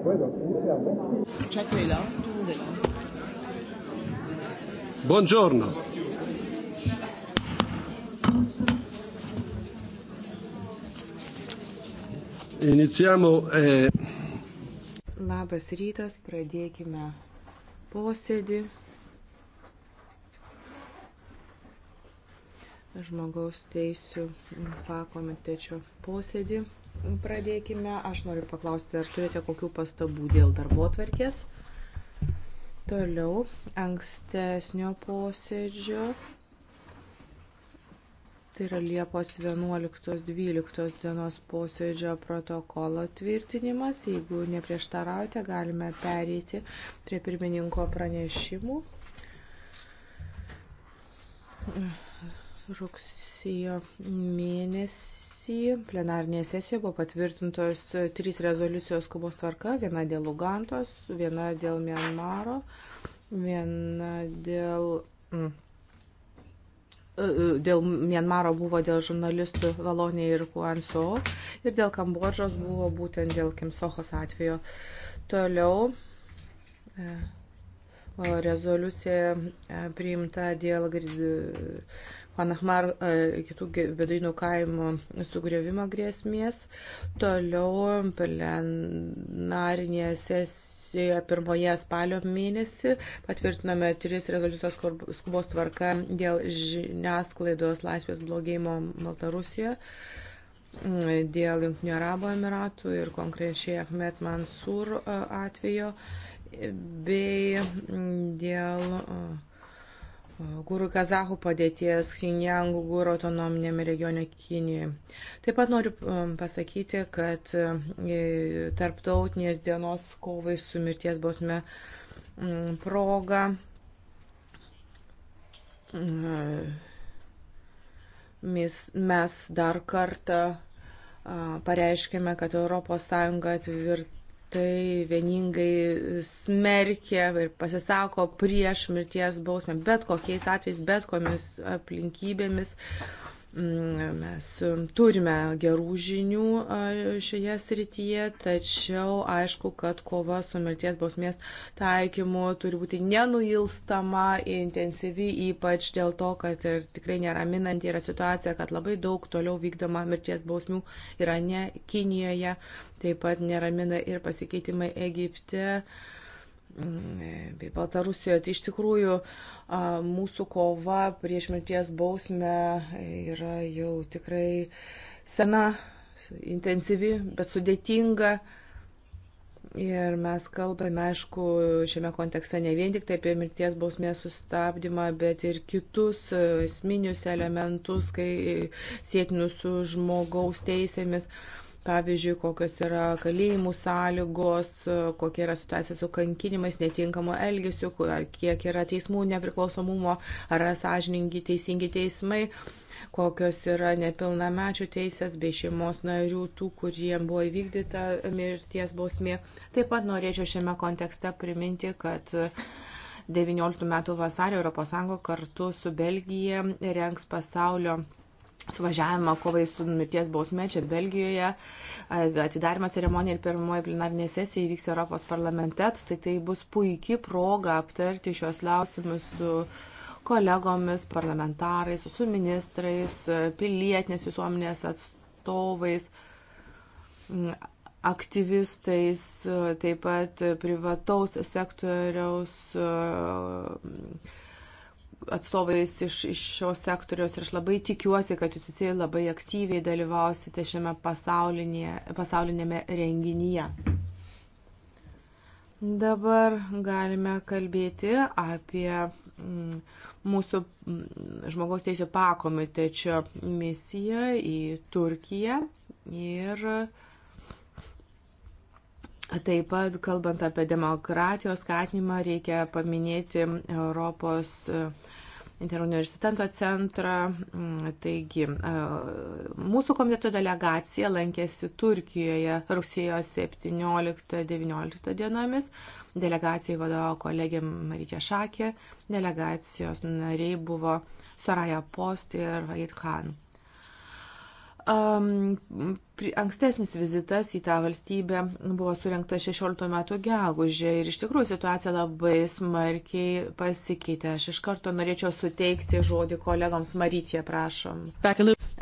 Chuck est là, tout le monde est là. Buongiorno. Iniciamo. Eh... Labas rytas, pradėkime posėdį. Žmogaus teisų pakomitečio posėdį pradėkime. Aš noriu paklausti, ar turite kokių pastabų dėl darbo tvarkės. Toliau, ankstesnio posėdžio. Tai yra Liepos 11-12 dienos posėdžio protokolo tvirtinimas. Jeigu neprieštaraujate, galime pereiti prie pirmininko pranešimų. Rugsėjo mėnesį mėnesį plenarnėje sesijoje buvo patvirtintos trys rezoliucijos skubos tvarka, viena dėl Ugantos, viena dėl Mianmaro, viena dėl. Mm, e, e, dėl Mienmaro buvo dėl žurnalistų Valonė ir Kuanso ir dėl Kambodžos buvo būtent dėl Kimsohos atvejo. Toliau e, rezoliucija priimta dėl Anahmar e, kitų bedainų kaimo sugriovimo grėsmės. Toliau plenarinėje sesijoje pirmoje spalio mėnesį patvirtinome tris rezoliucijos skubos tvarka dėl žiniasklaidos laisvės blogėjimo Baltarusijoje dėl Junktinių Arabų Emiratų ir konkrečiai Ahmed Mansur e, atvejo e, bei dėl uh, gūrų kazahų padėties Xinjiang gūrų autonominėme regione Kinijoje. Taip pat noriu um, pasakyti, kad e, tarptautinės dienos kovai su mirties bausme mm, proga mm, mes dar kartą pareiškime, kad ES tvirtai tai vieningai smerkia ir pasisako prieš mirties bausmę, bet kokiais atvejais, bet komis aplinkybėmis. Uh, Mm, mes mm, turime gerų žinių šioje srityje, tačiau aišku, kad kova su mirties bausmės taikymu turi būti nenuilstama, intensyvi, ypač dėl to, kad ir tikrai neraminanti yra situacija, kad labai daug toliau vykdoma mirties bausmių yra ne Kinijoje, taip pat neramina ir pasikeitimai Egipte. Uh, bei mm, tai Baltarusijoje. Tai iš tikrųjų mūsų kova prieš mirties bausmę yra jau tikrai sena, intensyvi, bet sudėtinga. Ir mes kalbame, aišku, šiame kontekste ne vien tik tai apie mirties bausmės sustabdymą, bet ir kitus e, esminius elementus, kai e, sėtinius su žmogaus teisėmis. Uh, pavyzdžiui, kokios yra kalėjimų sąlygos, kokia yra situacija su kankinimais, netinkamo elgesiu, kiek yra teismų nepriklausomumo, ar yra sąžiningi teisingi teismai kokios yra nepilnamečių teisės bei šeimos narių tų, kuriem buvo įvykdyta mirties bausmė. Taip pat norėčiau šiame kontekste priminti, kad 19 metų vasarį ES kartu su Belgija rengs pasaulio suvažiavimą kovai su mirties bausme čia Belgijoje. Atidarimo ceremonija ir pirmoji plenarinė sesija įvyks Europos parlamente, tai tai bus puikia proga aptarti šios klausimus su kolegomis, parlamentarais, su ministrais, pilietinės visuomenės atstovais, aktyvistais, taip pat privataus sektoriaus atstovais iš, iš šios sektoriaus ir aš labai tikiuosi, kad jūs visi labai aktyviai dalyvausite šiame pasaulinėme renginyje. Dabar galime kalbėti apie mm, mūsų mm, žmogaus teisų pakomitečio misiją į Turkiją ir Taip pat, kalbant apie demokratijos skatinimą, reikia paminėti Europos uh, interuniversiteto centrą. Mm, taigi, mūsų komiteto delegacija lankėsi Turkijoje rugsėjo 17-19 dienomis. Delegacijai vadovavo kolegė Marytė Šakė, delegacijos nariai buvo Soraya Post ir Vahid Khan. Um, ankstesnis vizitas į tą valstybę buvo surinkta 16 metų gegužė ir iš tikrųjų situacija labai smarkiai pasikeitė. Aš iš karto norėčiau suteikti žodį kolegoms Marytė, prašom.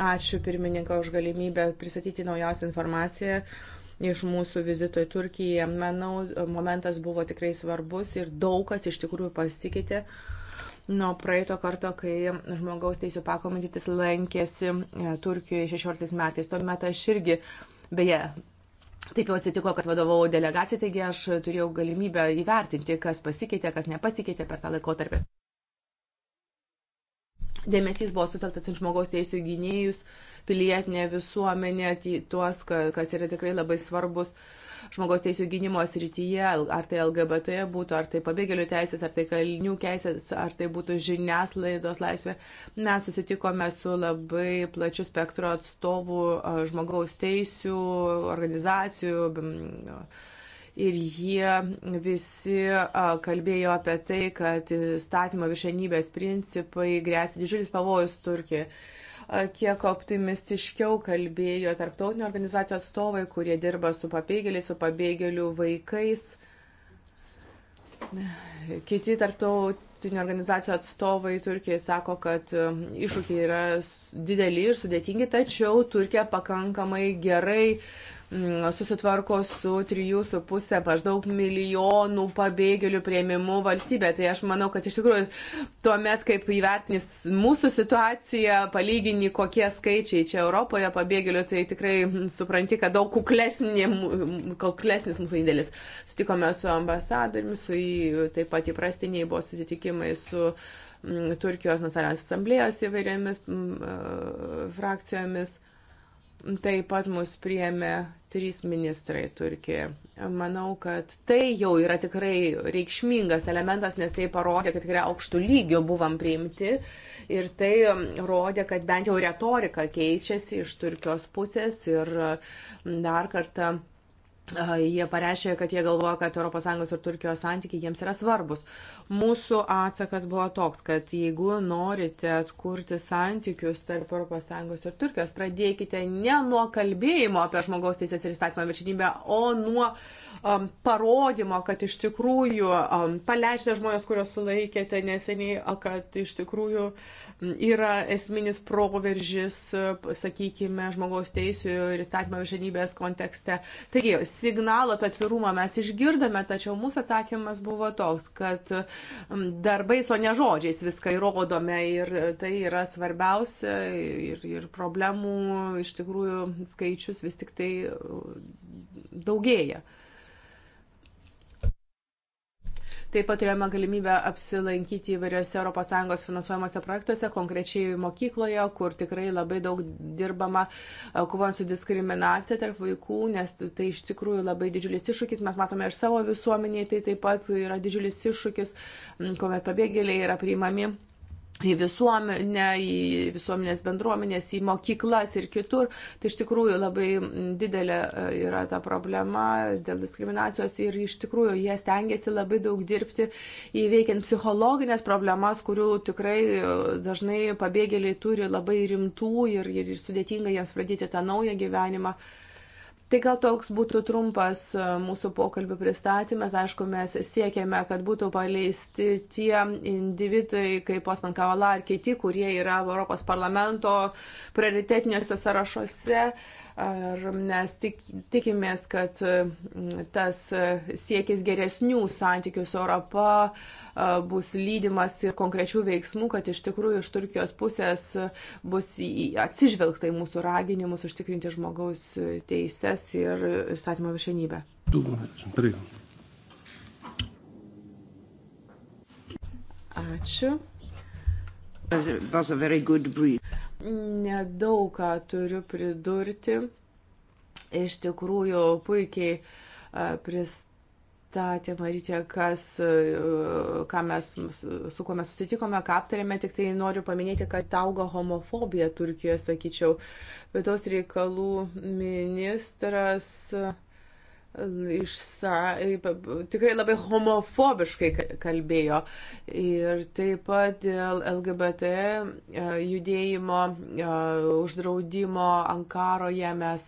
Ačiū pirmininką už galimybę pristatyti naujausią informaciją. Iš mūsų vizito į Turkiją, manau, momentas buvo tikrai svarbus ir daug kas iš tikrųjų pasikeitė. Uh, nuo praeito karto, kai žmogaus teisų pakomitytis lankėsi e, Turkijoje 16 metais. Tuomet aš irgi, beje, Taip jau atsitiko, kad vadovau delegacijai, taigi aš turėjau galimybę įvertinti, kas pasikeitė, kas nepasikeitė per tą laikotarpį. Dėmesys buvo sutelktas į žmogaus teisų gynėjus, pilietinę visuomenę, tuos, kas yra tikrai labai svarbus uh, žmogaus teisų gynimo srityje, ar tai LGBT būtų, ar tai pabėgėlių teisės, ar tai kalinių teisės, ar tai būtų žiniaslaidos laisvė. Mes susitikome su labai plačiu spektru atstovų žmogaus teisų organizacijų. Ir jie visi kalbėjo apie tai, kad statymo viršenybės principai grėsia didžiulis pavojus Turkijai kiek optimistiškiau kalbėjo tarptautinių organizacijų atstovai, kurie dirba su pabėgėliais, su pabėgėlių vaikais. Kiti tarptautinių organizacijų atstovai Turkijai sako, kad iššūkiai yra dideli ir sudėtingi, tačiau Turkija pakankamai gerai uh, Mm, susitvarko su 3,5 maždaug milijonų pabėgėlių prieimimu valstybė. Tai aš manau, kad iš tikrųjų tuo met, kaip įvertinys mūsų situaciją, palygini, kokie skaičiai čia Europoje pabėgėlių, tai tikrai mm, supranti, kad daug kuklesnė, mm, kuklesnis mūsų indėlis. Sutikome su ambasadoriumi, su jį taip pat įprastiniai buvo susitikimai su Turkijos nacionalinės asamblėjos įvairiomis frakcijomis Taip pat mus priėmė trys ministrai Turkijoje. Manau, kad tai jau yra tikrai reikšmingas elementas, nes tai parodė, kad tikrai aukštų lygių buvom priimti ir tai um, rodė, kad bent jau retorika keičiasi iš Turkijos pusės ir um, dar kartą Jie pareiškė, kad jie galvoja, kad ES ir Turkijos santykiai jiems yra svarbus. Mūsų atsakas buvo toks, kad jeigu norite atkurti santykius tarp ES ir Turkijos, pradėkite ne nuo kalbėjimo apie žmogaus teisės ir įstatymą viršinybę, o nuo um, parodymo, kad iš tikrųjų um, paleisite žmonės, kuriuos sulaikėte neseniai, kad iš tikrųjų uh, yra esminis proveržis, sakykime, žmogaus teisų ir įstatymo viršenybės kontekste. Taigi, signalą apie atvirumą mes išgirdome, tačiau mūsų atsakymas buvo toks, kad darbais, o ne žodžiais viską įrodome ir tai yra svarbiausia ir, ir problemų iš tikrųjų skaičius vis tik tai daugėja. Taip pat turėjome galimybę apsilankyti įvairiose ES finansuojamuose projektuose, konkrečiai mokykloje, kur tikrai labai daug dirbama e, kovant su diskriminacija tarp vaikų, nes tai iš tikrųjų labai didžiulis iššūkis. Mes matome ir savo visuomenėje, tai taip pat yra didžiulis iššūkis, kuomet pabėgėliai yra priimami į visuomenę, į visuomenės bendruomenės, į mokyklas ir kitur. Tai iš tikrųjų labai didelė e, yra ta problema dėl diskriminacijos ir iš tikrųjų jie stengiasi labai daug dirbti įveikiant psichologinės problemas, kurių tikrai e, dažnai pabėgėliai turi labai rimtų ir, ir sudėtinga jiems pradėti tą naują gyvenimą. Uh, Tai gal toks būtų trumpas e, mūsų pokalbių pristatymas. Aišku, mes siekėme, kad būtų paleisti tie individai, kaip Osman Kavala ar kiti, kurie yra Europos parlamento prioritetiniuose sąrašuose. Uh, Ar mes tik, tikimės, kad mm, tas e, siekis geresnių santykių su Europa e, bus lydimas ir konkrečių veiksmų, kad iš tikrųjų iš Turkijos pusės e, bus atsižvelgta į mūsų raginimus užtikrinti žmogaus teises ir įstatymo viršenybę. Ačiū nedaug ką turiu pridurti. Iš tikrųjų, puikiai pristatė Marytė, kas, ką mes, su kuo mes susitikome, ką aptarėme, tik tai noriu paminėti, kad auga homofobija Turkijoje, sakyčiau. Vidaus reikalų ministras išsa, tikrai labai homofobiškai kalbėjo. Ir taip pat dėl LGBT e, judėjimo e, uždraudimo Ankaroje mes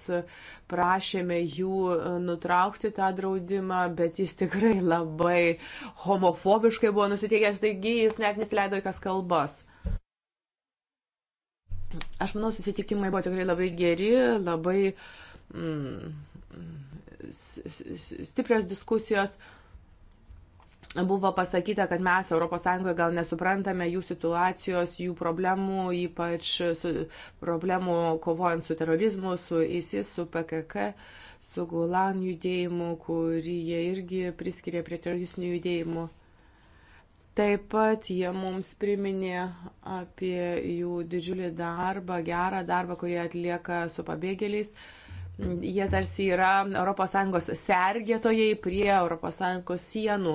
prašėme jų e, nutraukti tą draudimą, bet jis tikrai labai homofobiškai buvo nusiteikęs, taigi jis net nesileido į kas kalbas. Aš manau, susitikimai buvo tikrai labai geri, labai. Mm, stiprios diskusijos. Buvo pasakyta, kad mes ES gal nesuprantame jų situacijos, jų problemų, ypač problemų kovojant su terorizmu, su ISIS, su PKK, su Gulan judėjimu, kurį jie irgi priskiria prie teroristinių judėjimų. Taip pat jie mums priminė apie jų didžiulį darbą, gerą darbą, kurį atlieka su pabėgėliais. Uh, jie tarsi yra ES sergėtojai prie ES sienų.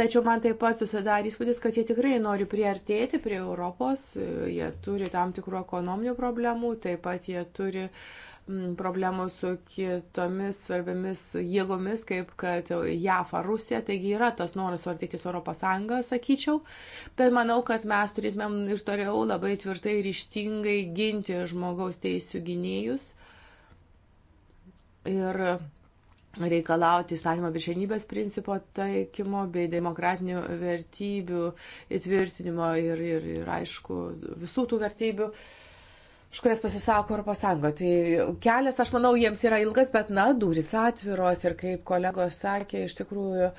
Tačiau man taip pat susidarė įspūdis, kad jie tikrai nori priartėti prie Europos, jie turi tam tikrų ekonominių problemų, taip pat jie turi mm, problemų su kitomis svarbiamis jėgomis, kaip kad JAF ar Rusija, taigi yra tas noras suartyti su Europos Sąjunga, sakyčiau, bet manau, kad mes turėtumėm iš toliau labai tvirtai ir ištingai ginti žmogaus teisų gynėjus ir reikalauti įstatymo viršenybės principo taikymo bei demokratinių vertybių įtvirtinimo ir, ir, ir aišku, visų tų vertybių uh, už kurias pasisako Europos Sąjunga. Tai kelias, aš manau, jiems yra ilgas, bet, na, durys atviros ir, kaip kolegos sakė, iš tikrųjų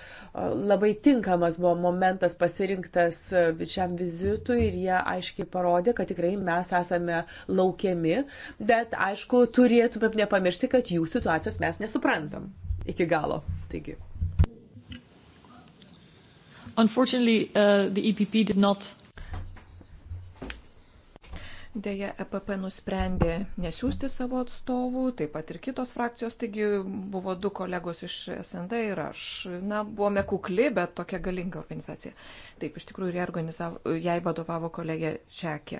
labai tinkamas buvo momentas pasirinktas šiam vizitui ir jie aiškiai parodė, kad tikrai mes esame laukiami, bet, aišku, turėtumėm nepamiršti, kad jų situacijos mes nesuprantam iki galo. Taigi. Unfortunately, uh, the EPP did not Dėja, EPP nusprendė nesiųsti savo atstovų, taip pat ir kitos frakcijos, taigi buvo du kolegos iš SND ir aš. Na, buvome kukli, bet tokia galinga organizacija. Taip, iš tikrųjų, jai vadovavo kolegė Čekė.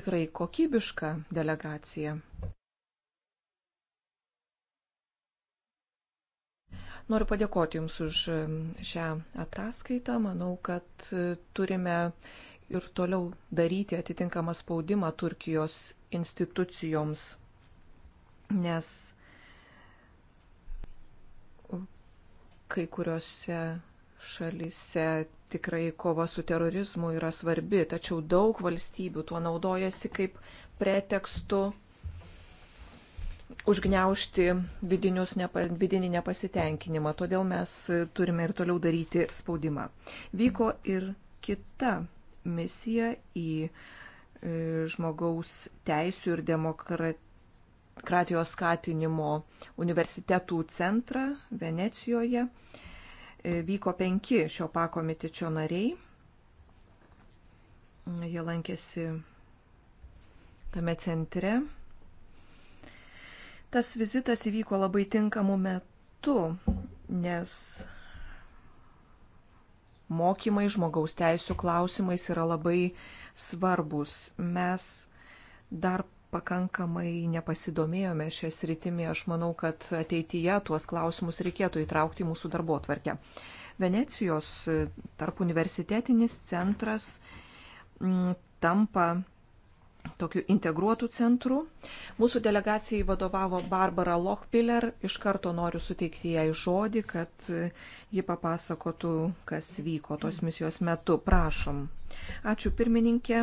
Tikrai kokybiška delegacija. Noriu padėkoti Jums už šią ataskaitą. Manau, kad turime ir toliau daryti atitinkamą spaudimą Turkijos institucijoms, nes kai kuriuose šalise tikrai kova su terorizmu yra svarbi, tačiau daug valstybių tuo naudojasi kaip pretekstu užgneušti nepa, vidinį nepasitenkinimą. Todėl mes turime ir toliau daryti spaudimą. Vyko ir kita misiją į e, žmogaus teisų ir demokratijos skatinimo universitetų centrą Venecijoje. E, vyko penki šio pakomitečio nariai. Jie lankėsi tame centre. Tas vizitas įvyko labai tinkamu metu, nes mokymai žmogaus teisų klausimais yra labai svarbus. Mes dar pakankamai nepasidomėjome šią sritimį. Aš manau, kad ateityje tuos klausimus reikėtų įtraukti į mūsų darbo atvarkę. Venecijos e, tarp universitetinis centras tampa tokiu integruotu centru. Mūsų delegacijai vadovavo Barbara Lochpiller. Iš karto noriu suteikti jai žodį, kad e, ji papasakotų, kas vyko tos misijos metu. Prašom. Ačiū pirmininkė.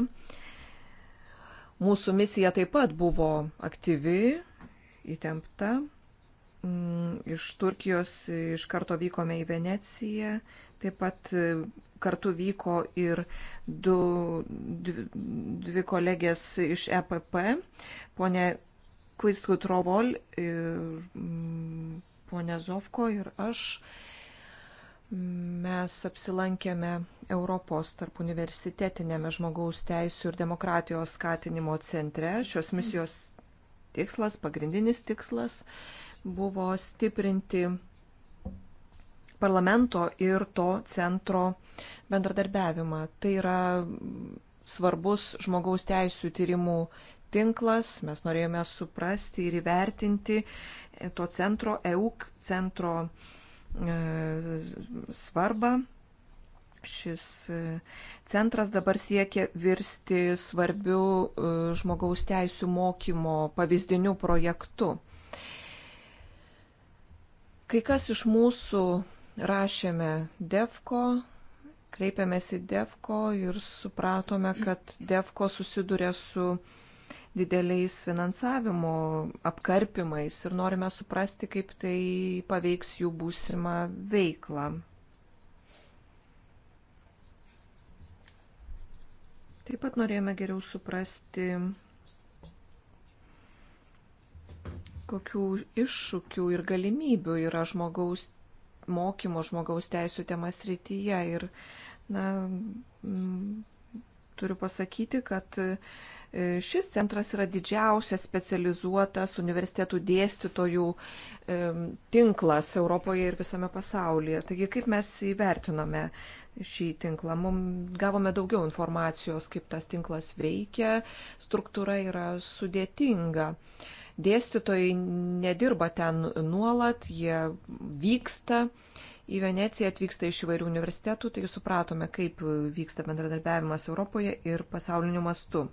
Mūsų misija taip pat buvo aktyvi, įtempta. Mm, iš Turkijos iš karto vykome į Veneciją, taip pat e, kartu vyko ir du, dvi, dvi kolegės iš EPP, ponė Kvistkų Trovol, mm, ponė Zovko ir aš. Mes apsilankėme Europos tarp universitetinėme žmogaus teisų ir demokratijos skatinimo centre. Šios misijos tikslas, pagrindinis tikslas buvo stiprinti parlamento ir to centro bendradarbiavimą. Tai yra svarbus žmogaus teisų tyrimų tinklas. Mes norėjome suprasti ir įvertinti to centro, EUK centro e, svarbą. Šis e, centras dabar siekia virsti svarbiu e, žmogaus teisų mokymo pavyzdiniu projektu. Kai kas iš mūsų rašėme DEFCO, kreipėmės į DEFCO ir supratome, kad DEFCO susiduria su dideliais finansavimo apkarpimais ir norime suprasti, kaip tai paveiks jų būsimą veiklą. Taip pat norėjome geriau suprasti, kokių iššūkių ir galimybių yra žmogaus mokymo žmogaus teisų temas rytyje. Ir, na, mm, turiu pasakyti, kad e, Šis centras yra didžiausias specializuotas universitetų dėstytojų e, tinklas Europoje ir visame pasaulyje. Taigi, kaip mes įvertinome šį tinklą? Mums gavome daugiau informacijos, kaip tas tinklas veikia, struktūra yra sudėtinga. Uh, Dėstytojai nedirba ten nuolat, jie vyksta. Į Veneciją atvyksta iš įvairių universitetų, taigi supratome, kaip vyksta bendradarbiavimas Europoje ir pasauliniu mastu.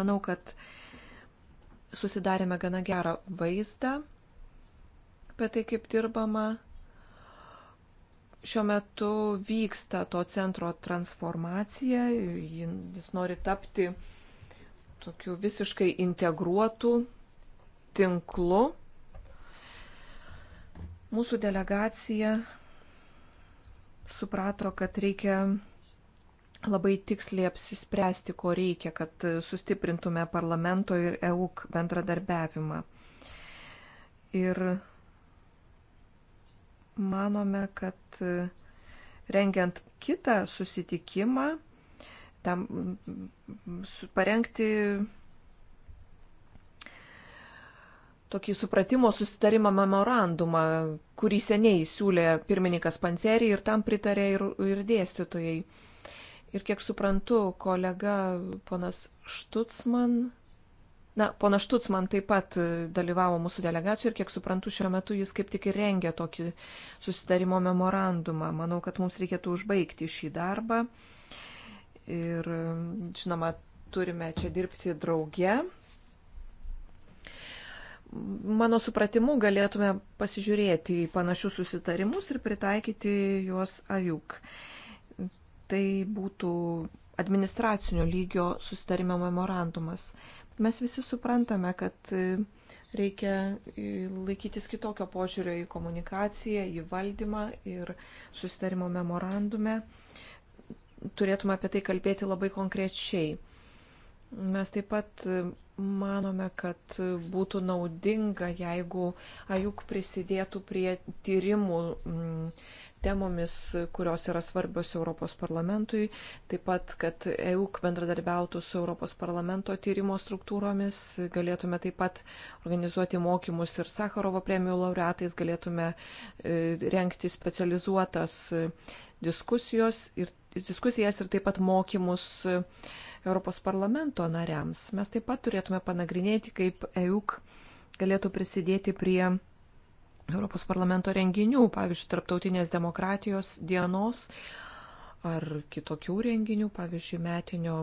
Manau, kad susidarėme gana gerą vaizdą apie tai, kaip dirbama šiuo metu vyksta to centro transformacija, jis nori tapti tokiu visiškai integruotu tinklu. Mūsų delegacija suprato, kad reikia labai tiksliai apsispręsti, ko reikia, kad sustiprintume parlamento ir EUK bendradarbiavimą. Ir manome, kad rengiant kitą susitikimą, tam parengti tokį supratimo susitarimą memorandumą, kurį seniai siūlė pirmininkas Pancerį ir tam pritarė ir, ir dėstytojai. Ir kiek suprantu, kolega ponas Štutsman, na, ponas Štutsman taip pat dalyvavo mūsų delegacijoje ir kiek suprantu, šiuo metu jis kaip tik ir rengia tokį susitarimo memorandumą. Manau, kad mums reikėtų užbaigti šį darbą. Ir, žinoma, turime čia dirbti drauge mano supratimu, galėtume pasižiūrėti į panašius susitarimus ir pritaikyti juos ajuk. Tai būtų administracinio lygio susitarimo memorandumas. Mes visi suprantame, kad e, reikia e, laikytis kitokio požiūrio į komunikaciją, į valdymą ir susitarimo memorandume. Turėtume apie tai kalbėti labai konkrečiai. Mes taip pat e, manome, kad būtų naudinga, jeigu Ajuk prisidėtų prie tyrimų temomis, kurios yra svarbios Europos parlamentui, taip pat, kad EUK bendradarbiautų su Europos parlamento tyrimo struktūromis, galėtume taip pat organizuoti mokymus ir Sakarovo premijų laureatais, galėtume e, renkti specializuotas e, diskusijos ir diskusijas ir taip pat mokymus Europos parlamento nariams. Mes taip pat turėtume panagrinėti, kaip EUK galėtų prisidėti prie Europos parlamento renginių, pavyzdžiui, Tarptautinės demokratijos dienos ar kitokių renginių, pavyzdžiui, metinio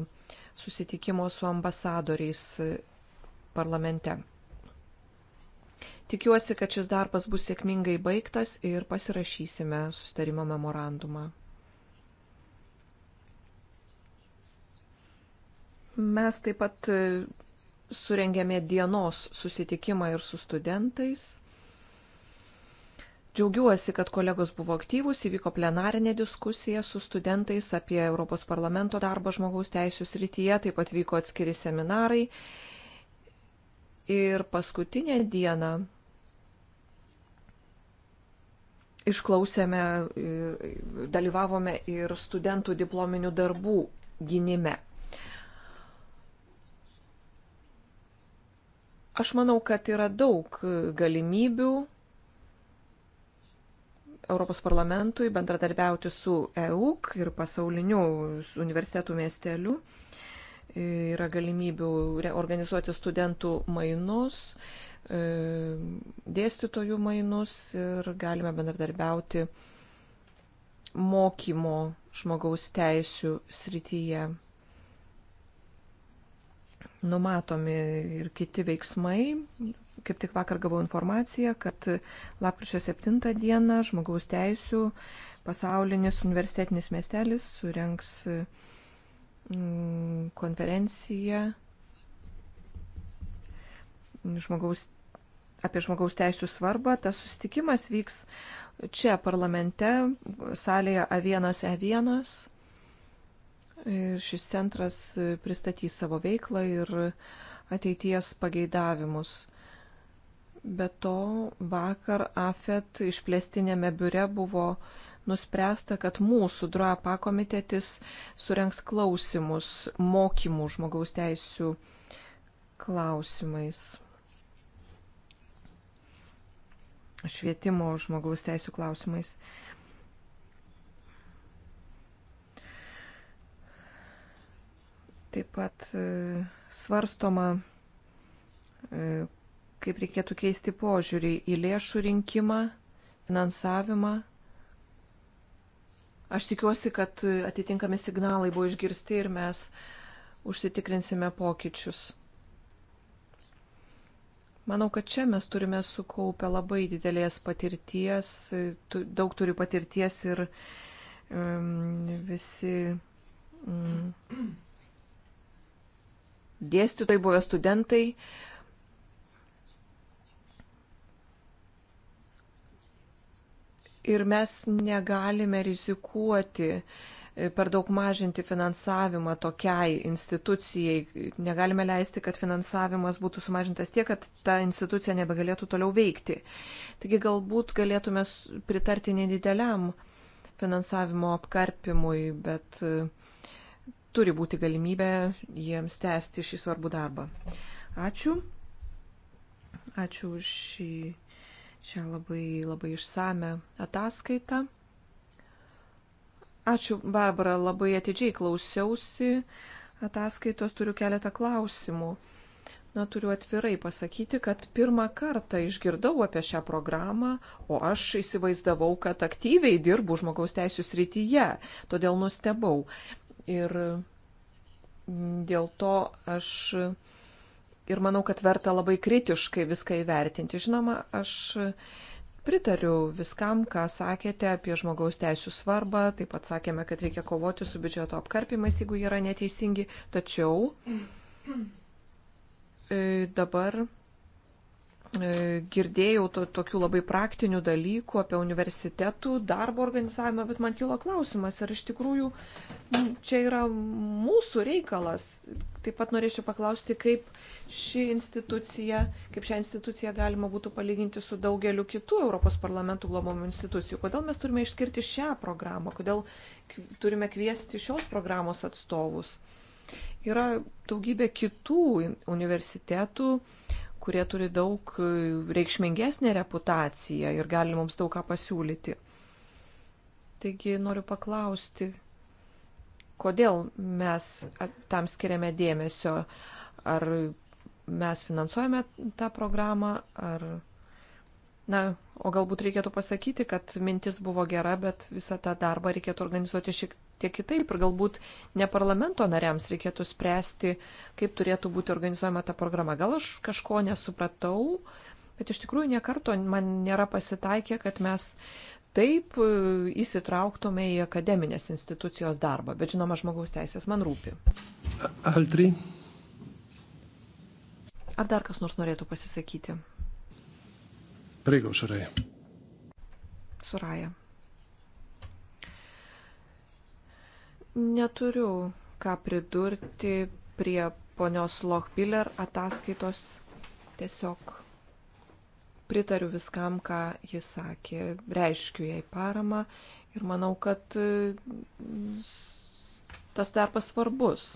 susitikimo su ambasadoriais parlamente. Tikiuosi, kad šis darbas bus sėkmingai baigtas ir pasirašysime sustarimo memorandumą. Mes taip pat e, surengėme dienos susitikimą ir su studentais. Džiaugiuosi, kad kolegos buvo aktyvūs, įvyko plenarinė diskusija su studentais apie Europos parlamento darbą žmogaus teisų srityje, taip pat vyko atskiri seminarai. Ir paskutinę dieną išklausėme, dalyvavome ir studentų diplominių darbų gynime. Aš manau, kad yra daug galimybių Europos parlamentui bendradarbiauti su EUK ir pasauliniu universitetų miesteliu. Yra galimybių organizuoti studentų mainus, e, dėstytojų mainus ir galime bendradarbiauti mokymo žmogaus teisų srityje numatomi ir kiti veiksmai. Kaip tik vakar gavau informaciją, kad lapkričio 7 dieną žmogaus teisų pasaulinis universitetinis miestelis surenks mm, konferenciją žmogaus, apie žmogaus teisų svarbą. Tas susitikimas vyks čia parlamente, salėje A1E1. Ir šis centras e, pristatys savo veiklą ir ateities pageidavimus. Be to, vakar AFET išplėstinėme biure buvo nuspręsta, kad mūsų DROAPA komitetis surenks klausimus, mokymų žmogaus teisų klausimais. Švietimo žmogaus teisų klausimais. Taip pat e, svarstoma, e, kaip reikėtų keisti požiūrį į lėšų rinkimą, finansavimą. Aš tikiuosi, kad atitinkami signalai buvo išgirsti ir mes užsitikrinsime pokyčius. Manau, kad čia mes turime sukaupę labai didelės patirties, daug turi patirties ir um, visi um, dėstytojai, buvę studentai. Ir mes negalime rizikuoti e, per daug mažinti finansavimą tokiai institucijai. Negalime leisti, kad finansavimas būtų sumažintas tiek, kad ta institucija nebegalėtų toliau veikti. Taigi galbūt galėtume pritarti nedideliam finansavimo apkarpimui, bet uh, turi būti galimybė jiems tęsti šį svarbų darbą. Ačiū. Ačiū už šį, šią labai, labai išsame ataskaitą. Ačiū, Barbara, labai atidžiai klausiausi ataskaitos, turiu keletą klausimų. Na, turiu atvirai pasakyti, kad pirmą kartą išgirdau apie šią programą, o aš įsivaizdavau, kad aktyviai dirbu žmogaus teisų srityje, todėl nustebau. Ir dėl to aš ir manau, kad verta labai kritiškai viską įvertinti. Žinoma, aš pritariu viskam, ką sakėte apie žmogaus teisų svarbą, taip pat sakėme, kad reikia kovoti su biudžeto apkarpimais, jeigu jie yra neteisingi, tačiau e, dabar E, girdėjau to, tokių labai praktinių dalykų apie universitetų darbo organizavimą, bet man kilo klausimas, ar iš tikrųjų čia yra mūsų reikalas. Taip pat norėčiau paklausti, kaip ši institucija, kaip šią instituciją galima būtų palyginti su daugeliu kitų Europos parlamentų globomų institucijų. Kodėl mes turime išskirti šią programą, kodėl turime kviesti šios programos atstovus. Yra daugybė kitų universitetų, kurie turi daug e, reikšmingesnę reputaciją ir gali mums daug ką pasiūlyti. Taigi noriu paklausti, kodėl mes tam skiriame dėmesio, ar mes finansuojame tą programą, ar. Na, o galbūt reikėtų pasakyti, kad mintis buvo gera, bet visą tą darbą reikėtų organizuoti šiek tiek kitaip ir galbūt ne parlamento nariams reikėtų spręsti, kaip turėtų būti organizuojama ta programa. Gal aš kažko nesupratau, bet iš tikrųjų niekarto man nėra pasitaikę, kad mes taip e, įsitrauktume į akademinės institucijos darbą. Bet žinoma, žmogaus teisės man rūpi. Altri. Ar dar kas nors norėtų pasisakyti? Prigau, Suraja. Suraja. Neturiu ką pridurti prie ponios Lochbiller ataskaitos. Tiesiog pritariu viskam, ką jis sakė, reiškiu jai paramą ir manau, kad e, tas darbas svarbus.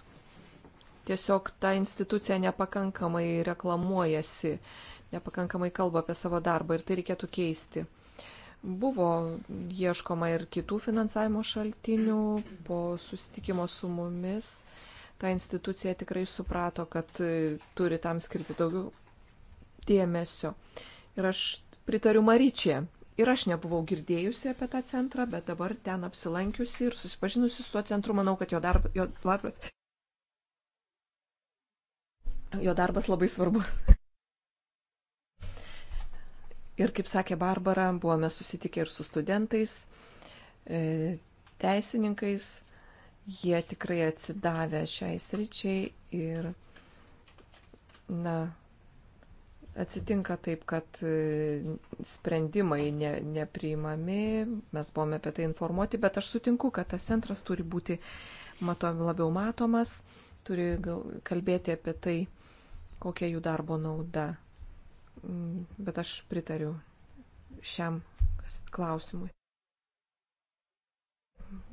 Tiesiog ta institucija nepakankamai reklamuojasi, nepakankamai kalba apie savo darbą ir tai reikėtų keisti. Buvo ieškoma ir kitų finansavimo šaltinių po susitikimo su mumis. Ta institucija tikrai suprato, kad e, turi tam skirti daugiau dėmesio. Ir aš pritariu Maryčiai. Ir aš nebuvau girdėjusi apie tą centrą, bet dabar ten apsilankiusi ir susipažinusi su tuo centru, manau, kad jo, darb, jo, darbas, jo darbas labai svarbus. Ir kaip sakė Barbara, buvome susitikę ir su studentais, e, teisininkais. Jie tikrai atsidavę šiai sričiai ir, na, atsitinka taip, kad e, sprendimai ne, nepriimami, mes buvome apie tai informuoti, bet aš sutinku, kad tas centras turi būti matom, labiau matomas, turi gal, kalbėti apie tai, kokia jų darbo nauda Mm, bet aš pritariu šiam klausimui.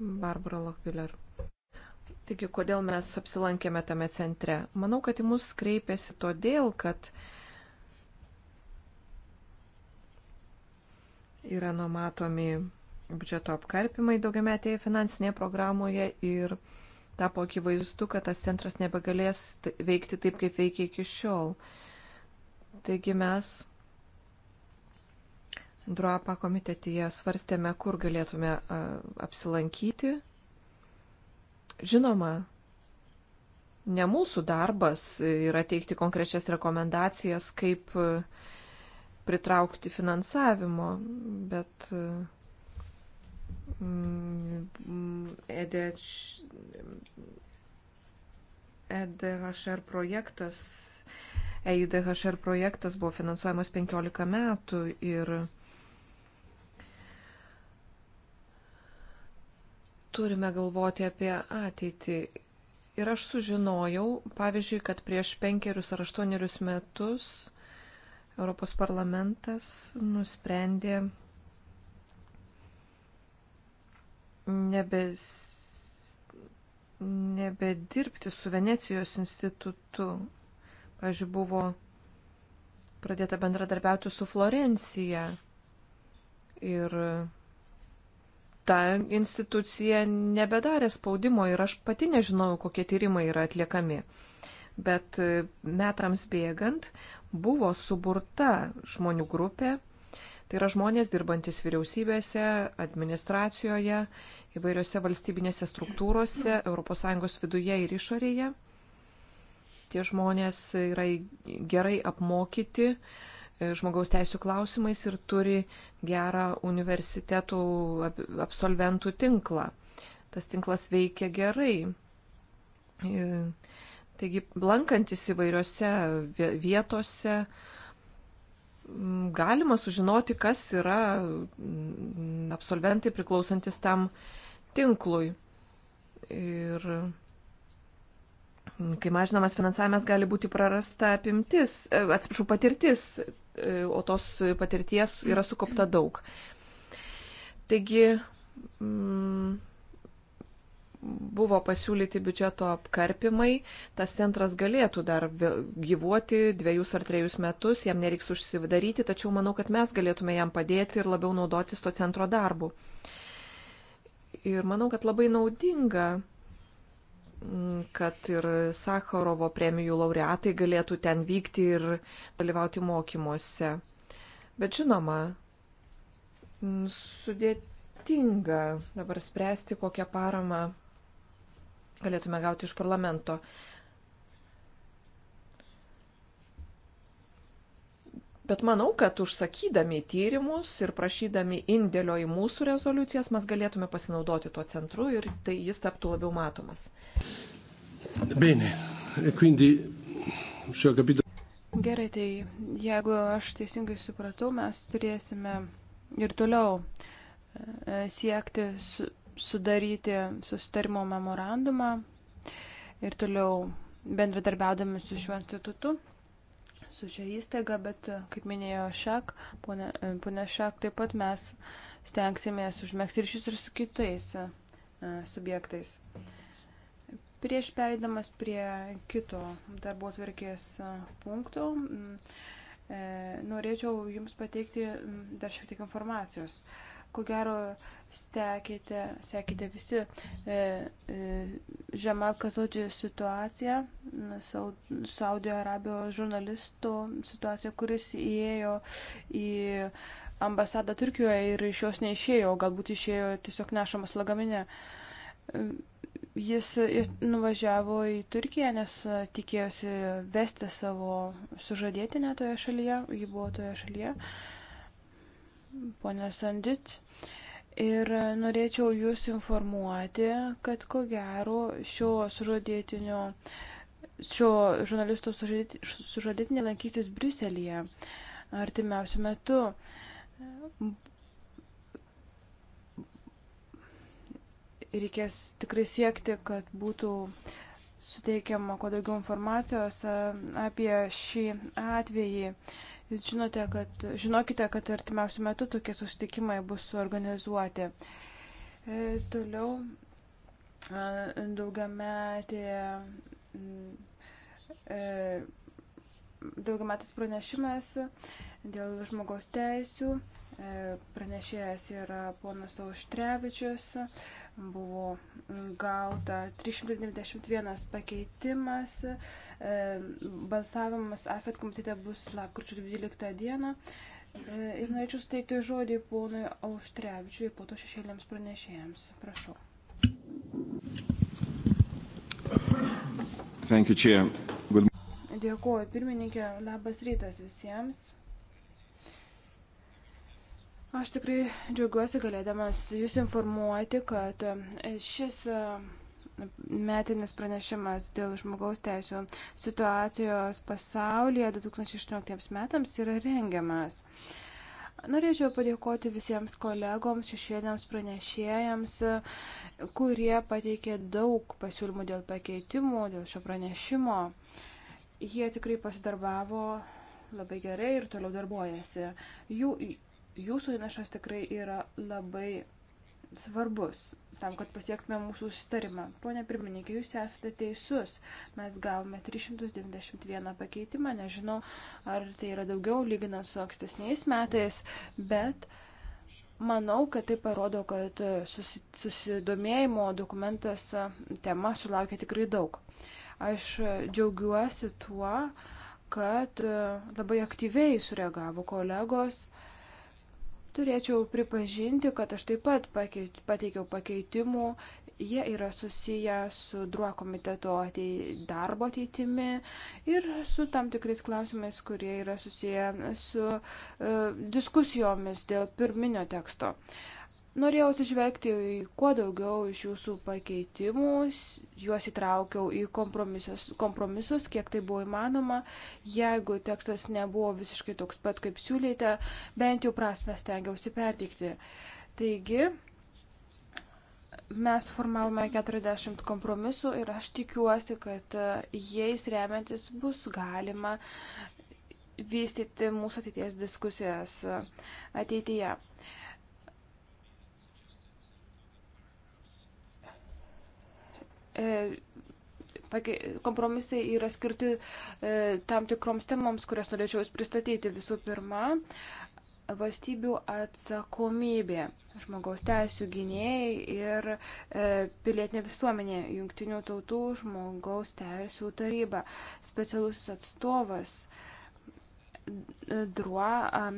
Barbara Lokviller. Taigi, kodėl mes apsilankėme tame centre? Manau, kad į mus kreipėsi todėl, kad yra numatomi biudžeto apkarpimai daugiametėje finansinėje programoje ir tapo akivaizdu, kad tas centras nebegalės veikti taip, kaip veikia iki šiol. Uh, Taigi mes Druapa komitetyje svarstėme, kur galėtume apsilankyti. Žinoma, ne mūsų darbas yra teikti konkrečias rekomendacijas, kaip pritraukti finansavimo, bet mm, mm, EDH, mm, EDHR projektas EIDHR projektas buvo finansuojamas 15 metų ir turime galvoti apie ateitį. Ir aš sužinojau, pavyzdžiui, kad prieš penkerius ar aštuonerius metus Europos parlamentas nusprendė nebes, nebedirbti su Venecijos institutu pažiūrėjau, buvo pradėta bendradarbiauti su Florencija. Ir ta institucija nebedarė spaudimo ir aš pati nežinau, kokie tyrimai yra atliekami. Bet metams bėgant buvo suburta žmonių grupė, tai yra žmonės dirbantis vyriausybėse, administracijoje, įvairiose valstybinėse struktūrose, ES viduje ir išorėje. Tie žmonės yra gerai apmokyti e, žmogaus teisų klausimais ir turi gerą universitetų absolventų tinklą. Tas tinklas veikia gerai. E, taigi, lankantis įvairiose vietose, galima sužinoti, kas yra absolventai priklausantis tam tinklui. Ir Kai mažinamas finansavimas, gali būti prarasta apimtis, e, atsiprašau, patirtis, e, o tos patirties yra sukopta daug. Taigi, mm, buvo pasiūlyti biudžeto apkarpimai, tas centras galėtų dar gyvuoti dviejus ar trejus metus, jam nereiks užsidaryti, tačiau manau, kad mes galėtume jam padėti ir labiau naudotis to centro darbu. Ir manau, kad labai naudinga kad ir Sakarovo premijų laureatai galėtų ten vykti ir dalyvauti mokymuose. Bet žinoma, sudėtinga dabar spręsti, kokią paramą galėtume gauti iš parlamento. Bet manau, kad užsakydami tyrimus ir prašydami indėlio į mūsų rezoliucijas mes galėtume pasinaudoti tuo centru ir tai jis taptų labiau matomas. Bene, e quindi, šio kapito. Gerai, tai jeigu aš teisingai supratau, mes turėsime ir toliau e, siekti sudaryti susitarimo memorandumą ir toliau bendradarbiaudami su šiuo institutu su šia įstaiga, bet kaip minėjo Šek, ponė Šek, taip pat mes stengsimės užmėgti ryšius ir su kitais e, subjektais. Prieš pereidamas prie kito darbo tvarkės e, punkto, e, norėčiau Jums pateikti dar šiek tiek informacijos. Ko gero, stekite, sekite visi e, e, Žemal Kazodžio situaciją, Saudio Arabijos žurnalisto situaciją, kuris įėjo į ambasadą Turkijoje ir iš jos neišėjo, galbūt išėjo tiesiog nešamas lagaminė. Jis, jis nuvažiavo į Turkiją, nes tikėjosi vesti savo sužadėtinę toje šalyje, ji buvo toje šalyje. E, ponia Sandic. Ir norėčiau Jūs informuoti, kad ko gero šio sužadėtinio, šio žurnalisto sužadėtinė lankysis Briuselėje artimiausiu metu. Reikės tikrai siekti, kad būtų suteikiama kuo daugiau informacijos apie šį atvejį Jūs žinote, kad, žinokite, kad artimiausių metų tokie susitikimai bus suorganizuoti. E, toliau e, daugiametė mm, e, daugiametis pranešimas dėl žmogaus teisų. E, pranešėjas yra ponas Auštrevičius. Buvo gauta 391 pakeitimas. E, balsavimas AFET komitete bus lapkričio 12 dieną. E, ir norėčiau suteikti žodį ponui Auštrevičiui, po to šešėliams pranešėjams. Prašau. Thank you, Chair. Good... Dėkuoju, pirmininkė. Labas rytas visiems. Aš tikrai džiaugiuosi galėdamas Jūs informuoti, kad e, šis e, metinis pranešimas dėl žmogaus teisų situacijos pasaulyje 2018 metams yra rengiamas. Norėčiau padėkoti visiems kolegoms, šešėliams pranešėjams, kurie pateikė daug pasiūlymų dėl pakeitimų, dėl šio pranešimo. Jie tikrai pasidarbavo labai gerai ir toliau darbuojasi. Jų Jūsų įnašas tikrai yra labai svarbus tam, kad pasiektume mūsų susitarimą. Pone pirmininkė, jūs esate teisus. Mes gavome 391 pakeitimą, nežinau, ar tai yra daugiau lyginant su ankstesniais metais, bet manau, kad tai parodo, kad susidomėjimo dokumentas tema sulaukia tikrai daug. Aš džiaugiuosi tuo, kad e, labai aktyviai sureagavo kolegos Turėčiau pripažinti, kad aš taip pat pakeit, pateikiau pakeitimų. Jie yra susiję su druo komiteto atei, darbo ateitimi ir su tam tikrais klausimais, kurie yra susiję su e, diskusijomis dėl pirminio teksto. E, Norėjau atsižvelgti į kuo daugiau iš jūsų pakeitimų, juos įtraukiau į kompromisus, kompromisus, kiek tai buvo įmanoma. Jeigu tekstas nebuvo visiškai toks pat, kaip siūlėte, bent jau prasme stengiausi perteikti. Taigi, mes formavome 40 kompromisų ir aš tikiuosi, kad jais remiantis bus galima vystyti mūsų ateities diskusijas ateityje. E, kompromisai yra skirti e, tam tikroms temoms, kurias norėčiau jūs pristatyti. Visų pirma, valstybių atsakomybė, žmogaus teisų gynėjai ir e, pilietinė visuomenė, jungtinių tautų žmogaus teisų taryba, specialusis atstovas. E, druo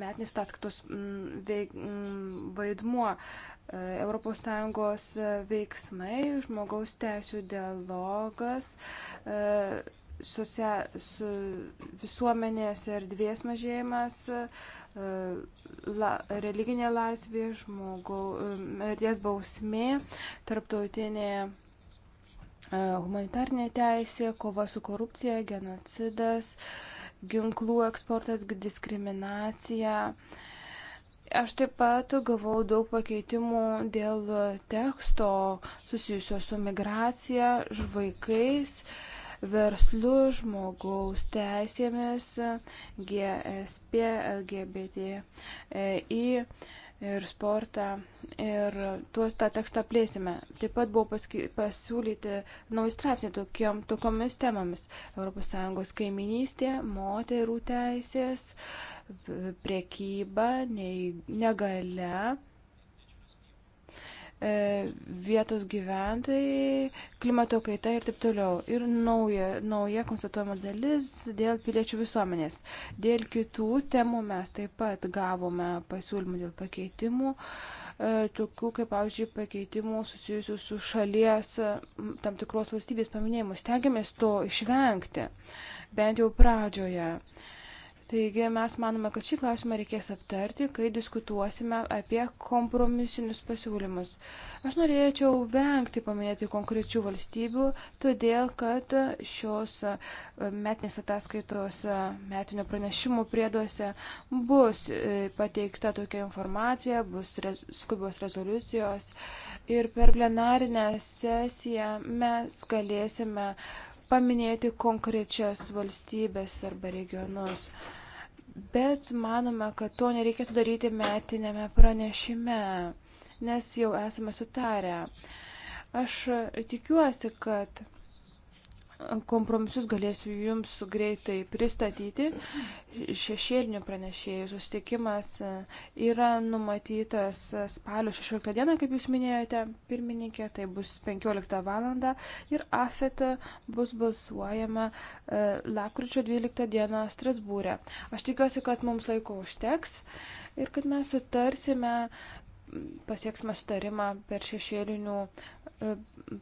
metinis ataskaitos mm, mm, vaidmuo. ES veiksmai, žmogaus teisų dialogas, e, socia, su visuomenės erdvės mažėjimas, e, la, religinė laisvė, žmogaus mirties bausmė, tarptautinė e, humanitarnė teisė, kova su korupcija, genocidas. Uh, ginklų eksportas, diskriminacija. Aš taip pat gavau daug pakeitimų dėl teksto susijusio su migracija, žvaikais, verslu, žmogaus teisėmis, GSP, LGBTI e ir sportą ir tuos tą tekstą plėsime. Taip pat buvo paski, pasiūlyti nauji straipsniai tokiam, tokiomis temomis. ES kaiminystė, moterų teisės, priekyba, nei, negale, E, vietos gyventojai, klimato kaita ir taip toliau. Ir nauja, nauja konstatuojama dalis dėl piliečių visuomenės. Dėl kitų temų mes taip pat gavome pasiūlymų dėl pakeitimų, e, tokių kaip, pavyzdžiui, pakeitimų susijusių su šalies e, tam tikros valstybės paminėjimu. Stengiamės to išvengti, bent jau pradžioje. Uh, Taigi mes manome, kad šį klausimą reikės aptarti, kai diskutuosime apie kompromisinius pasiūlymus. Aš norėčiau vengti paminėti konkrečių valstybių, todėl kad šios e, metinės ataskaitos e, metinio pranešimų prieduose bus e, pateikta tokia informacija, bus rez, skubios rezoliucijos ir per plenarinę sesiją mes galėsime paminėti konkrečias valstybės arba regionus, bet manome, kad to nereikėtų daryti metinėme pranešime, nes jau esame sutarę. Aš tikiuosi, kad kompromisus galėsiu jums greitai pristatyti. Šešėlinių pranešėjų susitikimas e, yra numatytas spalio 16 dieną, kaip jūs minėjote, pirmininkė, tai bus 15 val. ir AFET bus balsuojama e, lapkričio 12 dieną Strasbūrė. Aš tikiuosi, kad mums laiko užteks ir kad mes sutarsime pasieksime sutarimą per šešėlinių e,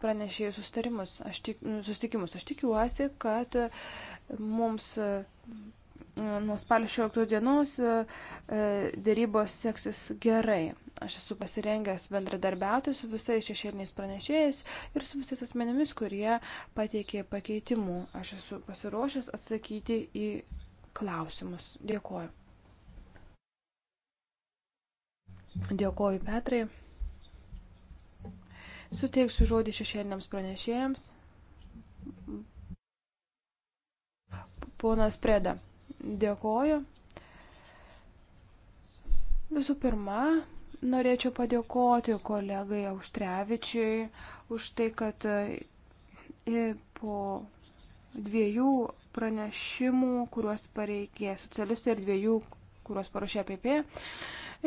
pranešėjų sustarimus, aš tik, nu, sustikimus. Aš tikiuosi, kad e, mums e, nuo spalio 16 dienos dėrybos seksis gerai. Aš esu pasirengęs bendradarbiauti su visais šešėliniais pranešėjais ir su visais asmenimis, kurie pateikė pakeitimų. Aš esu pasiruošęs atsakyti į klausimus. Dėkuoju. Dėkoju Petrai. Suteiksiu žodį šešėliniams pranešėjams. Ponas Preda, dėkoju. Visų pirma, norėčiau padėkoti kolegai Auštrevičiui už tai, kad e, po dviejų pranešimų, kuriuos pareikė socialistai ir dviejų, kuriuos parašė PP, e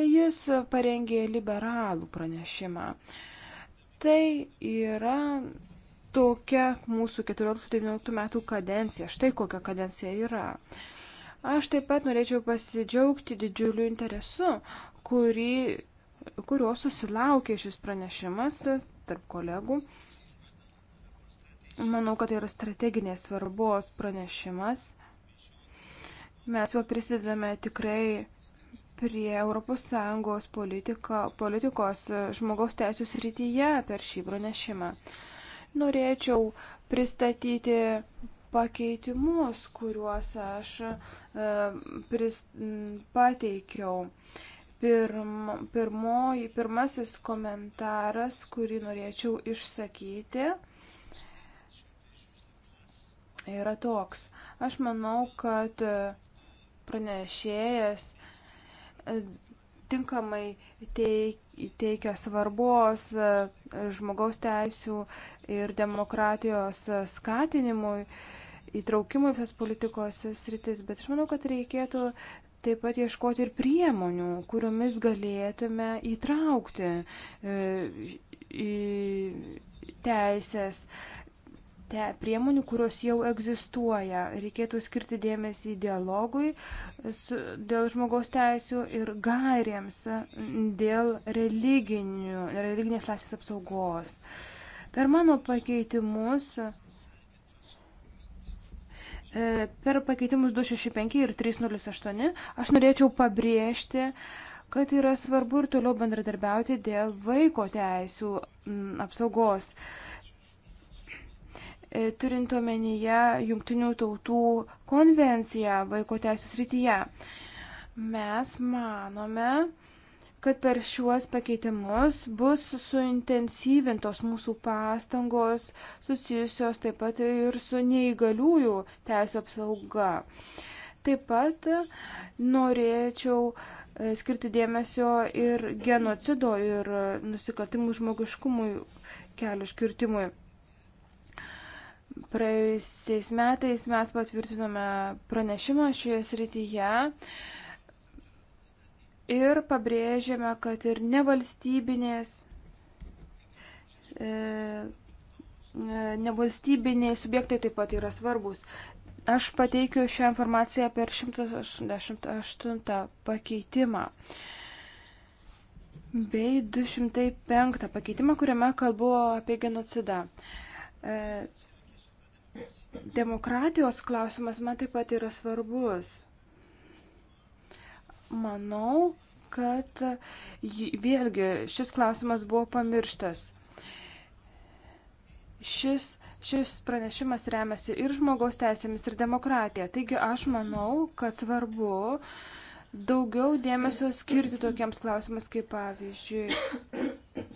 Jis parengė liberalų pranešimą. Tai yra tokia mūsų 14-19 metų kadencija. Štai kokia kadencija yra. Aš taip pat norėčiau pasidžiaugti didžiuliu interesu, kurį, kurio susilaukė šis pranešimas tarp kolegų. Manau, kad tai yra strateginės svarbos pranešimas. Mes jo prisidame tikrai prie ES politika, politikos žmogaus teisų srityje per šį pranešimą. Norėčiau pristatyti pakeitimus, kuriuos aš e, pris, m, pateikiau. Pirm, pirmoji, pirmasis komentaras, kurį norėčiau išsakyti, yra toks. Aš manau, kad pranešėjas tinkamai teikia svarbos e, žmogaus teisų ir demokratijos e, skatinimui, įtraukimui visas politikos sritis, bet aš manau, kad reikėtų taip pat ieškoti ir priemonių, kuriomis galėtume įtraukti e, į teisės te priemonių, kurios jau egzistuoja. Reikėtų skirti dėmesį dialogui su, dėl žmogaus teisų ir gairėms dėl religinės laisvės apsaugos. Per mano pakeitimus. E, per pakeitimus 265 ir 308 aš norėčiau pabrėžti, kad yra svarbu ir toliau bendradarbiauti dėl vaiko teisų apsaugos. E, turint omenyje Junktinių tautų konvenciją vaiko teisų srityje. Mes manome, kad per šiuos pakeitimus bus suintensyvintos mūsų pastangos susijusios taip pat ir su neįgaliųjų teisų apsauga. Taip pat norėčiau e, skirti dėmesio ir genocido ir nusikaltimų žmogiškumui kelių skirtimui. Praėjusiais metais mes patvirtinome pranešimą šioje srityje ir pabrėžėme, kad ir nevalstybinės, e, nevalstybiniai subjektai taip pat yra svarbus. Aš pateikiu šią informaciją per 188 pakeitimą bei 205 pakeitimą, kuriame kalbu apie genocidą. E, demokratijos klausimas man taip pat yra svarbus. Manau, kad vėlgi šis klausimas buvo pamirštas. Šis, šis pranešimas remiasi ir žmogaus teisėmis, ir demokratija. Taigi aš manau, kad svarbu daugiau dėmesio skirti tokiems klausimams, kaip pavyzdžiui.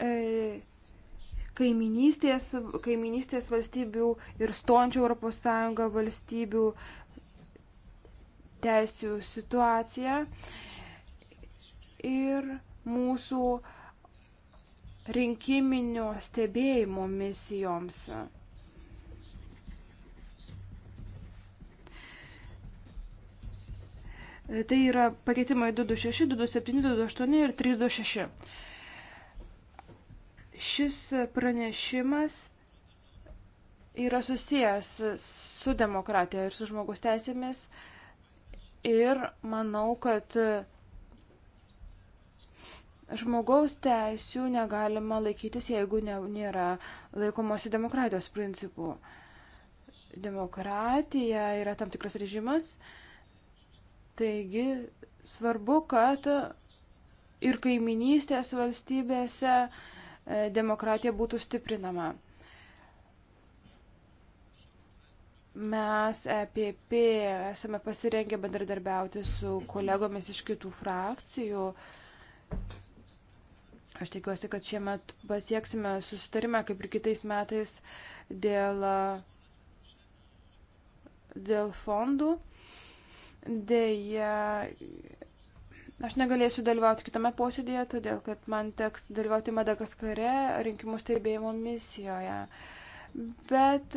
E, kaiminystės, kaiminystės valstybių ir stončių ES valstybių teisių situaciją ir mūsų rinkiminio stebėjimo misijoms. Tai yra pakeitimai 226, 227, 228 ir 326. Šis pranešimas yra susijęs su demokratija ir su žmogus teisėmis. Ir manau, kad žmogaus teisių negalima laikytis, jeigu ne, nėra laikomosi demokratijos principų. Demokratija yra tam tikras režimas, taigi svarbu, kad ir kaiminystės valstybėse uh, E, demokratija būtų stiprinama. Mes EPP esame pasirengę bendradarbiauti su kolegomis iš kitų frakcijų. Aš tikiuosi, kad šiemet pasieksime susitarimą, kaip ir kitais metais, dėl, dėl fondų. Deja, Aš negalėsiu dalyvauti kitame posėdėje, todėl kad man teks dalyvauti Madagaskare rinkimų stebėjimo misijoje. Bet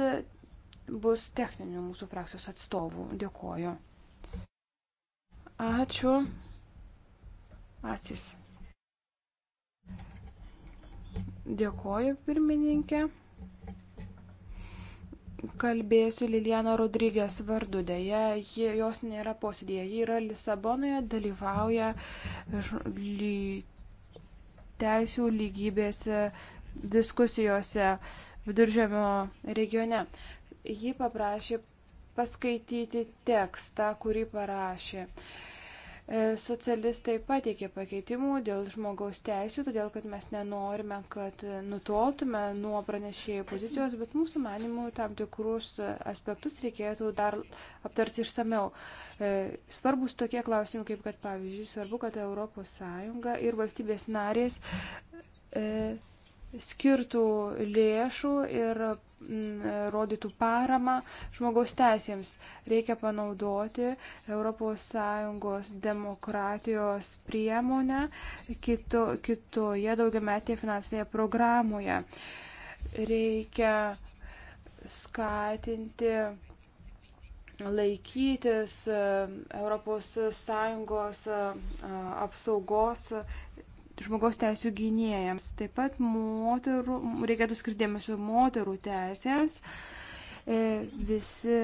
bus techninių mūsų frakcijos atstovų. Dėkoju. Ačiū. Acis. Dėkoju, pirmininkė kalbėsiu Liliana Rodrygės vardu. Deja, jos nėra posėdėje. Ji yra Lisabonoje, dalyvauja ly... teisų lygybės diskusijose viduržėmio regione. Ji paprašė paskaityti tekstą, kurį parašė. Uh, E, socialistai pateikė pakeitimų dėl žmogaus teisų, todėl kad mes nenorime, kad nutoltume nuo pranešėjų pozicijos, bet mūsų manimų tam tikrus aspektus reikėtų dar aptarti išsameu. E, svarbus tokie klausimai, kaip kad pavyzdžiui, svarbu, kad ES ir valstybės narės e, skirtų lėšų ir mm, rodytų paramą žmogaus teisėms. Reikia panaudoti ES demokratijos priemonę kito, kitoje daugiametėje finansinėje programoje. Reikia skatinti laikytis e, ES e, apsaugos žmogaus teisų gynėjams. Taip pat moterų, reikėtų skirdėmėsio moterų teisėms. E, visi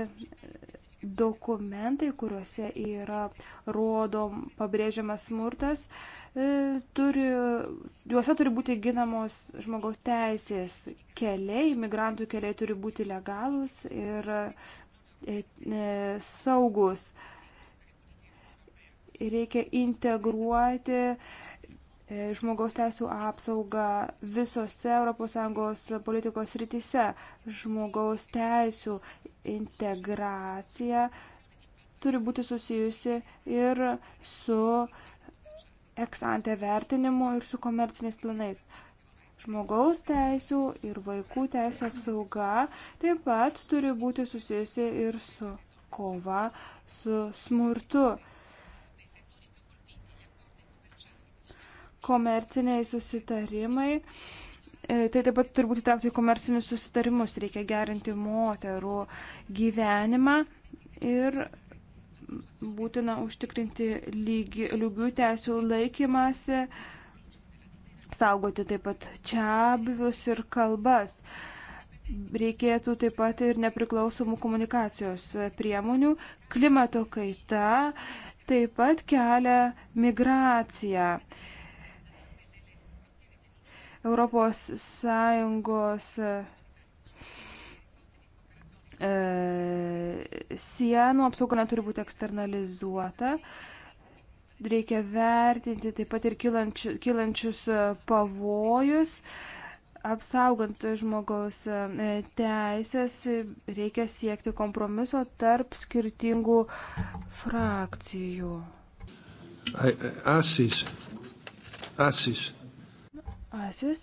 dokumentai, kuriuose yra rodom pabrėžiamas smurtas, e, turi, juose turi būti ginamos žmogaus teisės keliai, migrantų keliai turi būti legalūs ir e, saugus. Reikia integruoti E, žmogaus teisų apsaugą visose ES politikos rytise, žmogaus teisų integracija turi būti susijusi ir su eksante vertinimu ir su komerciniais planais. Žmogaus teisų ir vaikų teisų apsauga taip pat turi būti susijusi ir su kova su smurtu komerciniai susitarimai. E, tai taip pat turbūt įtraukti į komercinius susitarimus, reikia gerinti moterų gyvenimą ir būtina užtikrinti lygi, lygių teisų laikymasi, saugoti taip pat čia buvius ir kalbas reikėtų taip pat ir nepriklausomų komunikacijos priemonių. Klimato kaita taip pat kelia migraciją. ES e, e, sienų apsauga neturi būti eksternalizuota. Reikia vertinti taip pat ir kylančius, kylančius e, pavojus. Apsaugant žmogaus teisės reikia siekti kompromiso tarp skirtingų frakcijų. Asis. Asis. Pirmasis.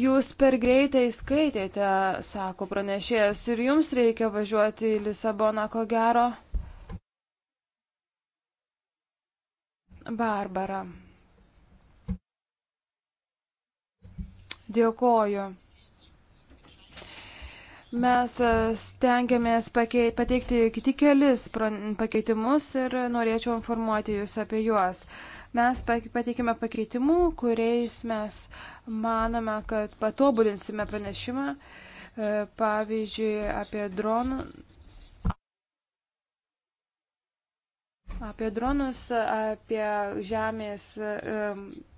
Jūs per greitai skaitėte, sako pranešėjas, ir jums reikia važiuoti į Lisaboną, ko gero. Barbara. Dėkoju. Mes e, stengiamės pakei, pateikti kiti kelis pakeitimus ir norėčiau informuoti Jūs apie juos. Mes pateikime pakeitimų, kuriais mes manome, kad patobulinsime pranešimą, e, pavyzdžiui, apie dronų. Apie dronus, apie žemės e,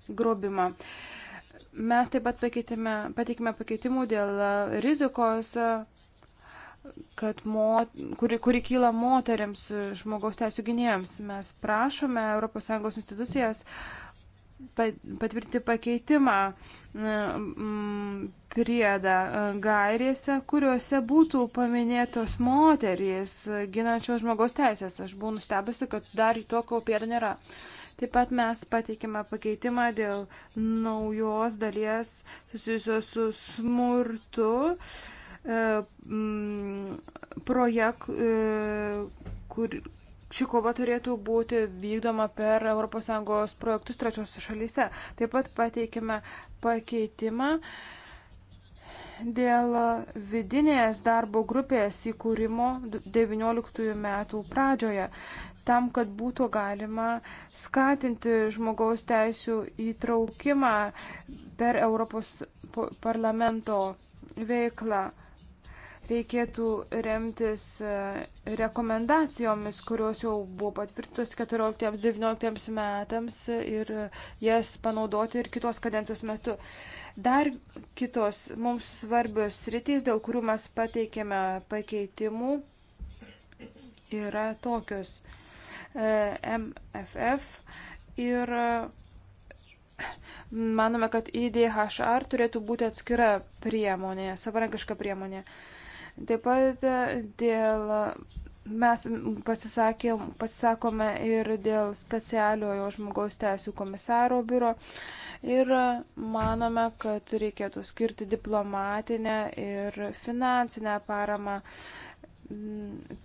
grobimą. Um, Mes taip pat pateikime pakeitimų dėl e, rizikos, e, kad mo, kuri, kuri kyla moteriams e, žmogaus teisų gynėjams. Mes prašome ES institucijas patvirtinti pakeitimą priedą gairėse, kuriuose būtų paminėtos moterys ginančios žmogaus teisės. Aš buvau nustebusi, kad dar tokio priedo nėra. Taip pat mes pateikime pakeitimą dėl naujos dalies susijusios su smurtu e, projek, e, kur ši kova turėtų būti vykdoma per ES projektus trečiose šalyse. Taip pat pateikime pakeitimą dėl vidinės darbo grupės įkūrimo 19 metų pradžioje tam, kad būtų galima skatinti žmogaus teisų įtraukimą per Europos parlamento veiklą. Reikėtų remtis e, rekomendacijomis, kurios jau buvo patvirtintos 14-19 metams ir jas panaudoti ir kitos kadencijos metu. Dar kitos mums svarbios sritys, dėl kurių mes pateikėme pakeitimų, yra tokios. E, MFF ir e, manome, kad IDHR turėtų būti atskira priemonė, savarankiška priemonė. Taip pat e, dėl mes pasisakėm, pasisakome ir dėl specialiojo žmogaus teisų komisaro biuro ir manome, kad reikėtų skirti diplomatinę ir finansinę paramą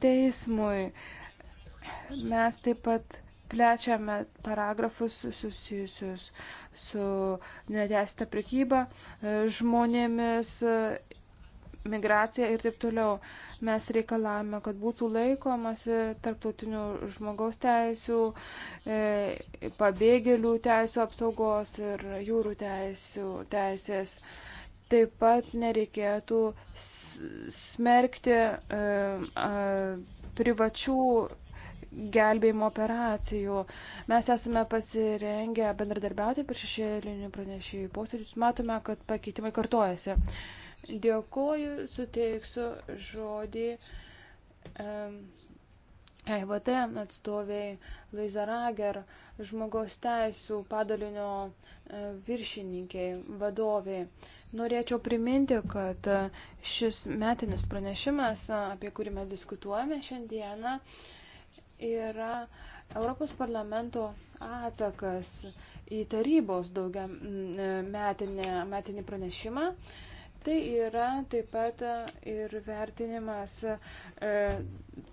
teismui. Mes taip pat plečiame paragrafus susijusius su neteisėta prekyba e, žmonėmis, e, migracija ir taip toliau. Mes reikalavome, kad būtų laikomasi tarptautinių žmogaus teisų, e, pabėgėlių teisų apsaugos ir jūrų teisų, teisės. Taip pat nereikėtų smerkti privačių gelbėjimo operacijų. Mes esame pasirengę bendradarbiauti per šešėlinių pranešėjų posėdžius. Matome, kad pakeitimai kartojasi. Dėkuoju, suteiksiu žodį EIVT e atstoviai Luiza Rager, žmogaus teisų padalinio e, viršininkiai, vadoviai. Norėčiau priminti, kad e, šis metinis pranešimas, apie kurį mes diskutuojame šiandieną, uh, yra Europos parlamento atsakas į tarybos daugia metinį, metinį pranešimą. Tai yra taip pat ir vertinimas e,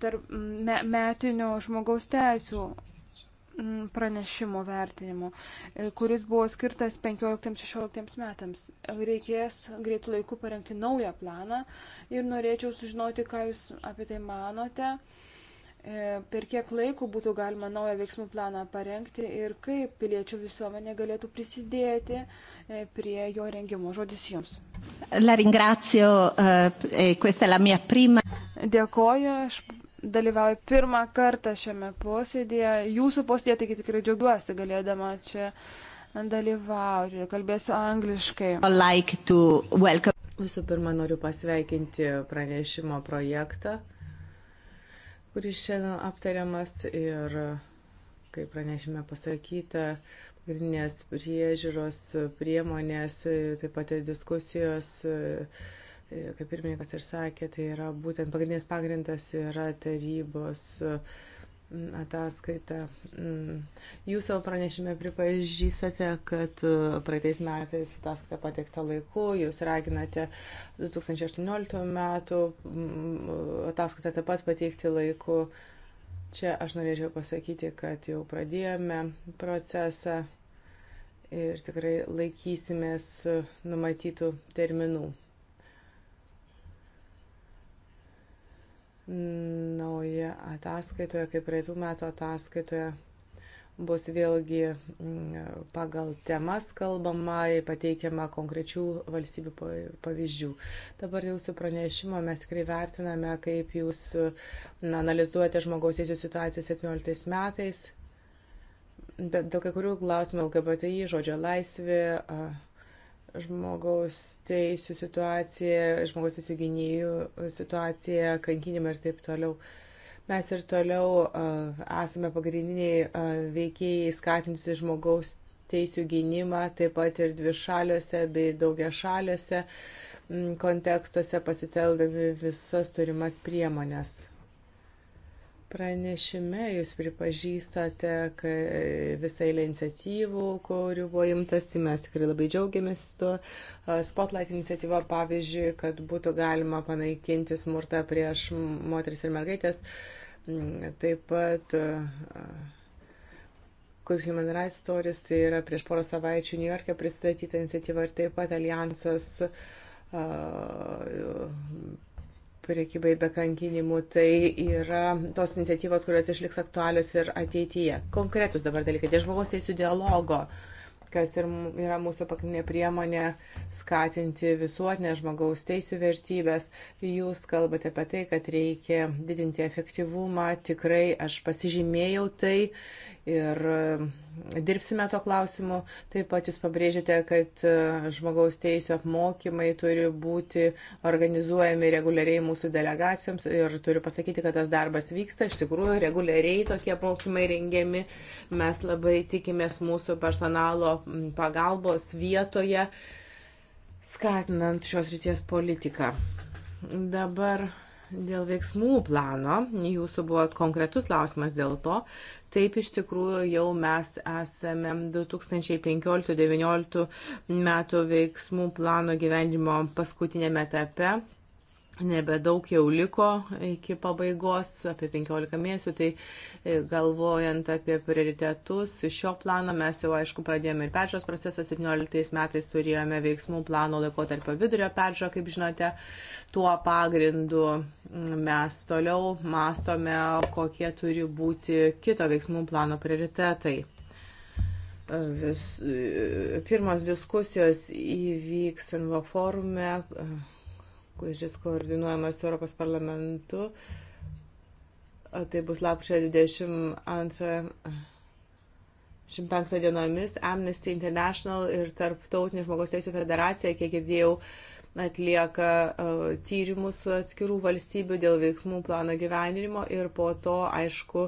tarp me, metinio žmogaus teisų pranešimo vertinimo, e, kuris buvo skirtas 15-16 metams. Reikės greitų laikų parengti naują planą ir norėčiau sužinoti, ką Jūs apie tai manote. E, E, per kiek laiko būtų galima naują veiksmų planą parengti ir kaip piliečių visuomenė galėtų prisidėti e, prie jo rengimo. Žodis jums. La ringrazio, e, questa la mia prima. Dėkoju, aš dalyvauju pirmą kartą šiame posėdėje. Jūsų posėdėje, taigi tikrai džiaugiuosi galėdama čia dalyvauti. Kalbėsiu angliškai. Like Visų pirma, noriu pasveikinti pranešimo projektą kuris šiandien aptariamas ir, kaip pranešime pasakyta, pagrindinės priežiūros priemonės, taip pat ir diskusijos, kaip pirmininkas ir sakė, tai yra būtent pagrindinis pagrindas yra tarybos ataskaitą. Mm. Jūs savo pranešime pripažįstate, kad e, praeitais metais ataskaita pateikta laiku, jūs raginate 2018 metų mm, ataskaitą taip pat pateikti laiku. Čia aš norėčiau pasakyti, kad jau pradėjome procesą ir tikrai laikysimės numatytų terminų. nauja ataskaitoje, kaip praeitų metų ataskaitoje, bus vėlgi mm, pagal temas kalbama, pateikiama konkrečių valstybių pavyzdžių. Dabar jūsų pranešimo mes tikrai vertiname, kaip jūs na, analizuojate žmogaus teisų situaciją 17 metais, bet dėl kai kurių klausimų LGBTI, žodžio laisvė. A, žmogaus teisų situacija, žmogaus teisų gynėjų e, situacija, kankinimai ir taip toliau. Mes ir toliau uh, esame pagrindiniai uh, veikėjai skatinti žmogaus teisų gynimą, taip pat ir dvišaliuose bei daugiašaliuose kontekstuose pasiteldami visas turimas priemonės. Pranešime jūs pripažįstate visą eilę iniciatyvų, kurių buvo imtasi, mes tikrai labai džiaugiamės tuo. Spotlight iniciatyva, pavyzdžiui, kad būtų galima panaikinti smurtą prieš moteris ir mergaitės. Mm, taip pat Good Human Rights Stories, tai yra prieš porą savaičių New York'e pristatyta iniciatyva ir taip pat alijansas uh, priekybai be kankinimų, tai yra tos iniciatyvos, kurios išliks aktualios ir ateityje. Konkretus dabar dalykai, dėl žmogaus teisų dialogo, kas ir yra mūsų pagrindinė priemonė skatinti visuotinę žmogaus teisų vertybės. Jūs kalbate apie tai, kad reikia didinti efektyvumą, tikrai aš pasižymėjau tai ir e, dirbsime to klausimu. Taip pat jūs pabrėžėte, kad e, žmogaus teisų apmokymai turi būti organizuojami reguliariai mūsų delegacijoms ir turiu pasakyti, kad tas darbas vyksta. Iš tikrųjų, reguliariai tokie apmokymai rengiami. Mes labai tikimės mūsų personalo pagalbos vietoje, skatinant šios ryties politiką. Dabar Dėl veiksmų plano, jūsų buvo konkretus klausimas dėl to, taip iš tikrųjų jau mes esame 2015-2019 metų veiksmų plano gyvenimo paskutinėme etape nebedaug jau liko iki pabaigos, apie 15 mėnesių, tai e, galvojant apie prioritetus, šio plano mes jau aišku pradėjome ir peržiūros procesą, 17 metais turėjome veiksmų plano laikotarpio vidurio peržiūrą, kaip žinote, tuo pagrindu mm, mes toliau mastome, kokie turi būti kito veiksmų plano prioritetai. E, vis, e, pirmos diskusijos įvyks NVO forume kuris koordinuojamas Europos parlamentu. Tai bus lapkričio 22-105 dienomis. Amnesty International ir Tarptautinė žmogaus teisų federacija, kiek girdėjau, atlieka uh, tyrimus atskirų valstybių dėl veiksmų plano gyvenimo ir po to, aišku,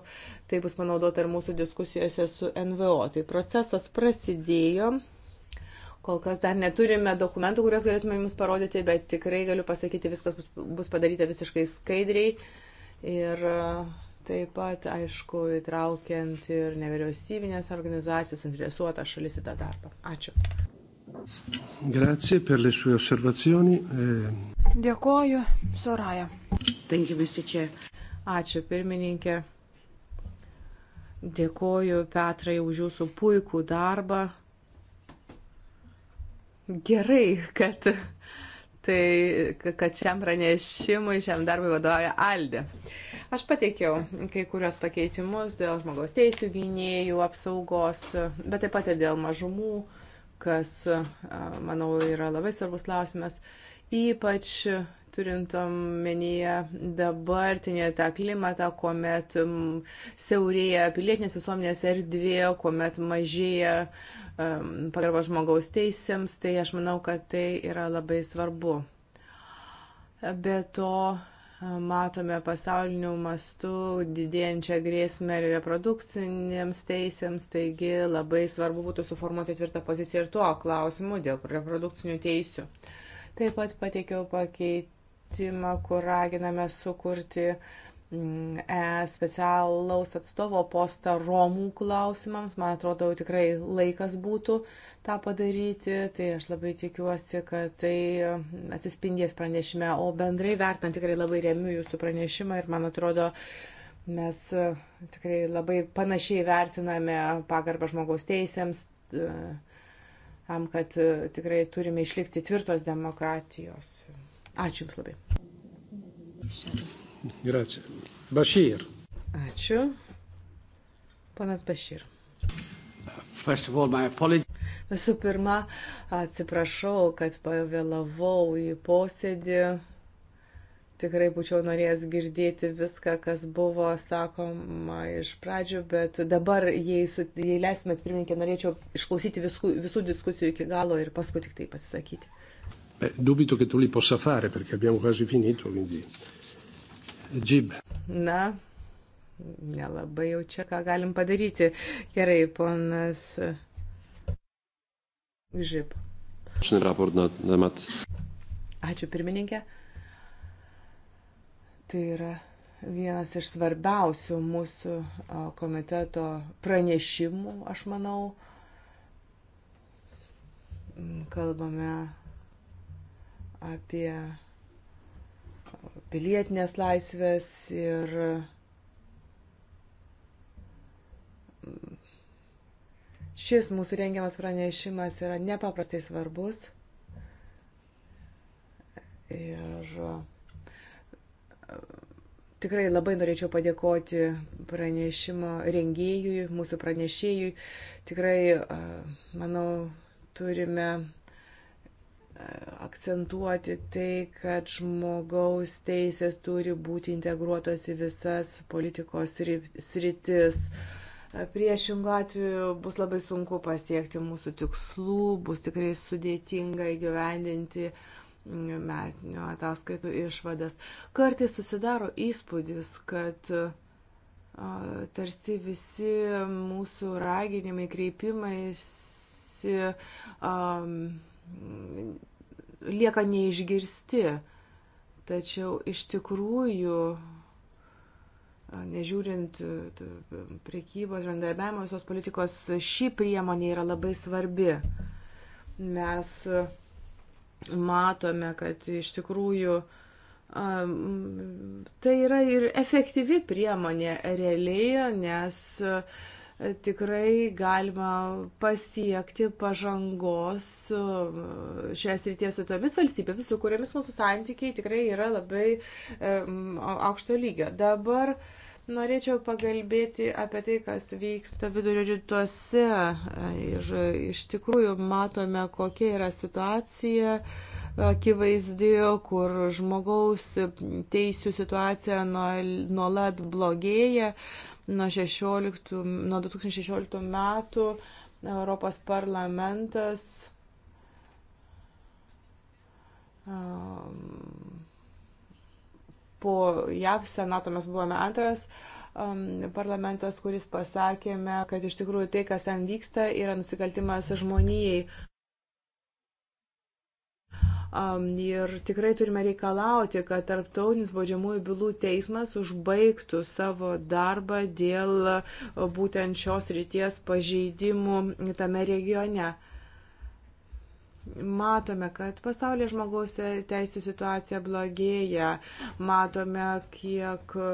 tai bus panaudota ir mūsų diskusijose su NVO. Tai procesas prasidėjo Kol kas dar neturime dokumentų, kuriuos galėtume jums parodyti, bet tikrai galiu pasakyti, viskas bus, bus padaryta visiškai skaidriai. Ir e, taip pat, aišku, įtraukiant ir nevyriausybinės organizacijas, interesuotas šalis į tą darbą. Ačiū. Grazie per le sue osservazioni. E- Dėkoju, Soraja. Thank you, Mr. Chair. Ačiū, pirmininkė. Dėkoju Petrai už jūsų puikų darbą gerai, kad, tai, kad šiam pranešimui, šiam darbui vadovauja Aldė. Aš pateikiau kai kurios pakeitimus dėl žmogaus teisų gynėjų apsaugos, bet taip pat ir dėl mažumų, kas, manau, yra labai svarbus klausimas. Ypač turint omenyje dabartinę tą klimatą, kuomet siaurėja pilietinės visuomenės erdvė, kuomet mažėja um, pagarbo žmogaus teisėms, tai aš manau, kad tai yra labai svarbu. Be to, matome pasaulinių mastų didėjančią grėsmę reprodukcinėms teisėms, taigi labai svarbu būtų suformuoti tvirtą poziciją ir tuo klausimu dėl reprodukcinių teisių. Taip pat pateikiau pakeit pakeitimą, kur raginame sukurti mm, ES specialaus atstovo postą Romų klausimams. Man atrodo, tikrai laikas būtų tą padaryti. Tai aš labai tikiuosi, kad tai atsispindės pranešime. O bendrai vertinant, tikrai labai remiu jūsų pranešimą ir man atrodo, mes e, tikrai labai panašiai vertiname pagarbą žmogaus teisėms e, tam, kad e, tikrai turime išlikti tvirtos demokratijos. Ačiū Jums labai. Grazie. Bashir. Ačiū. Panas Bashir. First of all, my apologies. Visų pirma, atsiprašau, kad pavėlavau į posėdį. Tikrai būčiau norėjęs girdėti viską, kas buvo sakoma iš pradžių, bet dabar, jei, su, jei leisime, pirmininkė, norėčiau išklausyti visų, visų diskusijų iki galo ir paskui tik tai pasisakyti. Eh, dubito che tu li possa fare perché abbiamo quasi finito, quindi. Gib. Eh, Na, nelabai jau čia ką galim padaryti. Gerai, ponas eh, Žib. Ačiū pirmininkė. Tai yra vienas iš svarbiausių mūsų komiteto pranešimų, aš manau. Kalbame apie pilietinės laisvės ir mm, šis mūsų rengiamas pranešimas yra nepaprastai svarbus. Ir tikrai labai norėčiau padėkoti pranešimo rengėjui, mūsų pranešėjui. Tikrai, manau, turime akcentuoti tai, kad žmogaus teisės turi būti integruotos į visas politikos sritis. Priešingo atveju bus labai sunku pasiekti mūsų tikslų, bus tikrai sudėtinga įgyvendinti mm, metinių ataskaitų išvadas. Kartai susidaro įspūdis, kad tarsi visi mūsų raginimai, kreipimais um, lieka neišgirsti. Tačiau iš tikrųjų, nežiūrint priekybos, bendarbiavimo visos politikos, ši priemonė yra labai svarbi. Mes matome, kad iš tikrųjų tai yra ir efektyvi priemonė realiai, nes tikrai galima pasiekti pažangos e, šioje srityje su tomis valstybėmis, su kuriamis mūsų santykiai tikrai yra labai um, aukšto lygio. Dabar norėčiau pagalbėti apie tai, kas vyksta vidurio rytuose e, ir iš tikrųjų matome, kokia yra situacija akivaizdi, kur žmogaus teisų situacija nuolat blogėja. Nuo, 16, nuo 2016 metų Europos parlamentas um, po JAV senato mes buvome antras um, parlamentas, kuris pasakėme, kad iš tikrųjų tai, kas ten vyksta, yra nusikaltimas žmonijai. Ir tikrai turime reikalauti, kad tarptautinis baudžiamųjų bylų teismas užbaigtų savo darbą dėl e, būtent šios ryties pažeidimų tame regione matome, kad pasaulyje žmogaus teisų situacija blogėja, matome, kiek e,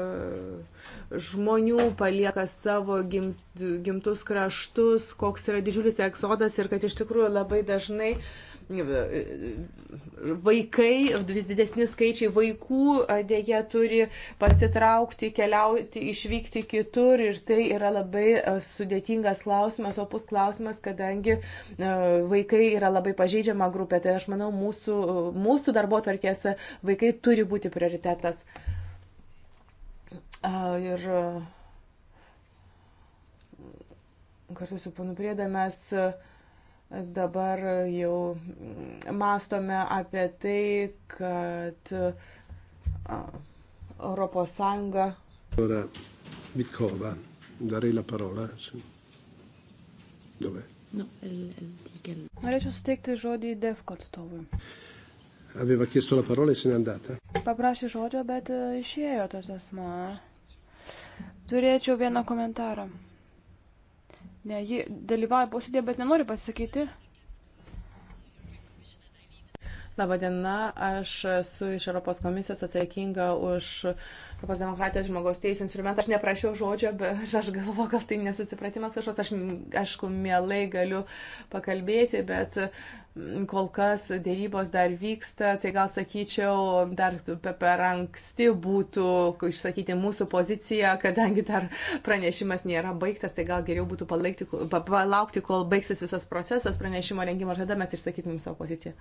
žmonių palieka savo gimtus kraštus, koks yra didžiulis eksodas ir kad iš tikrųjų labai dažnai uh, Vaikai, vis didesni skaičiai vaikų dėje turi pasitraukti, keliauti, išvykti kitur ir tai yra labai sudėtingas klausimas, opus klausimas, kadangi vaikai yra labai pažeidžiama grupė. Tai aš manau, mūsų, mūsų darbo tvarkėse vaikai turi būti prioritetas. Ir kartu su panu Prieda mes uh, Dabar jau mastome apie tai, kad Europos Sąjunga. Ora, Vitkova, darei la parola. Dov'è? No, Norėčiau suteikti žodį DEFCO atstovui. Aveva chiesto la parola e se n'è andata. Paprašė žodžio, bet e, išėjo tas asmo. Turėčiau vieną komentarą. Ne, ji dalyvauja posėdėje, bet nenori pasakyti. Labadiena, aš esu iš Europos komisijos atsakinga už Europos demokratijos žmogaus teisų instrumentą. Aš neprašiau žodžio, bet aš, aš galvoju, gal tai nesusipratimas kažkoks. Aš, aišku, mielai galiu pakalbėti, bet kol kas dėrybos dar vyksta, tai gal sakyčiau, dar per anksti būtų išsakyti mūsų poziciją, kadangi dar pranešimas nėra baigtas, tai gal geriau būtų palaikti, palaukti, kol baigsis visas procesas pranešimo rengimo ir tada mes išsakytumėm savo poziciją.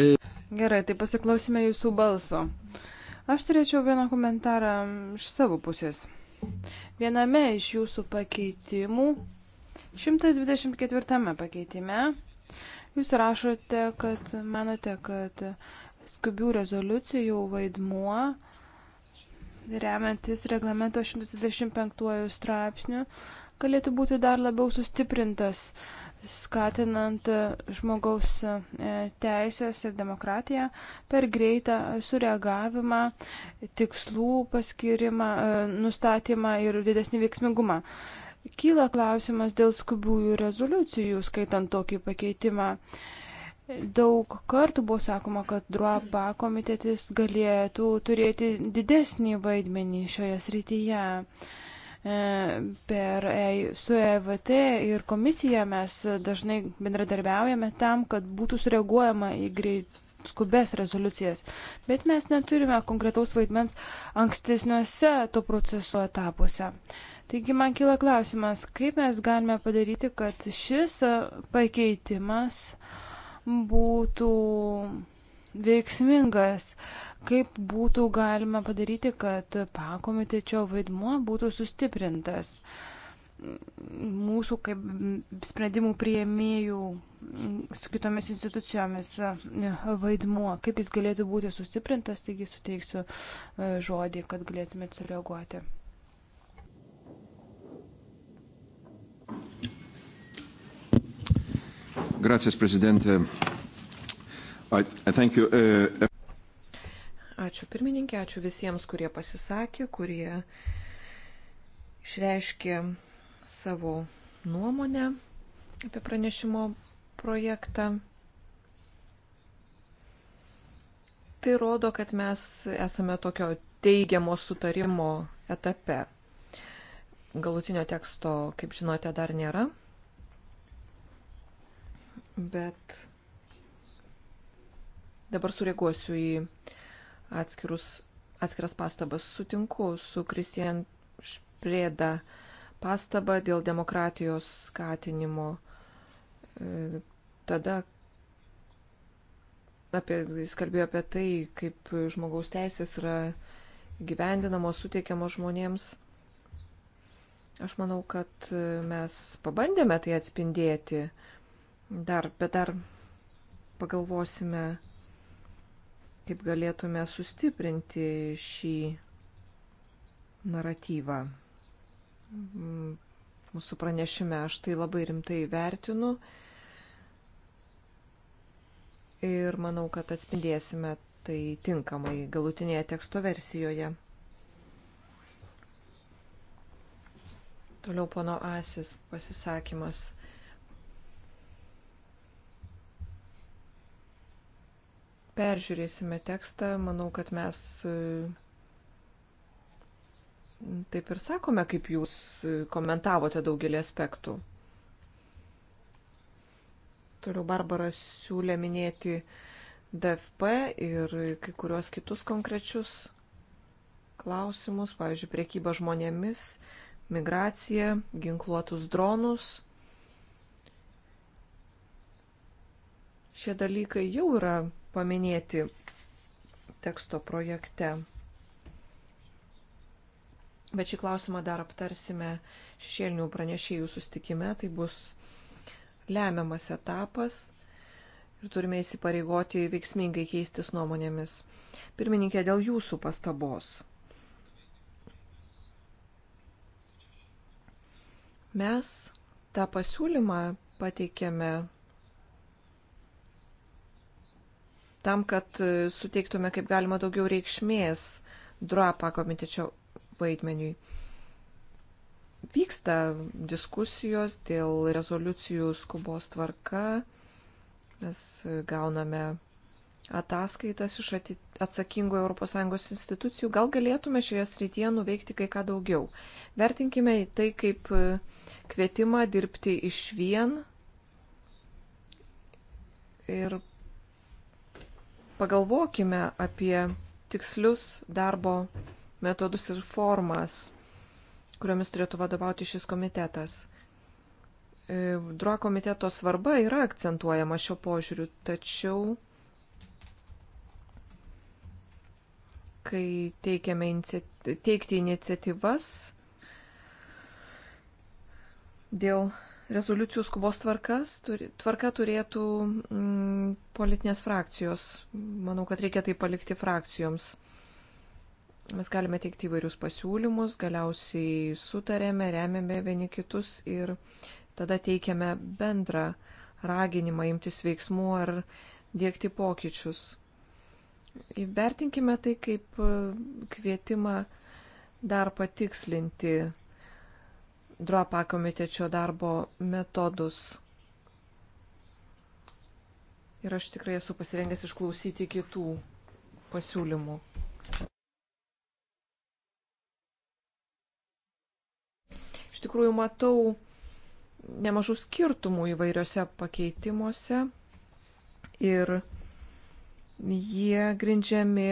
E, Gerai, tai pasiklausime jūsų balso. Aš turėčiau vieną komentarą iš savo pusės. Viename iš jūsų pakeitimų, 124 pakeitime, Jūs rašote, kad manote, kad skubių rezoliucijų vaidmuo, remiantis reglamento 125 straipsnių, galėtų būti dar labiau sustiprintas, skatinant žmogaus e, teisės ir demokratiją per greitą sureagavimą, tikslų paskirimą, e, nustatymą ir didesnį veiksmingumą. Kyla klausimas dėl skubiųjų rezoliucijų, skaitant tokį pakeitimą. Daug kartų buvo sakoma, kad DROPA komitetis galėtų turėti didesnį vaidmenį šioje srityje. E, per, e su EVT ir komisija mes dažnai bendradarbiaujame tam, kad būtų sureaguojama į greit, skubės rezoliucijas, bet mes neturime konkretaus vaidmens ankstesniuose to proceso etapuose. Uh, Taigi man kyla klausimas, kaip mes galime padaryti, kad šis pakeitimas būtų veiksmingas, kaip būtų galima padaryti, kad pakomitečio vaidmuo būtų sustiprintas mūsų kaip sprendimų prieimėjų su kitomis institucijomis vaidmuo, kaip jis galėtų būti sustiprintas, taigi suteiksiu žodį, kad galėtumėte sureaguoti. Gracias, prezidentė. I, I thank you. Uh, Ačiū pirmininkė, ačiū visiems, kurie pasisakė, kurie išreiškė savo nuomonę apie pranešimo projektą. Tai rodo, kad mes esame tokio teigiamo sutarimo etape. Galutinio teksto, kaip žinote, dar nėra, bet dabar sureaguosiu į atskirus, atskiras pastabas. Sutinku su Kristijan Šprėda pastabą dėl demokratijos skatinimo. E, tada apie, jis kalbėjo apie tai, kaip žmogaus teisės yra gyvendinamos, suteikiamos žmonėms. Aš manau, kad mes pabandėme tai atspindėti Dar, bet dar pagalvosime, kaip galėtume sustiprinti šį naratyvą. Mūsų pranešime aš tai labai rimtai vertinu ir manau, kad atspindėsime tai tinkamai galutinėje teksto versijoje. Toliau pono Asis pasisakymas. peržiūrėsime tekstą. Manau, kad mes e, taip ir sakome, kaip jūs komentavote daugelį aspektų. Toliau Barbara siūlė minėti DFP ir kai kurios kitus konkrečius klausimus, pavyzdžiui, priekybą žmonėmis, migraciją, ginkluotus dronus. Šie dalykai jau yra paminėti teksto projekte. Bet šį klausimą dar aptarsime šešėlinių pranešėjų sustikime. Tai bus lemiamas etapas ir turime įsipareigoti veiksmingai keistis nuomonėmis. Pirmininkė, dėl jūsų pastabos. Mes tą pasiūlymą pateikėme tam, kad e, suteiktume kaip galima daugiau reikšmės DRAPA komitečio vaidmeniui. Vyksta diskusijos dėl rezoliucijų skubos tvarka. Mes gauname ataskaitas iš atsakingų ES institucijų. Gal galėtume šioje srityje nuveikti kai ką daugiau. Vertinkime tai kaip e, kvietimą dirbti iš vien ir Pagalvokime apie tikslius darbo metodus ir formas, kuriomis turėtų vadovauti šis komitetas. E, Druo komiteto svarba yra akcentuojama šio požiūriu, tačiau kai teikiame teikti iniciatyvas dėl rezoliucijų skubos tvarkas, turi, tvarka turėtų mm, politinės frakcijos. Manau, kad reikia tai palikti frakcijoms. Mes galime teikti įvairius pasiūlymus, galiausiai sutarėme, remiame vieni kitus ir tada teikiame bendrą raginimą imtis veiksmų ar dėkti pokyčius. Įvertinkime tai kaip e, kvietimą dar patikslinti DROPA komitečio darbo metodus. Ir aš tikrai esu pasirengęs išklausyti kitų pasiūlymų. Iš tikrųjų matau nemažų skirtumų įvairiose pakeitimuose ir jie grindžiami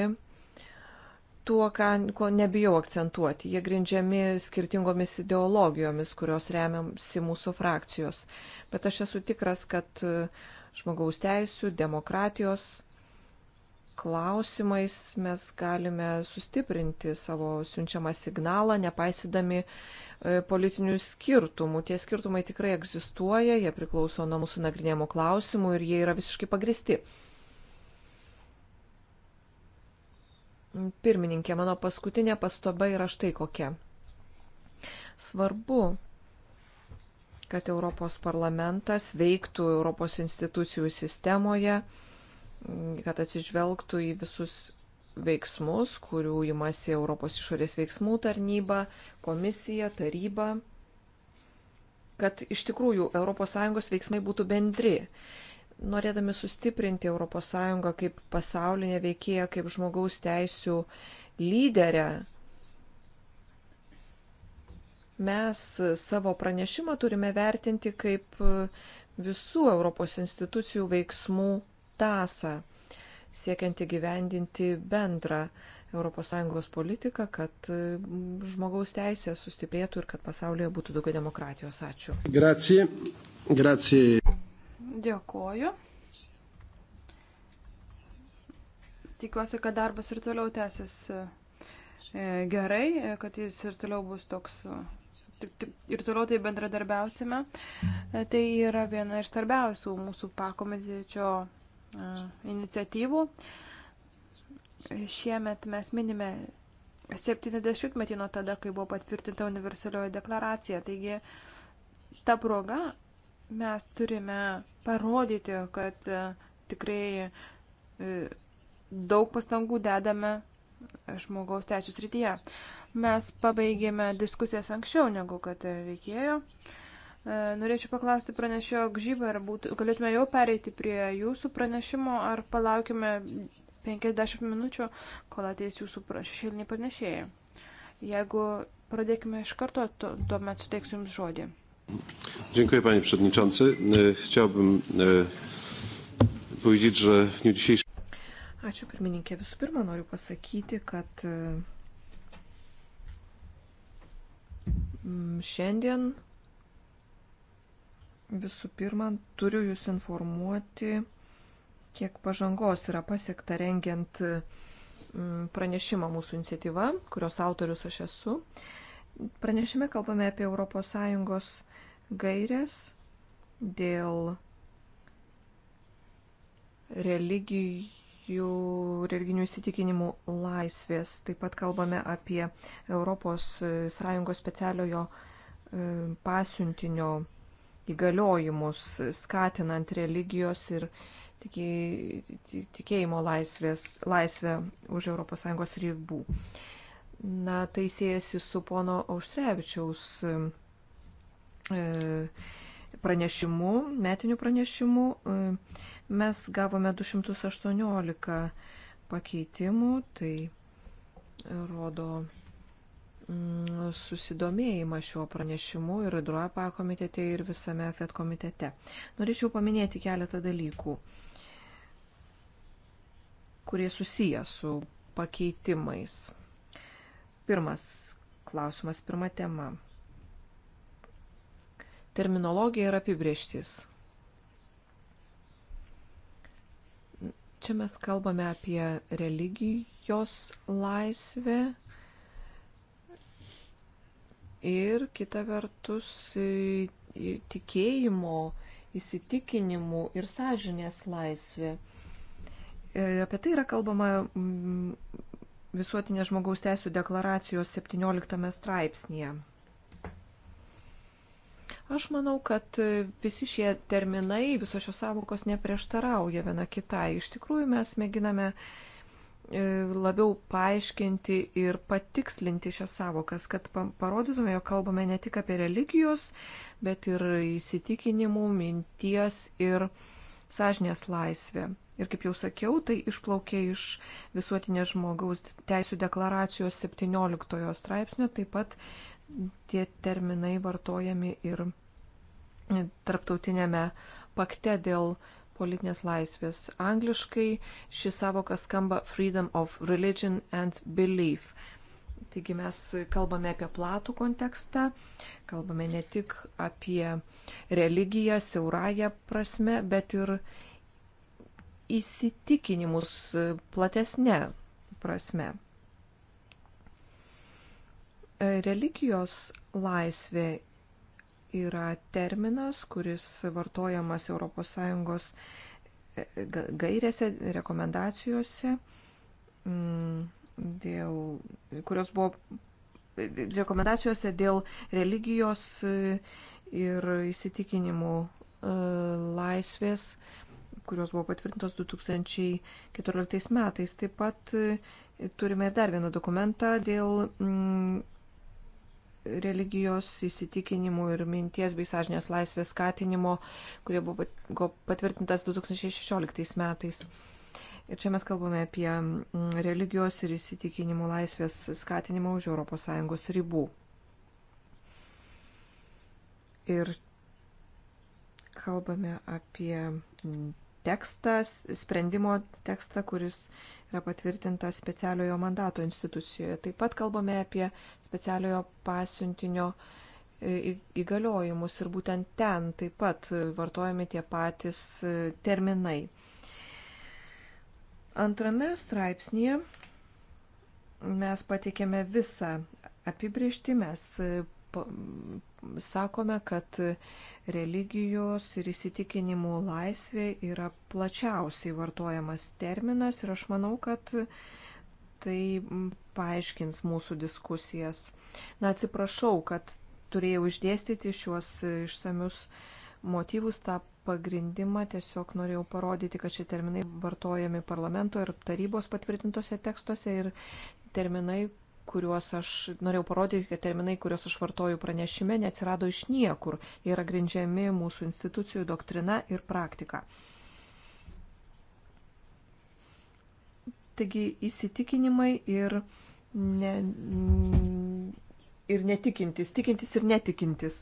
tuo, ką, ko nebijau akcentuoti. Jie grindžiami skirtingomis ideologijomis, kurios remiamsi mūsų frakcijos. Bet aš esu tikras, kad e, žmogaus teisų, demokratijos klausimais mes galime sustiprinti savo siunčiamą signalą, nepaisydami e, politinių skirtumų. Tie skirtumai tikrai egzistuoja, jie priklauso nuo mūsų nagrinėjimų klausimų ir jie yra visiškai pagristi. Pirmininkė, mano paskutinė pastaba yra štai kokia. Svarbu, kad Europos parlamentas veiktų Europos institucijų sistemoje, kad atsižvelgtų į visus veiksmus, kurių imasi Europos išorės veiksmų tarnyba, komisija, taryba, kad iš tikrųjų ES veiksmai būtų bendri norėdami sustiprinti ES kaip pasaulinę veikėją, kaip žmogaus teisų lyderę, mes savo pranešimą turime vertinti kaip visų Europos institucijų veiksmų tasą, siekiant įgyvendinti bendrą ES politiką, kad žmogaus teisė sustiprėtų ir kad pasaulyje būtų daugiau demokratijos. Ačiū. Grazie. Grazie. Dėkoju. Tikiuosi, kad darbas ir toliau tęsis e, gerai, e, kad jis ir toliau bus toks. E, ir toliau tai bendradarbiausime. Tai yra viena iš svarbiausių mūsų pakomitečio iniciatyvų. Šiemet mes minime 70-metį nuo tada, kai buvo patvirtinta universalioji deklaracija. Taigi, ta proga mes turime parodyti, kad e, tikrai e, daug pastangų dedame e, žmogaus teisų srityje. Mes pabaigėme diskusijas anksčiau, negu kad reikėjo. Norėčiau paklausti pranešėjo Gžybą, ar būtų, galėtume jau pereiti prie jūsų pranešimo, ar palaukime 50 minučių, kol ateis jūsų šešėliniai pranešėjai. Jeigu pradėkime iš karto, tuomet suteiksiu jums žodį. Dziękuję panie przewodniczący. E, chciałbym e, powiedzieć, że w dniu dzisiejszym. Ačiū pirmininkė. Visų pirma, noriu pasakyti, kad e, šiandien visų pirma turiu Jūs informuoti, kiek pažangos yra pasiekta rengiant pranešimą mūsų iniciatyva, kurios autorius aš esu. Pranešime kalbame apie ES gairės dėl religijų, religinių įsitikinimų laisvės. Taip pat kalbame apie ES specialiojo e, pasiuntinio įgaliojimus, skatinant religijos ir tikėjimo laisvės, laisvę už ES ribų. Na, tai siejasi su pono Auštrevičiaus E, pranešimu, metiniu pranešimu, e, mes gavome 218 pakeitimų, tai e, rodo mm, susidomėjimą šiuo pranešimu ir Dropa komitete ir visame FED komitete. Norėčiau paminėti keletą dalykų, kurie susiję su pakeitimais. Pirmas klausimas, pirma tema terminologija ir apibrieštys. Čia mes kalbame apie religijos laisvę ir kita vertus tikėjimo, įsitikinimų ir sąžinės laisvė. E, apie tai yra kalbama visuotinės žmogaus teisų deklaracijos 17 straipsnėje. Aš manau, kad e, visi šie terminai, visos šios savokos neprieštarauja viena kitai. Iš tikrųjų, mes mėginame e, labiau paaiškinti ir patikslinti šias savokas, kad parodytume, jog kalbame ne tik apie religijos, bet ir įsitikinimų, minties ir sąžinės laisvę. Ir kaip jau sakiau, tai išplaukė iš visuotinės žmogaus teisų deklaracijos 17 straipsnio, taip pat tie terminai vartojami ir tarptautinėme pakte dėl politinės laisvės. Angliškai ši savoka skamba freedom of religion and belief. Taigi mes kalbame apie platų kontekstą, kalbame ne tik apie religiją siaurąją prasme, bet ir įsitikinimus platesnė prasme. Religijos laisvė yra terminas, kuris vartojamas ES gairėse, rekomendacijose, mm, dėl, kurios buvo rekomendacijose dėl religijos e, ir įsitikinimų e, laisvės, kurios buvo patvirtintos 2014 metais. Taip pat e, turime ir dar vieną dokumentą dėl mm, religijos įsitikinimų ir minties bei sąžinės laisvės skatinimo, kurie buvo patvirtintas 2016 metais. Ir čia mes kalbame apie mm, religijos ir įsitikinimų laisvės skatinimą už ES ribų. Ir kalbame apie mm, tekstą, sprendimo tekstą, kuris yra patvirtintas specialiojo mandato institucijoje. Taip pat kalbame apie specialiojo pasiuntinio e, įgaliojimus ir būtent ten taip pat vartojami tie patys e, terminai. Antrame straipsnėje mes pateikėme visą apibriežtį, mes e, sakome, kad religijos ir įsitikinimų laisvė yra plačiausiai vartojamas terminas ir aš manau, kad tai paaiškins mūsų diskusijas. Na, atsiprašau, kad turėjau išdėstyti šiuos išsamius motyvus, tą pagrindimą tiesiog norėjau parodyti, kad šie terminai vartojami parlamento ir tarybos patvirtintose tekstuose ir terminai, kuriuos aš norėjau parodyti, kad terminai, kuriuos aš vartoju pranešime, neatsirado iš niekur. Jie yra grindžiami mūsų institucijų doktrina ir praktika. Taigi įsitikinimai ir, ne, ir netikintis, tikintis ir netikintis.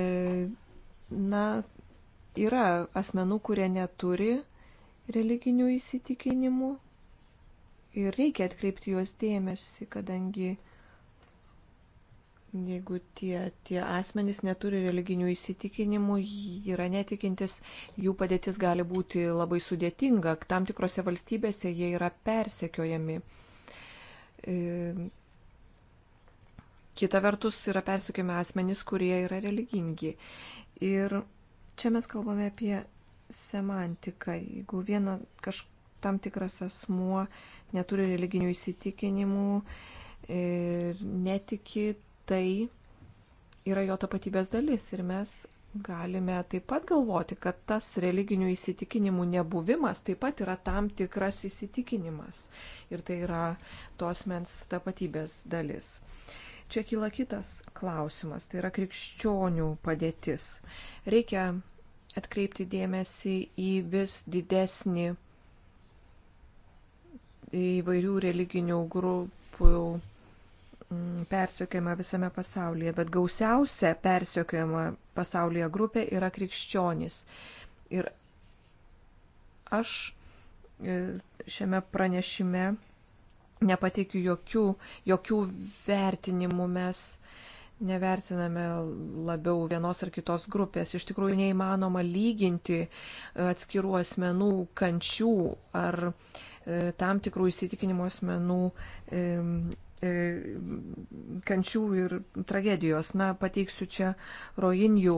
E, na, yra asmenų, kurie neturi religinių įsitikinimų, ir reikia atkreipti juos dėmesį, kadangi jeigu tie, tie asmenys neturi religinių įsitikinimų, yra netikintis, jų padėtis gali būti labai sudėtinga. Tam tikrose valstybėse jie yra persekiojami. E, kita vertus yra persekiojami asmenys, kurie yra religingi. Ir čia mes kalbame apie semantiką. Jeigu viena kažkokia tam tikras asmuo neturi religinių įsitikinimų ir netiki, tai yra jo tapatybės dalis. Ir mes galime taip pat galvoti, kad tas religinių įsitikinimų nebuvimas taip pat yra tam tikras įsitikinimas. Ir tai yra tos mens tapatybės dalis. Čia kyla kitas klausimas, tai yra krikščionių padėtis. Reikia atkreipti dėmesį į vis didesnį įvairių religinių grupių mm, persiokiama visame pasaulyje, bet gausiausia persiokiama pasaulyje grupė yra krikščionys. Ir aš e, šiame pranešime nepateikiu jokių, jokių vertinimų, mes nevertiname labiau vienos ar kitos grupės. Iš tikrųjų neįmanoma lyginti e, atskirų asmenų kančių ar uh, E, tam tikrų įsitikinimų asmenų e, e, kančių ir tragedijos. Na, pateiksiu čia rojinių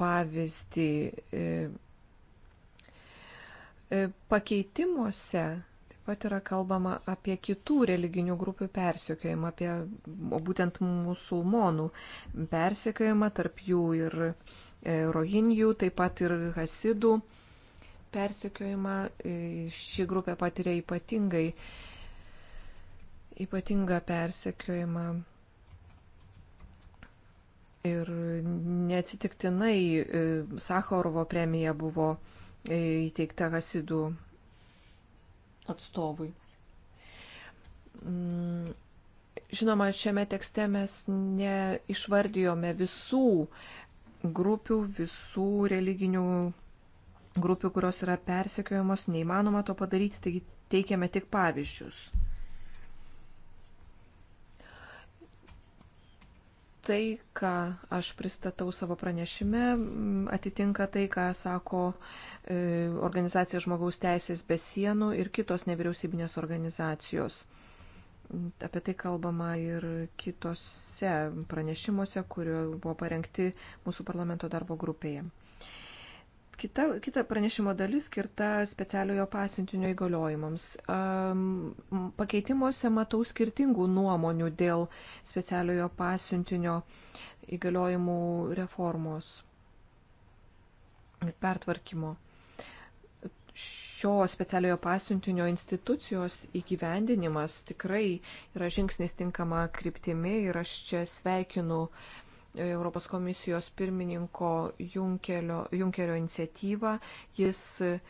pavyzdį. Pakeitimuose taip pat yra kalbama apie kitų religinių grupių persekiojimą, apie o būtent musulmonų persekiojimą, tarp jų ir rojinių, taip pat ir hasidų persekiojimą e, ši grupė patiria ypatingai, ypatingą persekiojimą. Ir neatsitiktinai e, Sakharovo premija buvo e, įteikta Hasidų atstovui. Mm, žinoma, šiame tekste mes neišvardijome visų grupių, visų religinių grupių, kurios yra persekiojamos, neįmanoma to padaryti, taigi teikiame tik pavyzdžius. Tai, ką aš pristatau savo pranešime, mm, atitinka tai, ką sako e, organizacija Žmogaus teisės be sienų ir kitos nevyriausybinės organizacijos. Apie tai kalbama ir kitose pranešimuose, kurio buvo parengti mūsų parlamento darbo grupėje. Kita, kita pranešimo dalis skirta specialiojo pasiuntinio įgaliojimams. Um, pakeitimuose matau skirtingų nuomonių dėl specialiojo pasiuntinio įgaliojimų reformos ir pertvarkymo. Šio specialiojo pasiuntinio institucijos įgyvendinimas tikrai yra žingsnis tinkama kryptimi ir aš čia sveikinu uh, Europos komisijos pirmininko Junkelio, Junkerio iniciatyvą. Jis e,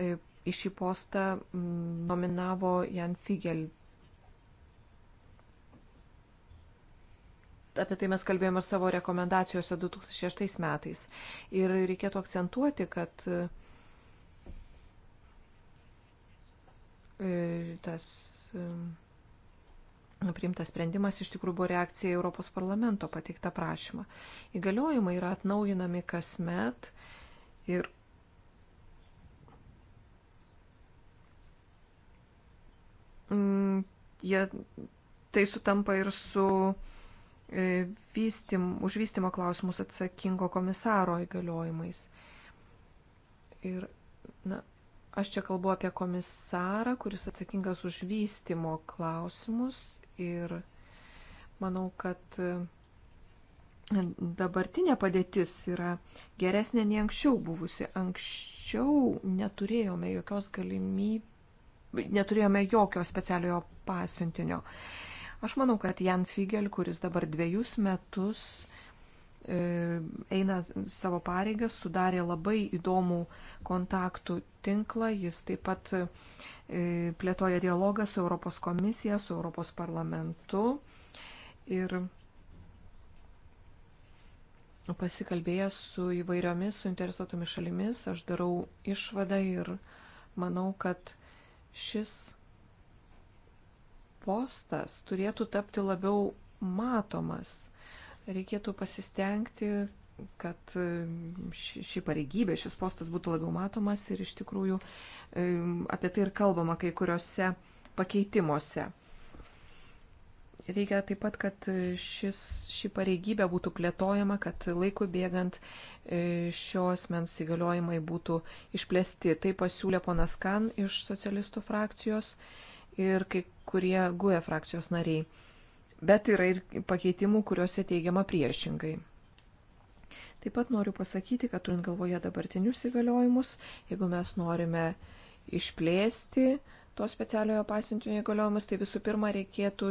į šį postą nominavo Jan Figel. Apie tai mes kalbėjome ir savo rekomendacijose 2006 metais. Ir reikėtų akcentuoti, kad e, tas priimtas sprendimas iš tikrųjų buvo reakcija į Europos parlamento pateiktą prašymą. Įgaliojimai yra atnaujinami kasmet ir mm, jie tai sutampa ir su e, vystym, už vystymo klausimus atsakingo komisaro įgaliojimais. Ir na, Aš čia kalbu apie komisarą, kuris atsakingas už vystimo klausimus ir manau, kad e, dabartinė padėtis yra geresnė nei anksčiau buvusi. Anksčiau neturėjome jokios galimybės, neturėjome jokio specialiojo pasiuntinio. Aš manau, kad Jan Figel, kuris dabar dviejus metus E, eina savo pareigas, sudarė labai įdomų kontaktų tinklą, jis taip pat e, plėtoja dialogą su Europos komisija, su Europos parlamentu ir pasikalbėjęs su įvairiomis suinteresuotomis šalimis, aš darau išvadą ir manau, kad šis postas turėtų tapti labiau matomas Reikėtų pasistengti, kad e, ši, ši pareigybė, šis postas būtų labiau matomas ir iš tikrųjų e, apie tai ir kalbama kai kuriuose pakeitimuose. Reikia taip pat, kad šis, ši pareigybė būtų plėtojama, kad laiku bėgant e, šios mens įgaliojimai būtų išplėsti. Tai pasiūlė ponas Kan iš socialistų frakcijos ir kai kurie GUE frakcijos nariai bet yra ir pakeitimų, kuriuose teigiama priešingai. Taip pat noriu pasakyti, kad turint galvoje dabartinius įgaliojimus, jeigu mes norime išplėsti to specialiojo pasiuntinio įgaliojimus, tai visų pirma reikėtų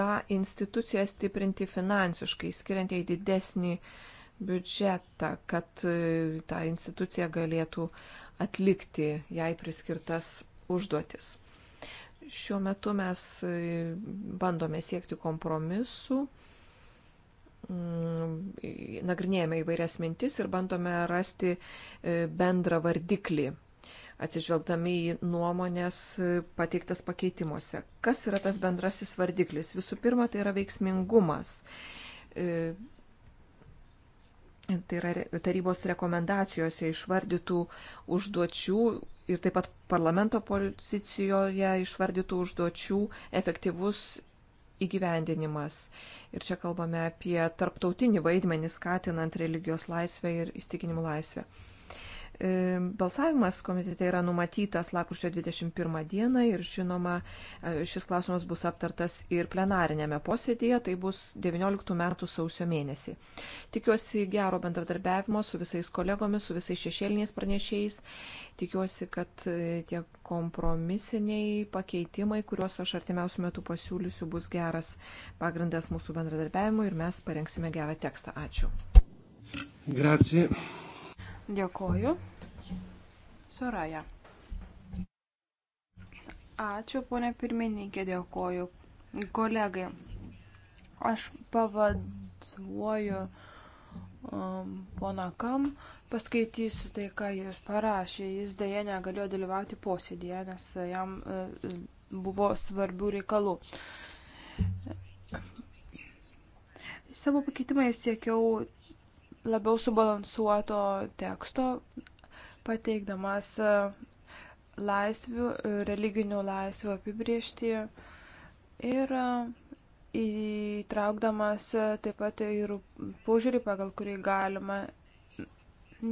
tą instituciją stiprinti finansiškai, skiriant jai didesnį biudžetą, kad e, ta institucija galėtų atlikti jai priskirtas užduotis. Šiuo metu mes e, bandome siekti kompromisų, mm, nagrinėjame įvairias mintis ir bandome rasti e, bendrą vardiklį, atsižvelgdami į nuomonės e, pateiktas pakeitimuose. Kas yra tas bendrasis vardiklis? Visų pirma, tai yra veiksmingumas. Tai yra tarybos rekomendacijose išvardytų užduočių ir taip pat parlamento pozicijoje išvardytų užduočių efektyvus įgyvendinimas. Ir čia kalbame apie tarptautinį vaidmenį skatinant religijos laisvę ir įstikinimų laisvę. E, balsavimas komitete yra numatytas lakrūčio 21 dieną ir žinoma, e, šis klausimas bus aptartas ir plenarinėme posėdėje, tai bus 19 metų sausio mėnesį. Tikiuosi gero bendradarbiavimo su visais kolegomis, su visais šešėliniais pranešėjais. Tikiuosi, kad e, tie kompromisiniai pakeitimai, kuriuos aš artimiausių metų pasiūlysiu, bus geras pagrindas mūsų bendradarbiavimui ir mes parengsime gerą tekstą. Ačiū. Grazie. Dėkoju. Soraja. Ačiū, ponė pirmininkė, dėkoju. Kolegai, aš pavaduoju um, poną Kam, paskaitysiu tai, ką jis parašė. Jis dėja negalėjo dalyvauti posėdėje, nes uh, jam uh, buvo svarbių reikalų. Savo pakeitimą siekiau labiau subalansuoto teksto, pateikdamas e, laisvių, religinių laisvių apibriežtį ir e, įtraukdamas e, taip pat ir požiūrį, pagal kurį galima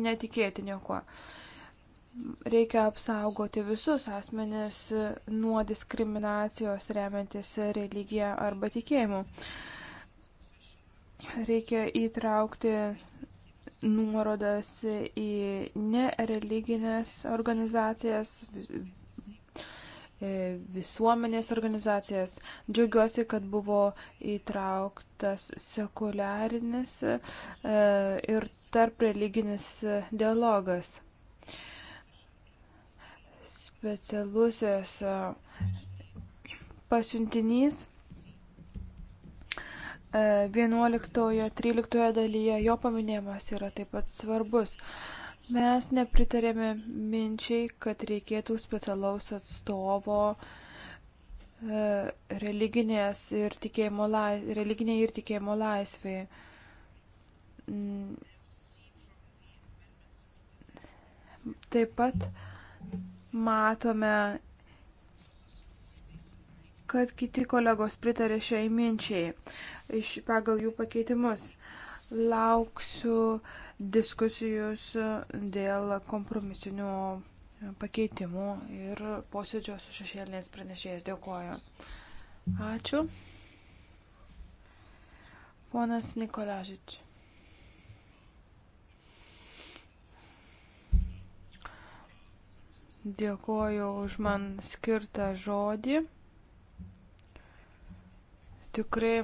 netikėti nieko. Reikia apsaugoti visus asmenis nuo diskriminacijos remiantis religiją arba tikėjimu. Reikia įtraukti nuorodas į nereliginės organizacijas, e, visuomenės organizacijas. Džiaugiuosi, kad buvo įtrauktas sekuliarinis e, ir tarp religinis dialogas. Specialusis e, pasiuntinys 11-13 dalyje jo paminėjimas yra taip pat svarbus. Mes nepritarėme minčiai, kad reikėtų specialaus atstovo e, religinės ir tikėjimo laisvė, religiniai ir tikėjimo laisvė. Mm. Taip pat matome, kad kiti kolegos pritarė šiai minčiai iš, pagal jų pakeitimus. Lauksiu diskusijus dėl kompromisinių pakeitimų ir posėdžio su šešėlinės pranešėjas. Dėkuoju. Ačiū. Ponas Nikolažič. Dėkuoju už man skirtą žodį. Tikrai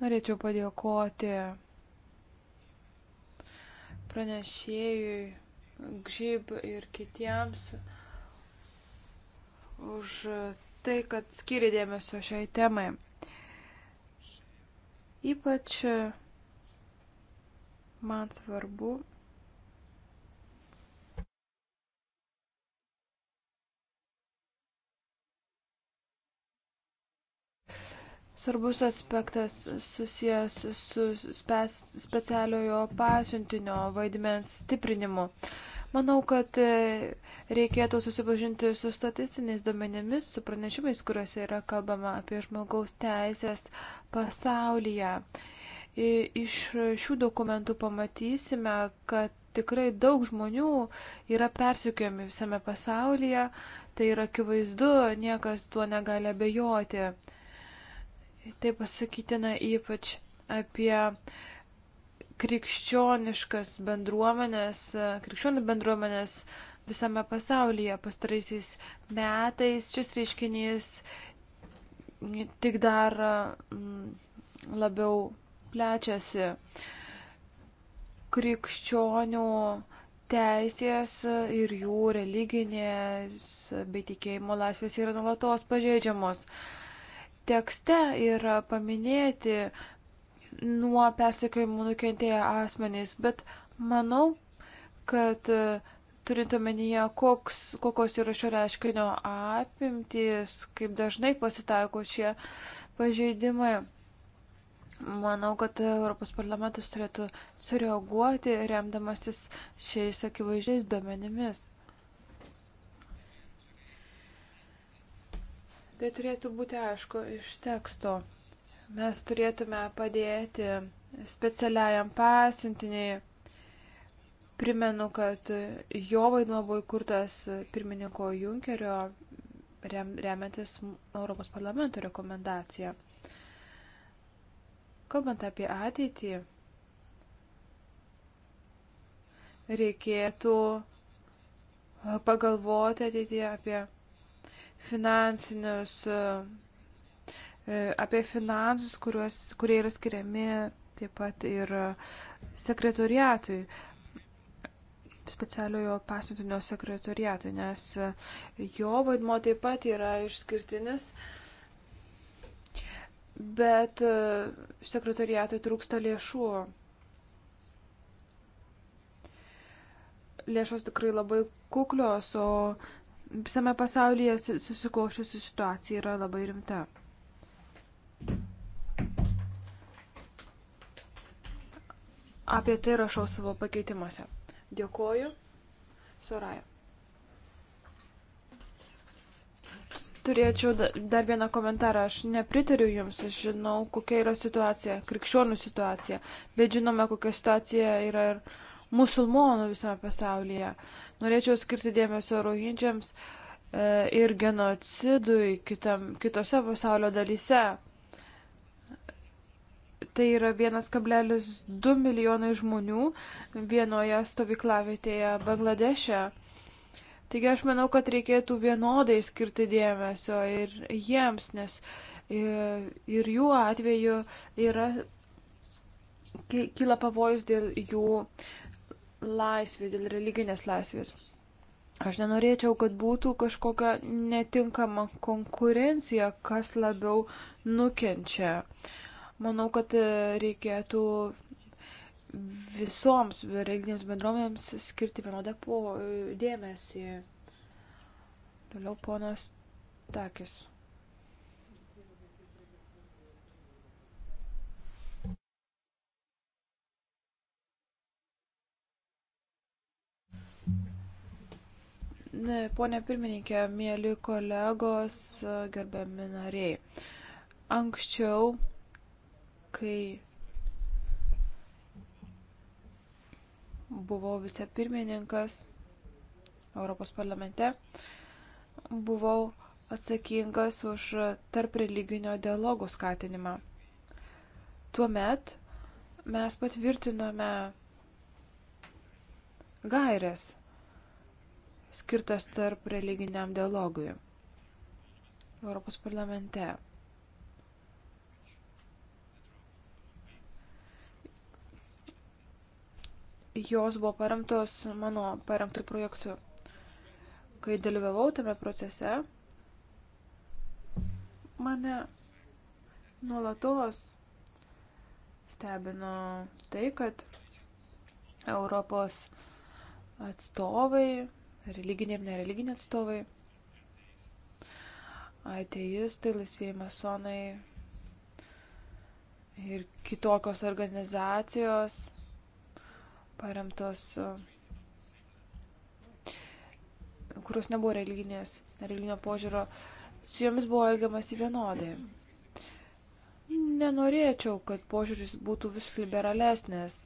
Norėčiau padėkoti pranešėjui Gžyb ir kitiems už tai, kad skiri dėmesio šiai temai. Ypač man svarbu Svarbus aspektas susijęs su spe, specialiojo pasiuntinio vaidmens stiprinimu. Manau, kad e, reikėtų susipažinti su statistiniais duomenimis, su pranešimais, kuriuose yra kalbama apie žmogaus teisės pasaulyje. Iš šių dokumentų pamatysime, kad tikrai daug žmonių yra persikiojami visame pasaulyje, tai yra akivaizdu, niekas tuo negali abejoti. Tai pasakytina ypač apie krikščioniškas bendruomenės, krikščionių bendruomenės visame pasaulyje pastaraisiais metais šis reiškinys tik dar mm, labiau plečiasi. Krikščionių teisės ir jų religinės bei tikėjimo laisvės yra nuolatos pažeidžiamos tekste yra paminėti nuo persekiojimų nukentėję asmenys, bet manau, kad e, turint omenyje, koks, kokios yra šio reiškinio apimtys, kaip dažnai pasitaiko šie pažeidimai, manau, kad Europos parlamentas turėtų sureaguoti remdamasis šiais akivaizdžiais duomenimis. Tai turėtų būti aišku iš teksto. Mes turėtume padėti specialiajam pasiuntiniai. Primenu, kad jo vaidmo buvo įkurtas pirmininko Junkerio rem, remiantis Europos parlamento rekomendaciją. Kalbant apie ateitį, reikėtų pagalvoti ateityje apie finansinius, e, apie finansus, kuriuos, kurie yra skiriami taip pat ir sekretoriatui specialiojo pasiuntinio sekretoriatui, nes jo vaidmo taip pat yra išskirtinis, bet e, sekretoriatui trūksta lėšų. Lėšos tikrai labai kuklios, o visame pasaulyje susiklošiusi situacija yra labai rimta. Apie tai rašau savo pakeitimuose. Dėkoju. Soraja. Turėčiau dar vieną komentarą. Aš nepritariu Jums, aš žinau, kokia yra situacija, krikščionių situacija, bet žinome, kokia situacija yra ir musulmonų visame pasaulyje. Norėčiau skirti dėmesio rohinčiams e, ir genocidui kitam, kitose pasaulio dalyse. Tai yra 1,2 milijonai žmonių vienoje stovyklavietėje Bangladeše. Taigi aš manau, kad reikėtų vienodai skirti dėmesio ir jiems, nes ir, e, ir jų atveju yra kyla pavojus dėl jų laisvės, dėl religinės laisvės. Aš nenorėčiau, kad būtų kažkokia netinkama konkurencija, kas labiau nukenčia. Manau, kad e, reikėtų visoms religinėms bendruomenėms skirti vienodą e, dėmesį. Toliau ponas Takis. Pone pirmininkė, mėly kolegos, gerbiami nariai. Anksčiau, kai buvau vicepirmininkas Europos parlamente, buvau atsakingas už tarp religinio dialogų skatinimą. Tuomet mes patvirtinome gairės skirtas tarp religiniam dialogui Europos parlamente. Jos buvo paremtos mano paremtų projektų. Kai dalyvavau tame procese, mane nuolatos stebino tai, kad Europos atstovai religiniai ir nereliginiai atstovai, ateistai, laisvėjai masonai ir kitokios organizacijos paremtos, kurios nebuvo religinės, religinio požiūro, su jomis buvo elgiamasi vienodai. Nenorėčiau, kad požiūris būtų vis liberalesnės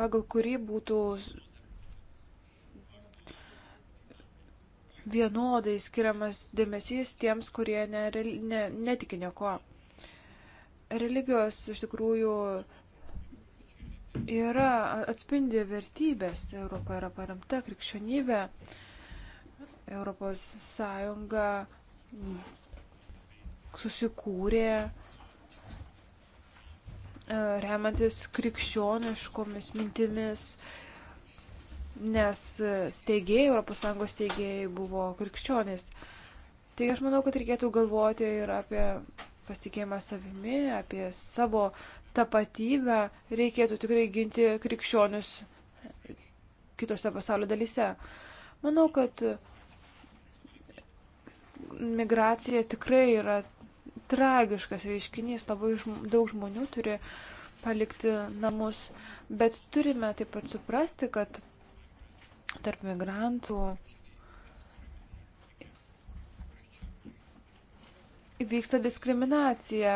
pagal kurį būtų vienodai skiriamas dėmesys tiems, kurie ne, ne, netiki nieko. Religijos iš tikrųjų yra atspindi vertybės. Europa yra paremta krikščionybė. Europos Sąjunga susikūrė E, remiantis krikščioniškomis mintimis, nes e, steigėjai, ES steigėjai buvo krikščionys. Taigi aš manau, kad reikėtų galvoti ir apie pasitikėjimą savimi, apie savo tapatybę. Reikėtų tikrai ginti krikščionius kitose pasaulio dalyse. Manau, kad migracija tikrai yra tragiškas reiškinys, labai žm daug žmonių turi palikti namus, bet turime taip pat suprasti, kad tarp migrantų vyksta diskriminacija,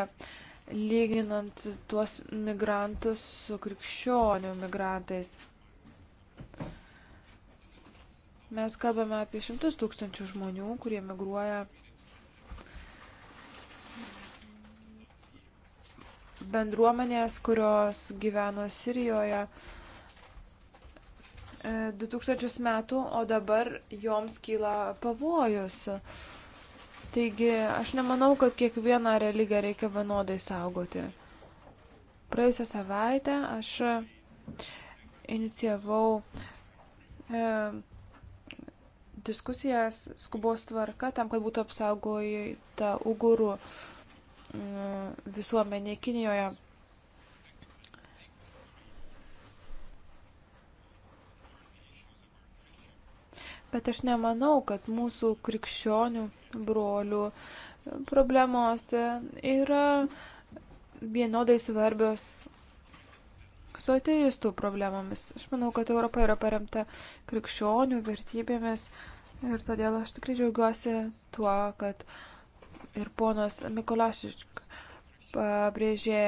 lyginant tuos migrantus su krikščionių migrantais. Mes kalbame apie šimtus tūkstančių žmonių, kurie migruoja bendruomenės, kurios gyveno Sirijoje 2000 e, metų, o dabar joms kyla pavojus. Taigi aš nemanau, kad kiekvieną religiją reikia vienodai saugoti. Praėjusią savaitę aš inicijavau e, diskusijas skubos tvarka tam, kad būtų apsaugojai ta ugurų e, Mm, visuomenė Kinijoje. Bet aš nemanau, kad mūsų krikščionių brolių problemos yra vienodai svarbios su ateistų problemomis. Aš manau, kad Europa yra paremta krikščionių vertybėmis ir todėl aš tikrai džiaugiuosi tuo, kad uh, ir ponas Mikolašičk pabrėžė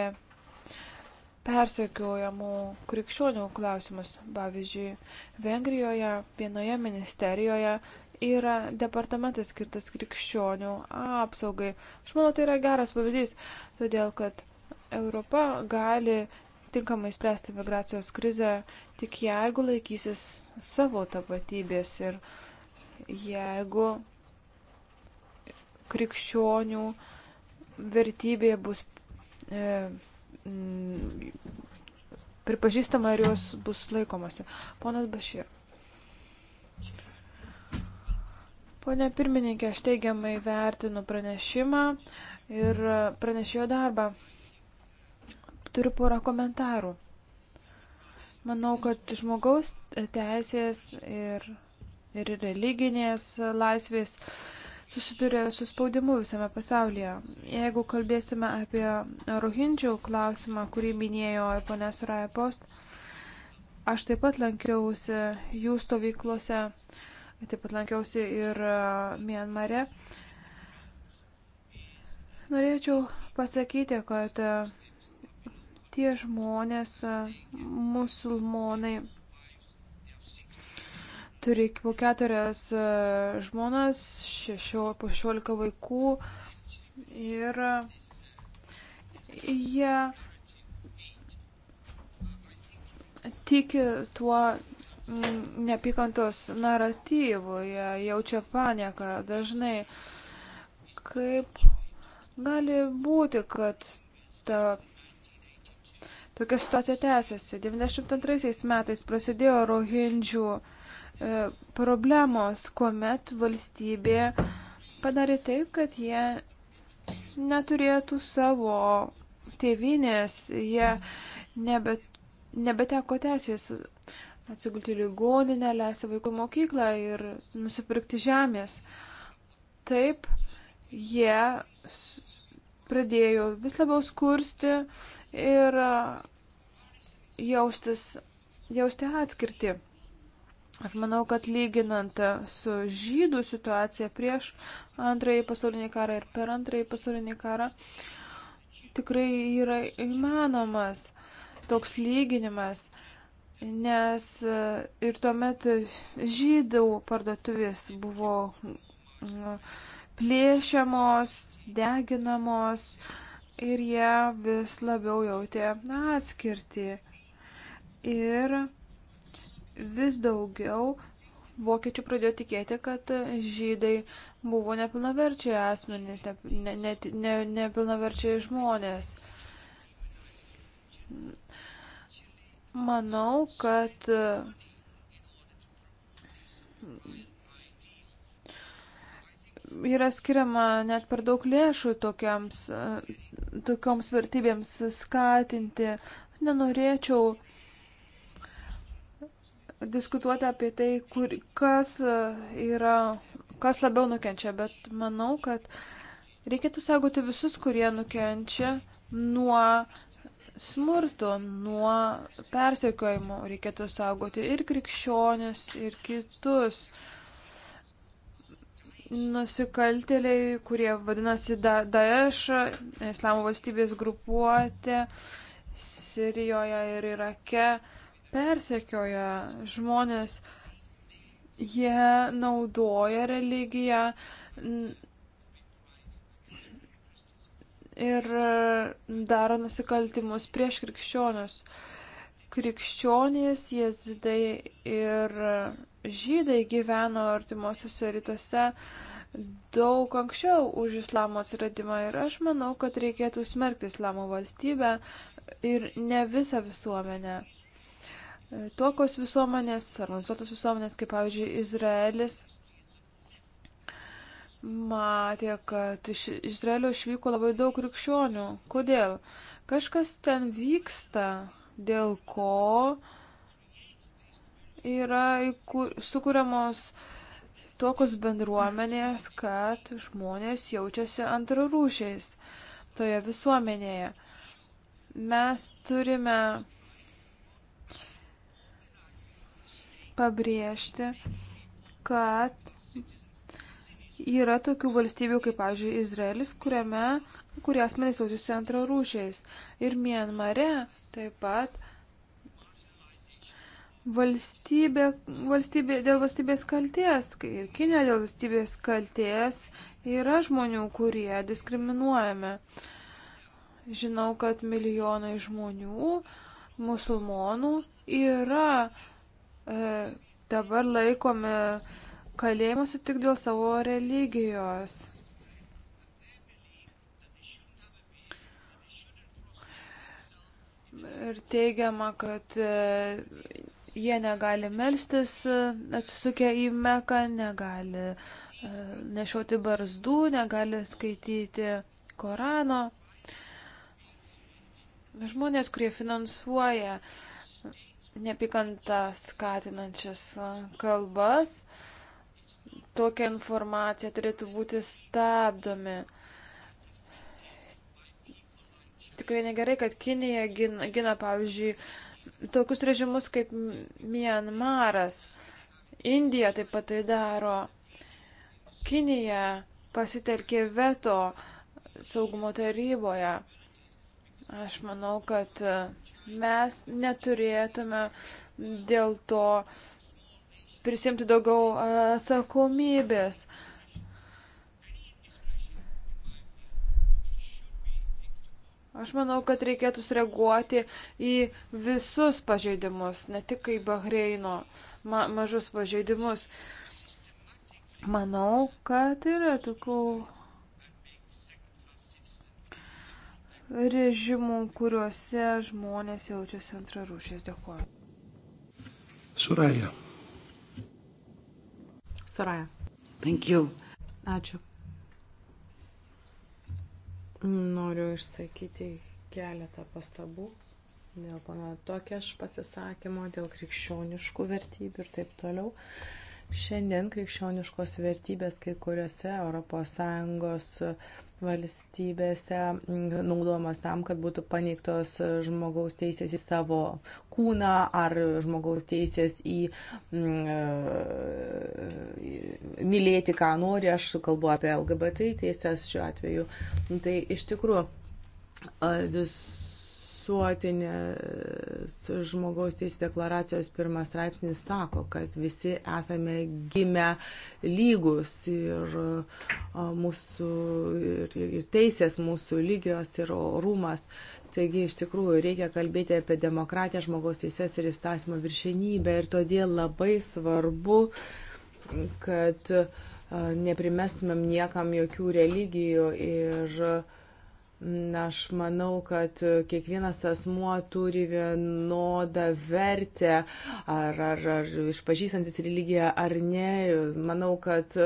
persekiojamų krikščionių klausimus. Pavyzdžiui, Vengrijoje vienoje ministerijoje yra departamentas skirtas krikščionių apsaugai. Aš manau, tai yra geras pavyzdys, todėl kad Europa gali tinkamai spręsti migracijos krizę tik jeigu laikysis savo tapatybės ir jeigu krikščionių vertybė bus e, m, mm, pripažįstama ir jos bus laikomasi. Ponas Bašir. Pone pirmininkė, aš teigiamai vertinu pranešimą ir pranešėjo darbą. Turiu porą komentarų. Manau, kad žmogaus teisės ir, ir religinės laisvės e, susiduria su spaudimu visame pasaulyje. Jeigu kalbėsime apie rohindžių klausimą, kurį minėjo ponė Suraja Post, aš taip pat lankiausi jų stovyklose, taip pat lankiausi ir e, Mianmare. Norėčiau pasakyti, kad e, tie žmonės, e, musulmonai, turi po keturias e, žmonas, šešio, po šešiolika vaikų ir e, jie tiki tuo mm, neapykantos naratyvu, jie jaučia panieką dažnai. Kaip gali būti, kad ta tokia situacija tęsiasi. 92 metais prasidėjo rohindžių E, problemos, kuomet valstybė padarė taip, kad jie neturėtų savo tėvinės, jie nebe, nebeteko teisės atsigulti į ligoninę, leisti vaikų mokyklą ir nusipirkti žemės. Taip, jie pradėjo vis labiau skursti ir jaustis, jausti atskirti. Aš manau, kad lyginant su žydų situacija prieš antrąjį pasaulinį karą ir per antrąjį pasaulinį karą, tikrai yra įmanomas toks lyginimas, nes e, ir tuomet žydų parduotuvės buvo plėšiamos, deginamos ir jie vis labiau jautė atskirtį. Ir vis daugiau vokiečių pradėjo tikėti, kad žydai buvo nepilnaverčiai asmenys, ne, ne, ne, nepilnaverčiai žmonės. Manau, kad yra skiriama net per daug lėšų tokiams, tokioms vertybėms skatinti. Nenorėčiau diskutuoti apie tai, kur, kas e, yra, kas labiau nukenčia, bet manau, kad reikėtų saugoti visus, kurie nukenčia nuo smurto, nuo persekiojimo. Reikėtų saugoti ir krikščionis, ir kitus nusikaltėliai, kurie vadinasi da Daesh, Islamo valstybės grupuotė Sirijoje ir Irake persekioja žmonės, jie naudoja religiją ir daro nusikaltimus prieš krikščionius. Krikščionys, jezidai ir žydai gyveno artimuosiuose rytuose daug anksčiau už islamo atsiradimą ir aš manau, kad reikėtų smerkti islamo valstybę ir ne visą visuomenę. E, tokios visuomenės, organizuotos visuomenės, kaip pavyzdžiui Izraelis, matė, kad iš Izraelio išvyko labai daug krikščionių. Kodėl? Kažkas ten vyksta, dėl ko yra sukūriamos tokios bendruomenės, kad žmonės jaučiasi antrarūšiais toje visuomenėje. Mes turime pabrėžti, kad yra tokių valstybių kaip, pavyzdžiui, Izraelis, kuriame kurie asmenys jaučiasi antro rūšiais. Ir Mienmare taip pat valstybė, valstybė, dėl valstybės kalties, kai ir Kinė dėl valstybės kalties yra žmonių, kurie diskriminuojame. Žinau, kad milijonai žmonių, musulmonų, yra E, dabar laikomi kalėjimuose tik dėl savo religijos. Ir teigiama, kad e, jie negali melstis, e, atsisukę į meką, negali nešioti barzdų, negali skaityti Korano. Žmonės, kurie finansuoja uh, neapykantą skatinančias kalbas, tokia informacija turėtų būti stabdomi. Tikrai negerai, kad Kinija gina, gina pavyzdžiui, tokius režimus kaip Mianmaras. Indija taip pat tai daro. Kinija pasitelkė veto saugumo taryboje. Aš manau, kad e, mes neturėtume dėl to prisimti daugiau e, atsakomybės. Aš manau, kad reikėtų sureaguoti į visus pažeidimus, ne tik į Bahreino ma mažus pažeidimus. Manau, kad yra tokių režimų, kuriuose žmonės jaučiasi antrarūšės. Dėkuoju. Suraja. Suraja. Thank you. Ačiū. Noriu išsakyti keletą pastabų dėl pana Tokeš pasisakymo, dėl krikščioniškų vertybių ir taip toliau. Šiandien krikščioniškos vertybės kai kuriuose ES valstybėse mm, naudojamas tam, kad būtų paneigtos žmogaus teisės į savo kūną ar žmogaus teisės į mm, e, mylėti, ką nori. Aš kalbu apie LGBT teisės šiuo atveju. Tai iš tikrųjų vis visuotinės žmogaus teisų deklaracijos pirmas straipsnis sako, kad visi esame gimę lygus ir mūsų ir, ir teisės mūsų lygios ir orumas. Taigi iš tikrųjų reikia kalbėti apie demokratiją, žmogaus teises ir įstatymo viršenybę ir todėl labai svarbu, kad neprimestumėm niekam jokių religijų ir uh, Na, aš manau, kad kiekvienas asmuo turi vienodą vertę, ar, ar, ar išpažįstantis religiją ar ne. Manau, kad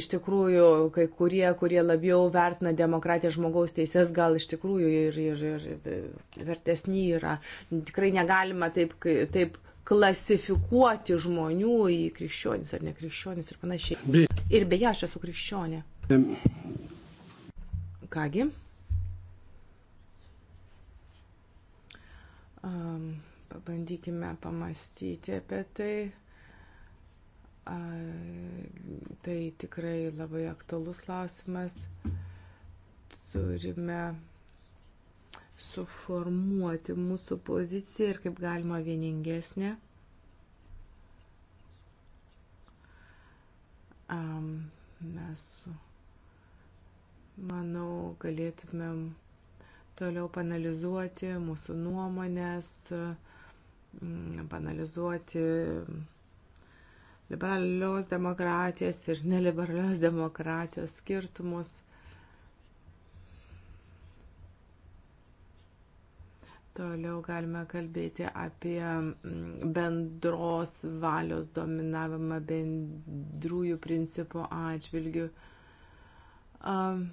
iš tikrųjų kai kurie, kurie labiau vertina demokratiją žmogaus teises, gal iš tikrųjų ir, ir, ir vertesni yra. Tikrai negalima taip, taip klasifikuoti žmonių į krikščionis ar nekrikščionis ir panašiai. Ir beje, aš esu krikščionė. Kągi. Pabandykime pamastyti apie tai. Tai tikrai labai aktualus klausimas. Turime suformuoti mūsų poziciją ir kaip galima vieningesnė. Mes, manau, galėtumėm toliau panalizuoti mūsų nuomonės, mm, panalizuoti liberalios demokratijos ir neliberalios demokratijos skirtumus. Toliau galime kalbėti apie mm, bendros valios dominavimą bendrųjų principų atžvilgių. Um,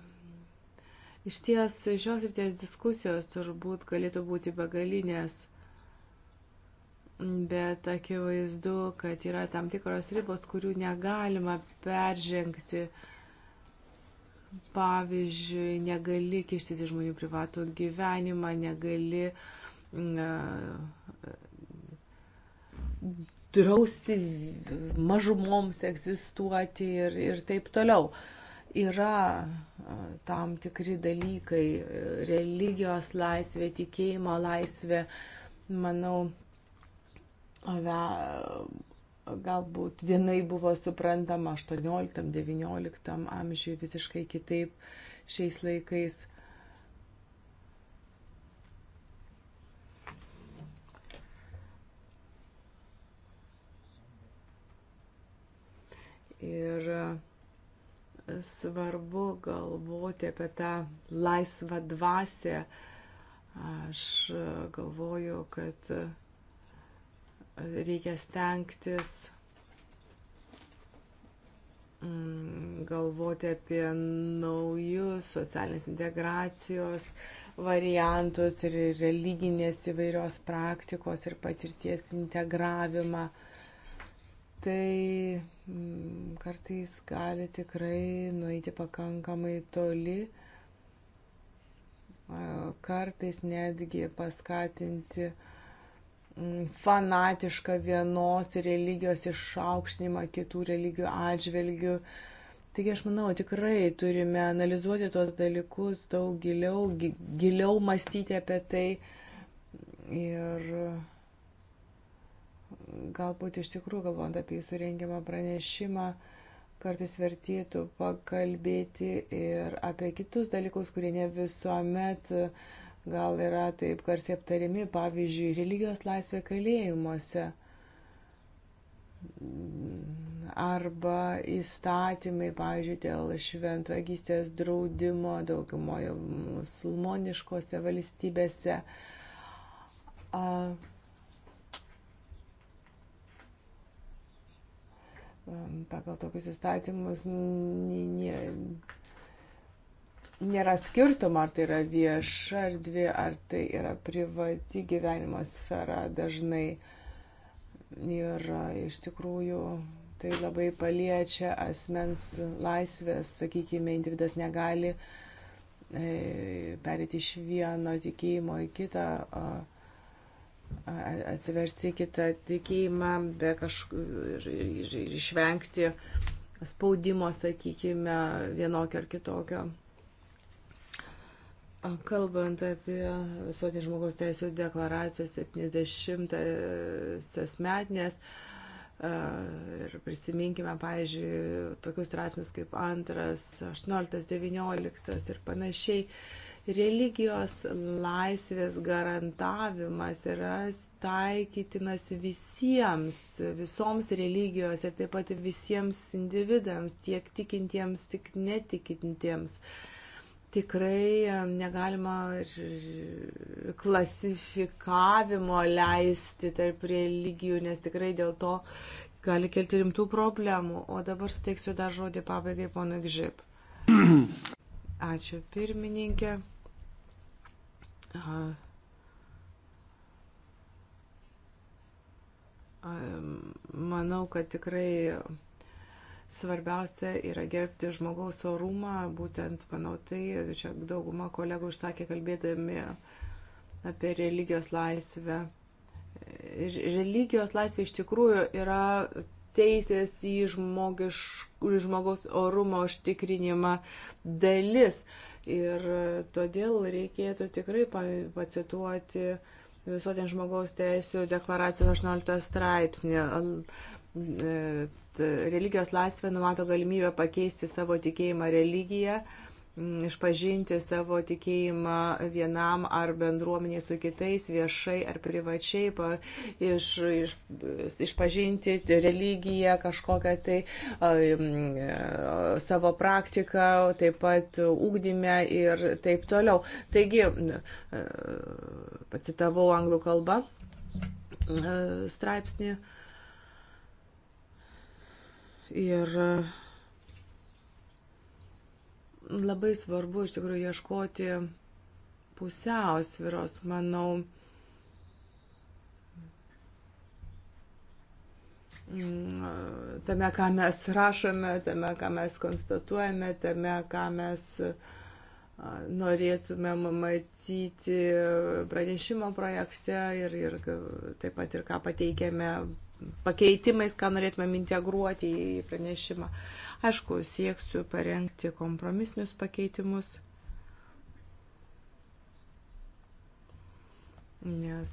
Iš ties šios ir ties diskusijos turbūt galėtų būti begalinės, bet akivaizdu, kad yra tam tikros ribos, kurių negalima peržengti. Pavyzdžiui, negali kištis į žmonių privatų gyvenimą, negali drausti mažumoms egzistuoti ir, ir taip toliau. Uh, yra tam tikri dalykai e, - religijos laisvė, tikėjimo laisvė. Manau, galbūt vienai buvo suprantama 18-19 amžiui visiškai kitaip šiais laikais. Ir uh svarbu galvoti apie tą laisvą dvasę. Aš galvoju, kad reikia stengtis mm, galvoti apie naujus socialinės integracijos variantus ir religinės įvairios praktikos ir patirties integravimą. Uh, tai mm, kartais gali tikrai nueiti pakankamai toli, kartais netgi paskatinti mm, fanatišką vienos religijos išaukštinimą kitų religijų atžvilgių. Taigi aš manau, tikrai turime analizuoti tos dalykus daug giliau, giliau mąstyti apie tai ir galbūt iš tikrųjų, galvojant apie jūsų rengiamą pranešimą, kartais vertėtų pakalbėti ir apie kitus dalykus, kurie ne visuomet e, gal yra taip garsiai aptariami, pavyzdžiui, religijos laisvė kalėjimuose arba įstatymai, pavyzdžiui, dėl šventvagystės draudimo daugumoje musulmoniškose valstybėse. Uh, pagal tokius įstatymus nėra skirtumo, ar tai yra vieša erdvė, ar tai yra privati gyvenimo sfera dažnai. Ir e, iš tikrųjų tai labai paliečia asmens laisvės, sakykime, individas negali e, perėti iš vieno tikėjimo į kitą. A, atsiversti kitą tikėjimą be kažkur ir, ir, ir išvengti spaudimo, sakykime, vienokio ar kitokio. Kalbant apie visuotinį žmogaus teisų deklaracijos 70-asias metinės, ir prisiminkime, pavyzdžiui, tokius straipsnius kaip antras, 18, 19 ir panašiai, Religijos laisvės garantavimas yra taikytinas visiems, visoms religijos ir taip pat visiems individams, tiek tikintiems, tiek netikintiems tikrai negalima klasifikavimo leisti tarp religijų, nes tikrai dėl to gali kelti rimtų problemų. O dabar suteiksiu dar žodį pabaigai ponui Gžip. Ačiū pirmininkė. Manau, kad tikrai svarbiausia yra gerbti žmogaus orumą, būtent, manau, tai čia dauguma kolegų užsakė kalbėdami apie religijos laisvę. Religijos laisvė iš tikrųjų yra teisės į žmogiš, žmogaus orumo užtikrinimą dalis. Uh, Ir todėl reikėtų tikrai pacituoti visuotinių žmogaus teisų deklaracijos 18 straipsnį. E, religijos laisvė numato galimybę pakeisti savo tikėjimą religiją išpažinti savo tikėjimą vienam ar bendruomeniai su kitais, viešai ar privačiai, pa, iš, iš, išpažinti religiją, kažkokią tai a, a, savo praktiką, taip pat ūkdymę ir taip toliau. Taigi, a, pacitavau anglų kalbą straipsnį. Ir uh... Labai svarbu iš tikrųjų ieškoti pusiausviros, manau. Mm, tame, ką mes rašome, tame, ką mes konstatuojame, tame, ką mes norėtume matyti pranešimo projekte ir, ir taip pat ir ką pateikėme pakeitimais, ką norėtume integruoti į pranešimą. Uh, Aišku, sieksiu parengti kompromisinius pakeitimus, nes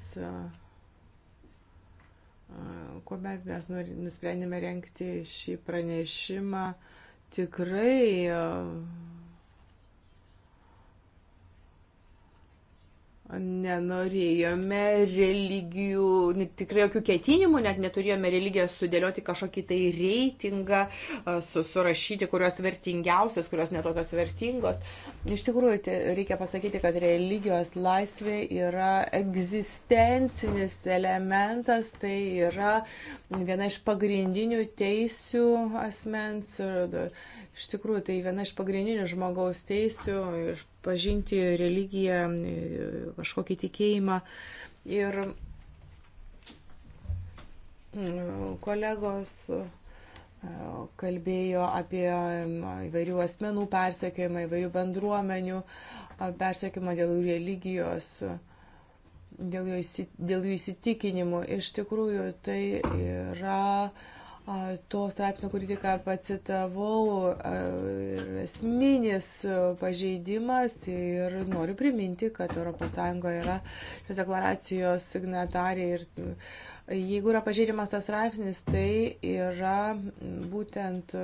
kuomet mes nusprendėme rengti šį pranešimą, tikrai Nenorėjome religijų, tikrai jokių ketinimų, net neturėjome religiją sudėlioti kažkokį tai reitingą, su, surašyti, kurios vertingiausios, kurios netokios vertingos. Iš tikrųjų, tai reikia pasakyti, kad religijos laisvė yra egzistencinis elementas, tai yra viena iš pagrindinių teisių asmens. Iš tikrųjų, tai viena iš pagrindinių žmogaus teisių, iš pažinti religiją, kažkokį tikėjimą. Ir mm, kolegos e, kalbėjo apie mm, įvairių asmenų persekiojimą, įvairių bendruomenių e, persekiojimą dėl religijos dėl jų, įsitikinimų. Iš tikrųjų, tai yra to straipsnio, kurį tik pacitavau, yra esminis pažeidimas ir noriu priminti, kad ES yra šios deklaracijos signatarė ir e, jeigu yra pažeidimas tas straipsnis, tai yra būtent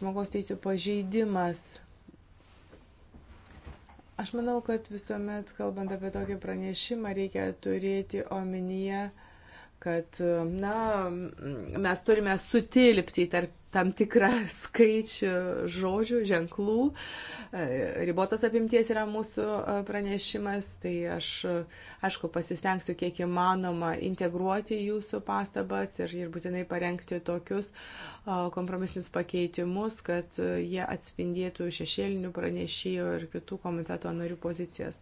žmogaus teisų pažeidimas. Aš manau, kad visuomet, kalbant apie tokį pranešimą, reikia turėti omenyje, uh, kad na, mes turime sutilpti tarp tam tikrą skaičių žodžių, ženklų. E, ribotas apimties yra mūsų e, pranešimas, tai aš, aišku, pasistengsiu kiek įmanoma integruoti jūsų pastabas ir, ir būtinai parengti tokius e, kompromisinius pakeitimus, kad jie atspindėtų šešėlinių pranešėjų ir kitų komiteto narių pozicijas.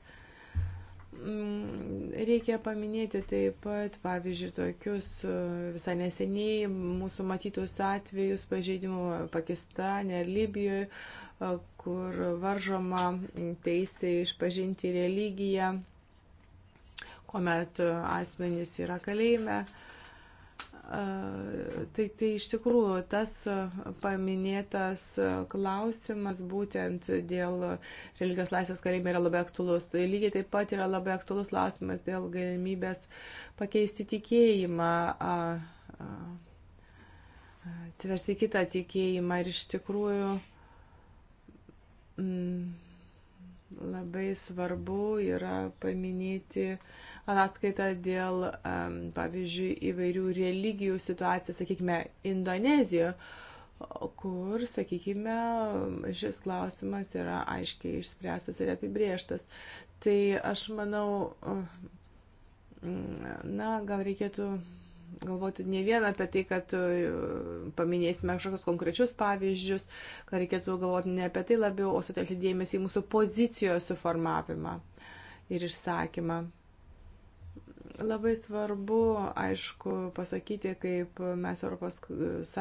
Mm, reikia paminėti taip pat, pavyzdžiui, tokius e, visai neseniai mūsų matytus atvejus pažeidimų Pakistane ir Libijoje, e, kur varžoma teisė išpažinti religiją, kuomet e, asmenys yra kalėjime. Uh, Tai, tai iš tikrųjų tas paminėtas klausimas būtent dėl religijos laisvės kalėjime yra labai aktuolus. Tai lygiai taip pat yra labai aktuolus klausimas dėl galimybės pakeisti tikėjimą, atsiversti kitą tikėjimą ir iš tikrųjų m, mm, labai svarbu yra paminėti uh, ataskaitą dėl, pavyzdžiui, įvairių religijų situaciją, sakykime, Indonezijoje, kur, sakykime, šis klausimas yra aiškiai išspręstas ir apibrieštas. Tai aš manau, na, gal reikėtų galvoti ne vien apie tai, kad e, paminėsime kažkokius konkrečius pavyzdžius, kad reikėtų galvoti ne apie tai labiau, o sutelkti dėmesį į mūsų pozicijos suformavimą ir išsakymą. Labai svarbu, aišku, pasakyti, kaip mes ES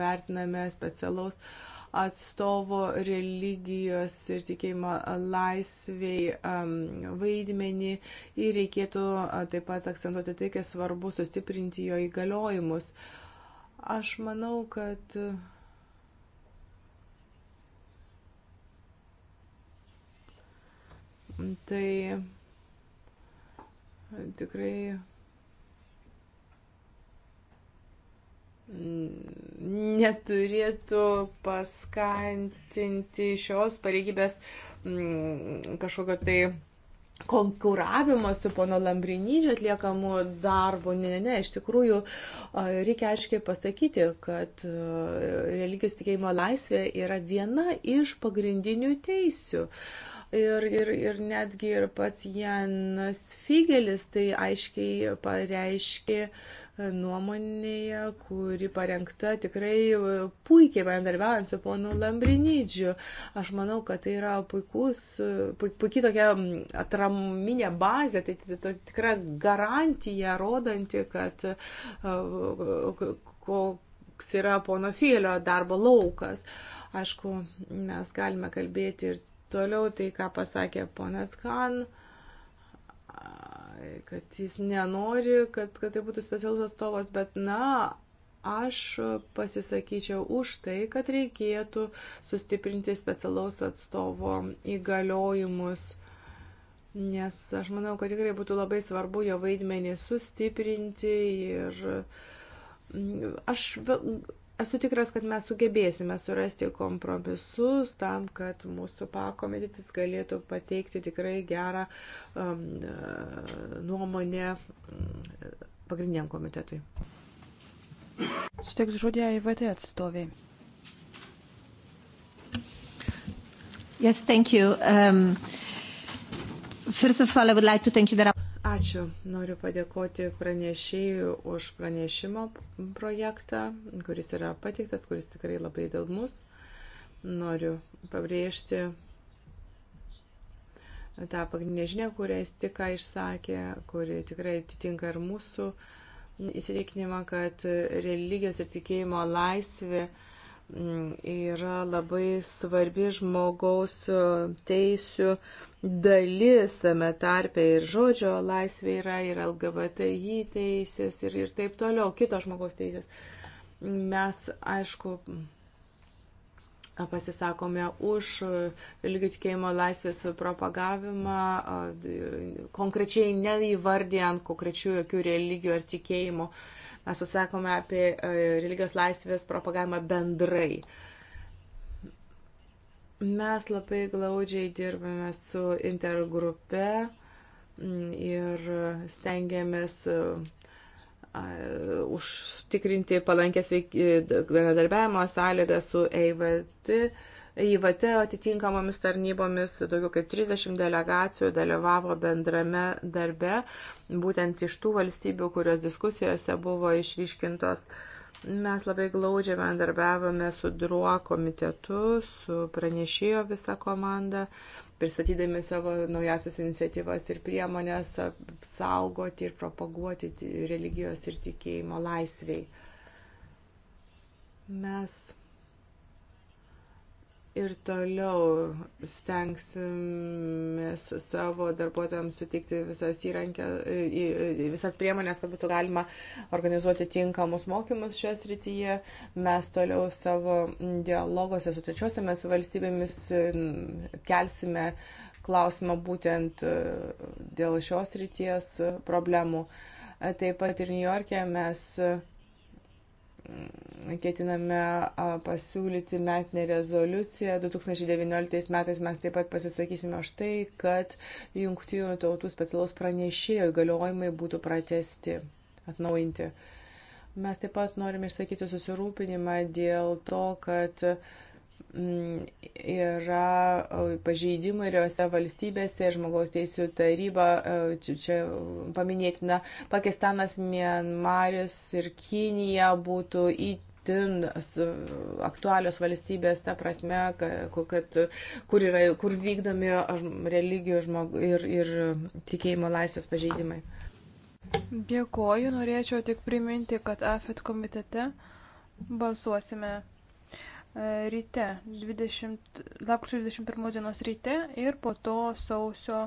vertiname specialaus atstovo religijos ir tikėjimo laisviai um, vaidmenį ir reikėtų taip pat akcentuoti tai, kad svarbu sustiprinti jo įgaliojimus. Aš manau, kad tai tikrai neturėtų paskantinti šios pareigybės mm, kažkokio tai konkuravimas su pono Lambrinydžio atliekamu darbu. Ne, ne, ne, iš tikrųjų reikia aiškiai pasakyti, kad religijos tikėjimo laisvė yra viena iš pagrindinių teisių. Uh, ir, ir, ir netgi ir pats Janas Figelis tai aiškiai pareiškė nuomonėje, kuri parengta tikrai puikiai bendarbiaujant su ponu Lambrinidžiu. Aš manau, kad tai yra puikus, puikiai tokia atraminė bazė, tai, tai, tai tikra garantija rodanti, kad koks yra pono Figelio darbo laukas. Aišku, mes galime kalbėti ir Toliau tai, ką pasakė ponas Kan, kad jis nenori, kad, kad tai būtų specialus atstovas, bet na, aš pasisakyčiau už tai, kad reikėtų sustiprinti specialaus atstovo įgaliojimus. Nes aš manau, kad tikrai būtų labai svarbu jo vaidmenį sustiprinti ir mm, aš Esu tikras, kad mes sugebėsime surasti kompromisus tam, kad mūsų pakomitetis galėtų pateikti tikrai gerą um, e, nuomonę mm, pagrindiniam komitetui. Suteiks žodį AIVT atstoviai. Yes, thank you. Um, first of all, I would like to thank you that I... Ačiū. Noriu padėkoti pranešėjui už pranešimo projektą, kuris yra pateiktas, kuris tikrai labai įdomus. Noriu pabrėžti tą pagrindinę žinią, kurią jis tik ką išsakė, kuri tikrai atitinka ir mūsų įsitikinimą, kad religijos ir tikėjimo laisvė mm, yra labai svarbi žmogaus teisių dalis tame tarpe ir žodžio laisvė yra, ir LGBTI teisės, ir, ir taip toliau, kitos žmogaus teisės. Mes, aišku, pasisakome už religijų tikėjimo laisvės propagavimą, konkrečiai neįvardijant konkrečių jokių religijų ar tikėjimų. Mes pasisakome apie e, religijos laisvės propagavimą bendrai. Uh, Mes labai glaudžiai dirbame su intergrupe mm, ir stengiamės užtikrinti palankęs bendradarbiavimo sąlygas su EIVT, EIVT atitinkamomis tarnybomis. Daugiau kaip 30 delegacijų dalyvavo bendrame darbe, būtent iš tų valstybių, kurios diskusijose buvo išryškintos uh, Mes labai glaudžiai bendarbiavome su DRUO komitetu, su pranešėjo visa komanda, pristatydami savo naujasias iniciatyvas ir priemonės saugoti ir propaguoti religijos ir tikėjimo laisviai. Mes ir toliau stengsimės savo darbuotojams sutikti visas, įrankė, visas priemonės, kad būtų galima organizuoti tinkamus mokymus šioje srityje. Mes toliau savo dialogose su trečiosiamis valstybėmis kelsime klausimą būtent e, dėl šios ryties e, problemų. E, taip pat ir New York'e mes ketiname pasiūlyti metinę rezoliuciją. 2019 metais mes taip pat pasisakysime už tai, kad jungtinių tautų specialaus pranešėjo įgaliojimai būtų pratesti, atnaujinti. Mes taip pat norime išsakyti susirūpinimą dėl to, kad uh, Mm, yra pažeidimai ir jose valstybėse, žmogaus teisų taryba, čia, čia paminėtina, Pakistanas, Mienmaris ir Kinija būtų itin aktualios valstybės, ta prasme, kad, kur, yra, kur vykdomi religijų žmog, ir, ir tikėjimo laisvės pažeidimai. Dėkoju, norėčiau tik priminti, kad AFET komitete balsuosime E, ryte, 20, lapkričio 21 dienos ryte ir po to sausio,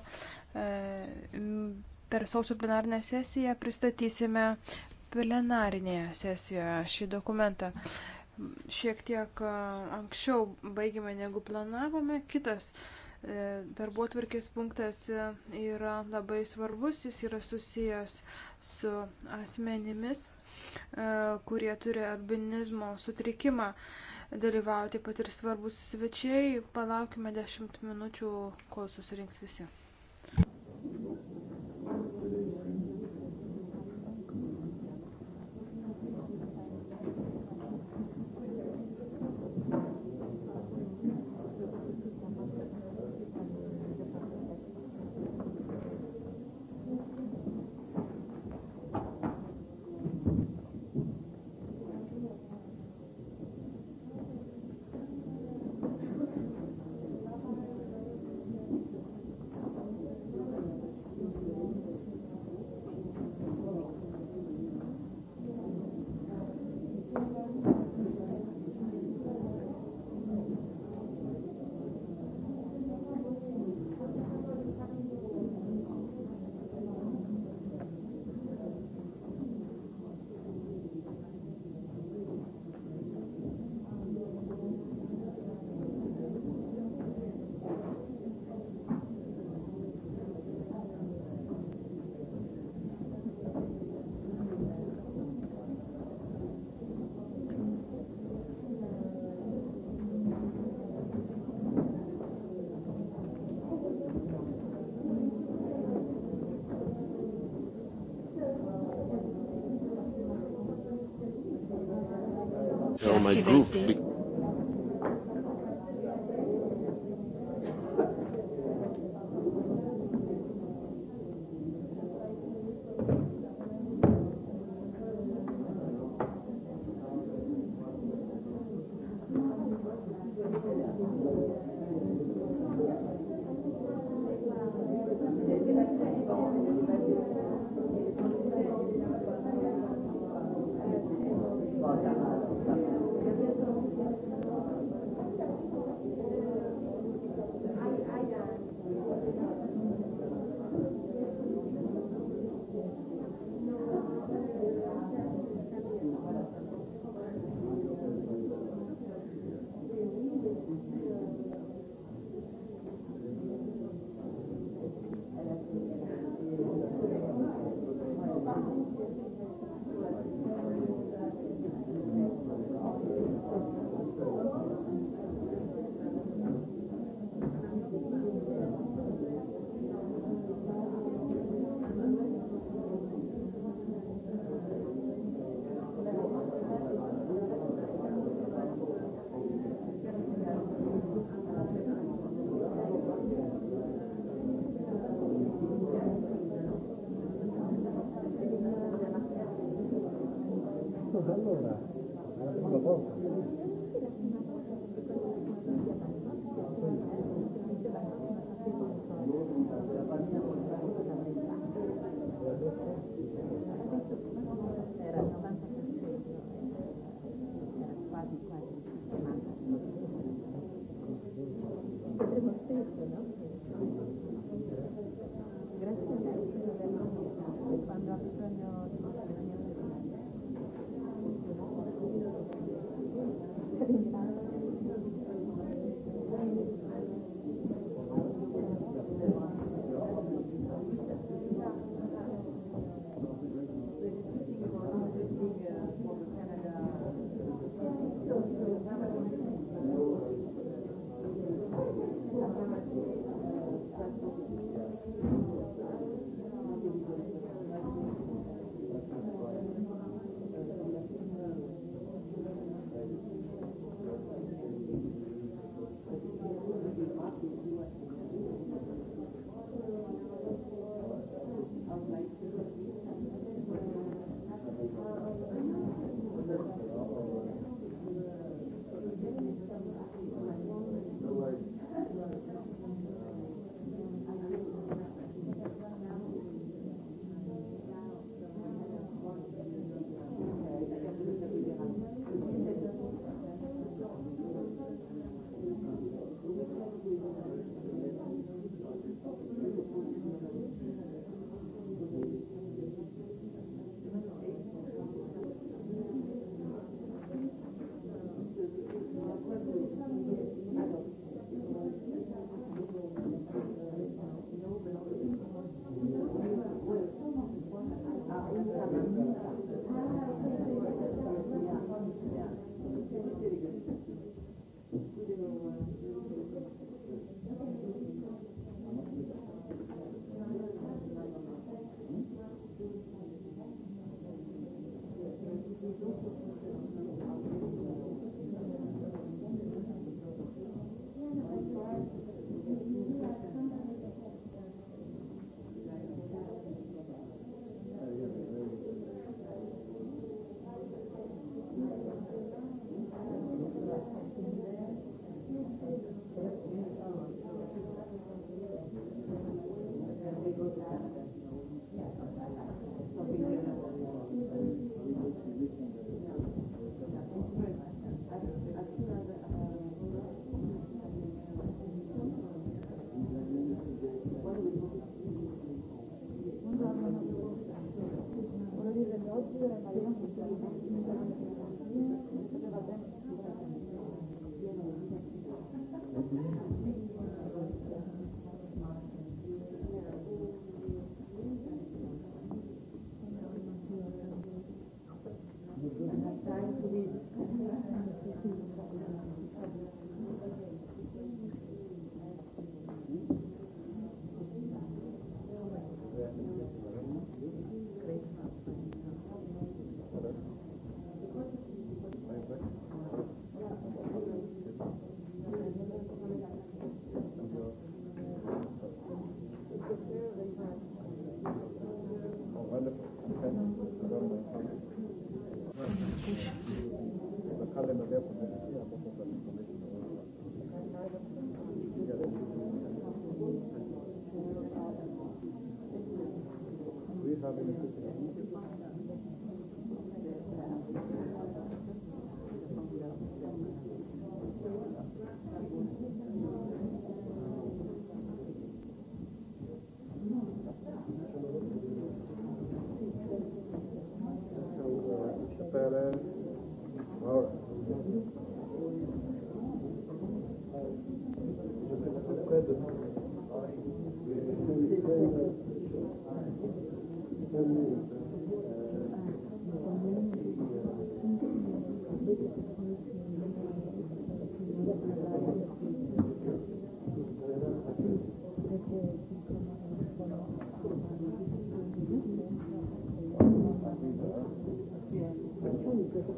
e, per sausio plenarinę sesiją pristatysime plenarinėje sesijoje šį dokumentą. Šiek tiek e, anksčiau baigėme negu planavome. Kitas darbuotvarkės punktas yra labai svarbus, jis yra susijęs su asmenimis, kurie turi albinizmo sutrikimą dalyvauja taip pat ir svarbus svečiai. Palaukime 10 minučių, kol susirinks visi. my group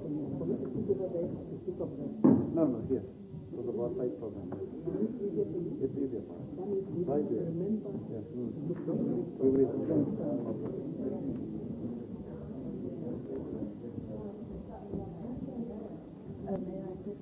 no, here. So the war side program. It will be a part. Five days. Yeah. Mm. We will. Uh, may I take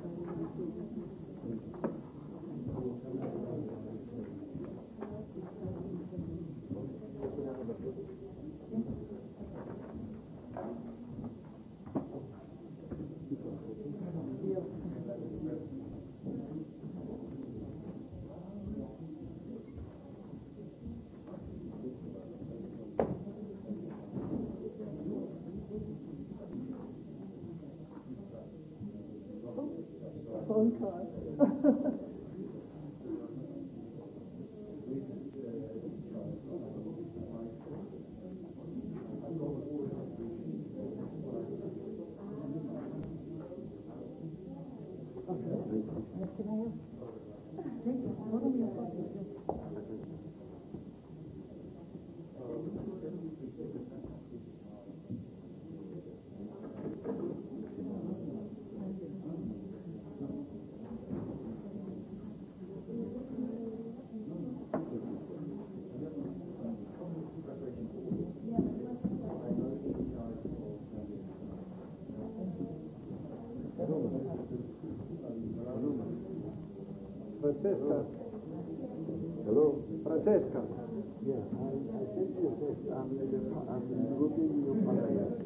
I'm, I'm looking you for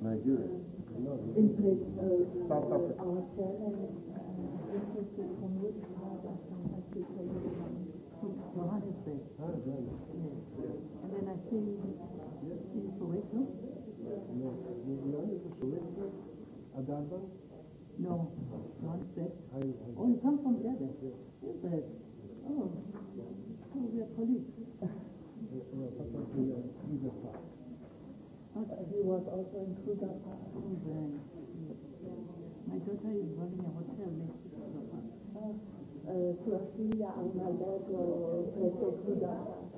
Nigeria. Impress uh, South Africa. Our chairman requested from you to have us contact you for your Johannesburg. Oh, right. Yes. yes. And then I see yes. in Soweto. No, no, Soweto. Adarban. No, Johannesburg. I, I, oh, you come from there then? Yes. yes. yes. Oh, so we are colleagues. yeah, yeah, he was also in Kruger Park. My daughter is running a hotel next to Kruger Park. Uh, Florcilia uh, ha un albergo presso Kruger Park.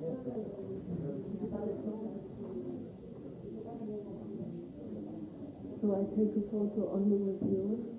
So I take a photo only with you.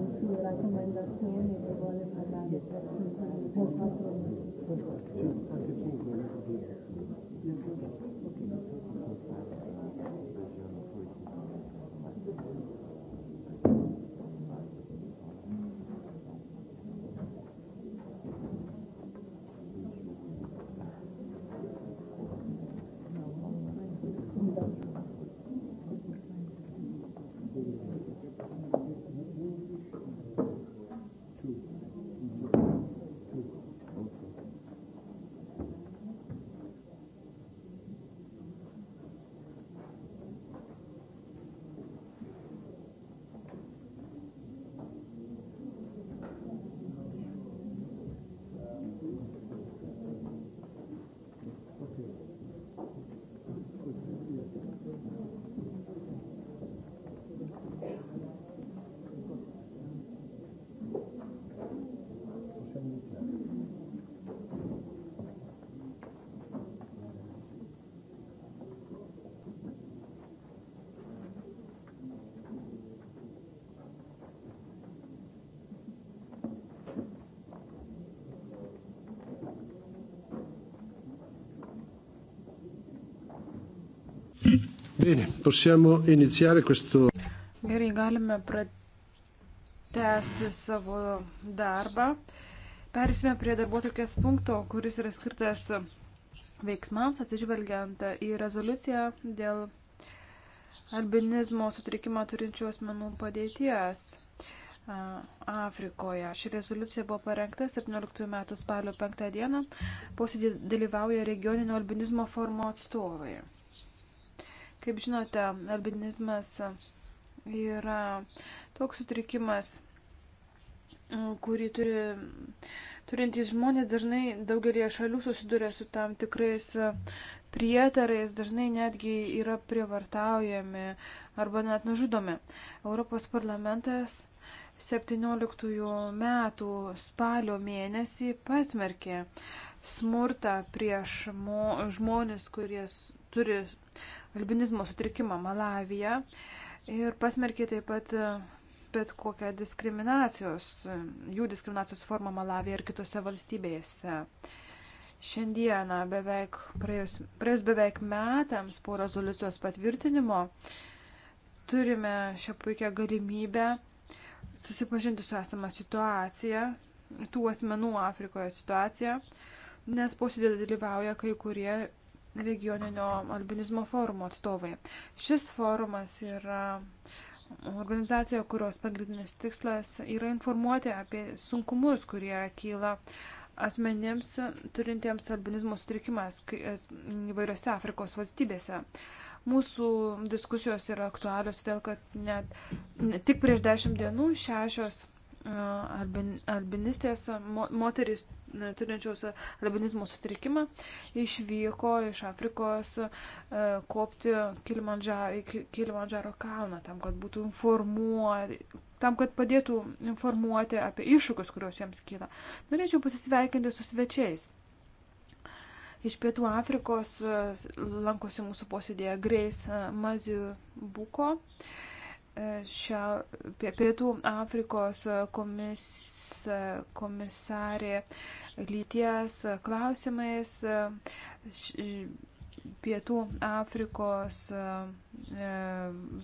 policy that I can end up doing is Bene, possiamo iniziare questo. Gerai, galime pratesti savo darbą. Persime prie darbuotojas punkto, kuris yra skirtas veiksmams atsižvelgiant į rezoliuciją dėl albinizmo sutrikimą turinčių asmenų padėties Afrikoje. Ši rezoliucija buvo parengta 17 metų spalio 5 dieną. Posėdį dalyvauja regioninio albinizmo formo atstovai. Kaip žinote, albinizmas yra toks sutrikimas, kurį turi, turintys žmonės dažnai daugelie šalių susiduria su tam tikrais prietarais, dažnai netgi yra prievartaujami arba net nužudomi. Europos parlamentas 17 metų spalio mėnesį pasmerkė smurtą prieš žmonės, kurie turi albinizmo sutrikimą Malavyje ir pasmerkė taip pat e, bet kokią diskriminacijos, e, jų diskriminacijos formą Malavyje ir kitose valstybėse. Šiandieną, beveik praėjus, praėjus beveik metams po rezoliucijos patvirtinimo, turime šią puikią galimybę susipažinti su esama situacija, tų asmenų Afrikoje situacija, nes posėdėje dalyvauja kai kurie regioninio albinizmo forumo atstovai. Šis forumas yra organizacija, kurios pagrindinis tikslas yra informuoti apie sunkumus, kurie kyla asmenims turintiems albinizmo sutrikimas įvairiose Afrikos valstybėse. Mūsų diskusijos yra aktualios, todėl kad net, net tik prieš dešimt dienų šešios albinistės, moterys turinčios albinizmo sutrikimą, išvyko iš Afrikos kopti Kilimandžaro, Kilimandžaro kalną, tam, kad būtų informuoti tam, kad padėtų informuoti apie iššūkius, kuriuos jiems kyla. Norėčiau pasisveikinti su svečiais. Iš Pietų Afrikos lankosi mūsų posėdėje Grace Mazibuko. Buko šia, Pietų Afrikos komis, komisarė lyties klausimais Pietų Afrikos e,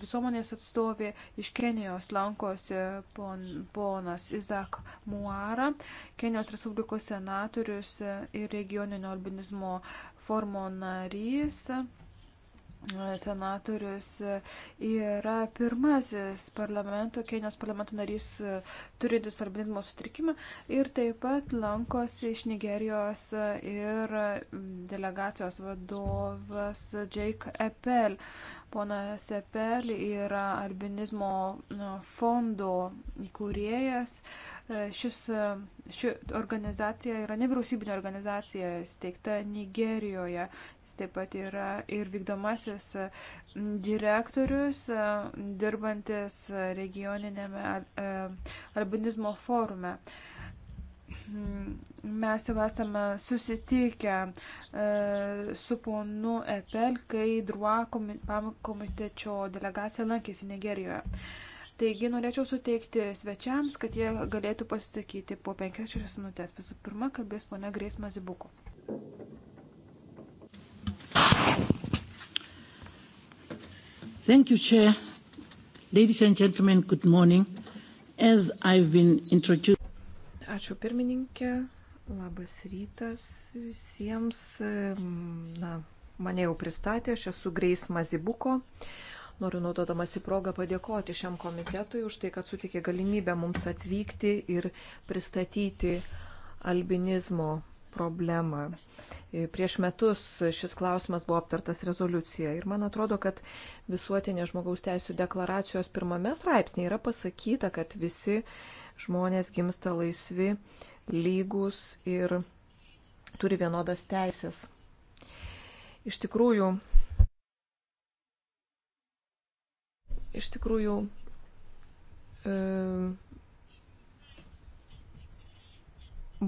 visuomenės atstovė iš Kenijos lankosi pon, ponas Izak Muara, Kenijos Respublikos senatorius ir regioninio albinizmo formo narys senatorius yra pirmasis parlamento, Kenijos parlamento narys turintis albinizmo sutrikimą ir taip pat lankosi iš Nigerijos ir delegacijos vadovas Jake Appel. Uh, Pona Sepel yra albinizmo nu, fondo įkūrėjas. E, šis, e, ši organizacija yra nevyriausybinė organizacija, steigta Nigerijoje. Jis taip pat yra ir vykdomasis e, direktorius, dirbantis regioninėme albinizmo forume. Al Mm, mes jau esame susitikę e, su ponu Epel, kai Drua komitečio delegacija lankėsi Nigerijoje. Taigi norėčiau suteikti svečiams, kad jie galėtų pasisakyti po 5-6 minutės. Visų pirma, kalbės ponia Greis Mazibuko. Thank you, Chair. Ladies and gentlemen, good morning. As I've been introduced. Ačiū pirmininkė, labas rytas visiems. Na, mane jau pristatė, aš esu Greis Mazibuko. Noriu naudodamas į progą padėkoti šiam komitetui už tai, kad sutikė galimybę mums atvykti ir pristatyti albinizmo problemą. Prieš metus šis klausimas buvo aptartas rezoliucija ir man atrodo, kad visuotinė žmogaus teisų deklaracijos pirmame straipsnėje yra pasakyta, kad visi žmonės gimsta laisvi, lygus ir turi vienodas teisės. Iš tikrųjų, iš tikrųjų, e,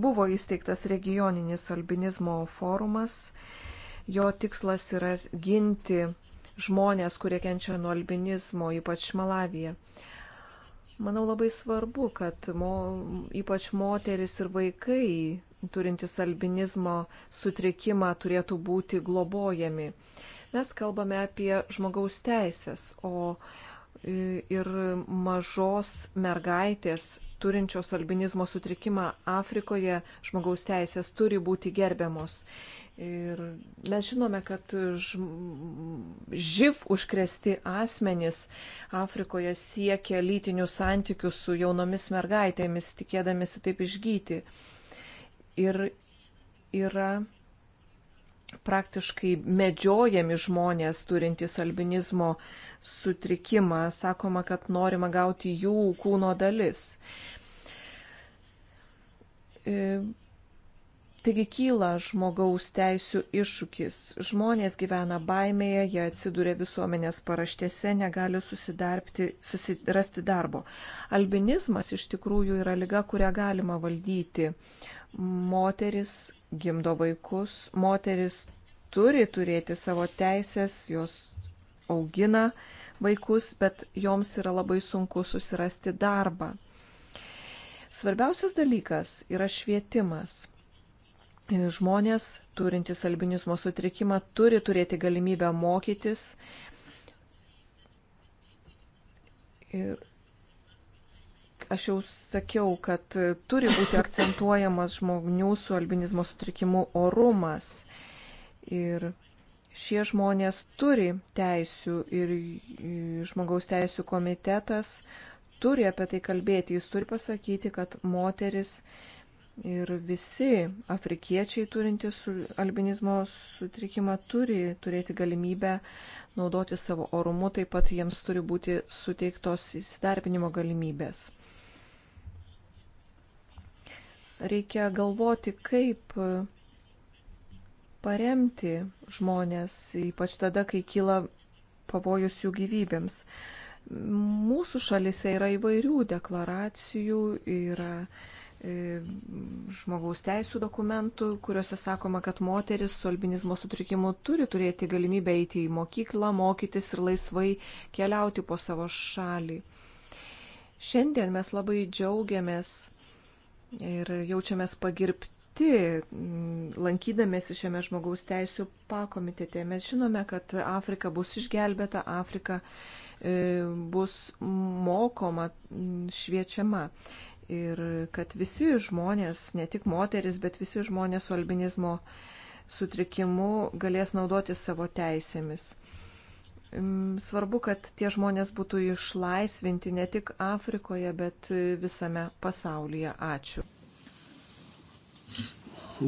buvo įsteigtas regioninis albinizmo forumas. Jo tikslas yra ginti žmonės, kurie kenčia nuo albinizmo, ypač Malavija. E, Manau labai svarbu, kad mo, ypač moteris ir vaikai turintys albinizmo sutrikimą turėtų būti globojami. Mes kalbame apie žmogaus teisės, o ir mažos mergaitės turinčios albinizmo sutrikimą Afrikoje žmogaus teisės turi būti gerbiamos. Ir mes žinome, kad živ užkresti asmenys Afrikoje siekia lytinių santykių su jaunomis mergaitėmis, tikėdamėsi taip išgyti. Ir yra praktiškai medžiojami žmonės turintys albinizmo sutrikimą. Sakoma, kad norima gauti jų kūno dalis. E, taigi kyla žmogaus teisų iššūkis. Žmonės gyvena baimėje, jie atsiduria visuomenės paraštėse, negali susirasti darbo. Albinizmas iš tikrųjų yra lyga, kurią galima valdyti. Moteris gimdo vaikus, moteris turi turėti savo teisės, jos augina vaikus, bet joms yra labai sunku susirasti darbą. Svarbiausias dalykas yra švietimas. Žmonės turintys albinizmo sutrikimą turi turėti galimybę mokytis. Ir Aš jau sakiau, kad turi būti akcentuojamas žmonių su albinizmo sutrikimu orumas. Ir šie žmonės turi teisių ir žmogaus teisų komitetas turi apie tai kalbėti. Jis turi pasakyti, kad moteris ir visi afrikiečiai turintys albinizmo sutrikimą turi turėti galimybę naudoti savo orumu, taip pat jiems turi būti suteiktos įsidarbinimo galimybės reikia galvoti, kaip paremti žmonės, ypač tada, kai kyla pavojus jų gyvybėms. Mūsų šalise yra įvairių deklaracijų, yra e, žmogaus teisų dokumentų, kuriuose sakoma, kad moteris su albinizmo sutrikimu turi turėti galimybę eiti į mokyklą, mokytis ir laisvai keliauti po savo šalį. Šiandien mes labai džiaugiamės ir jaučiamės pagirbti mm, lankydamėsi šiame žmogaus teisų pakomitete. Mes žinome, kad Afrika bus išgelbėta, Afrika e, bus mokoma, mm, šviečiama. Ir kad visi žmonės, ne tik moteris, bet visi žmonės su albinizmo sutrikimu galės naudotis savo teisėmis. Svarbu, kad tie žmonės būtų išlaisvinti ne tik Afrikoje, bet e, visame pasaulyje. Ačiū.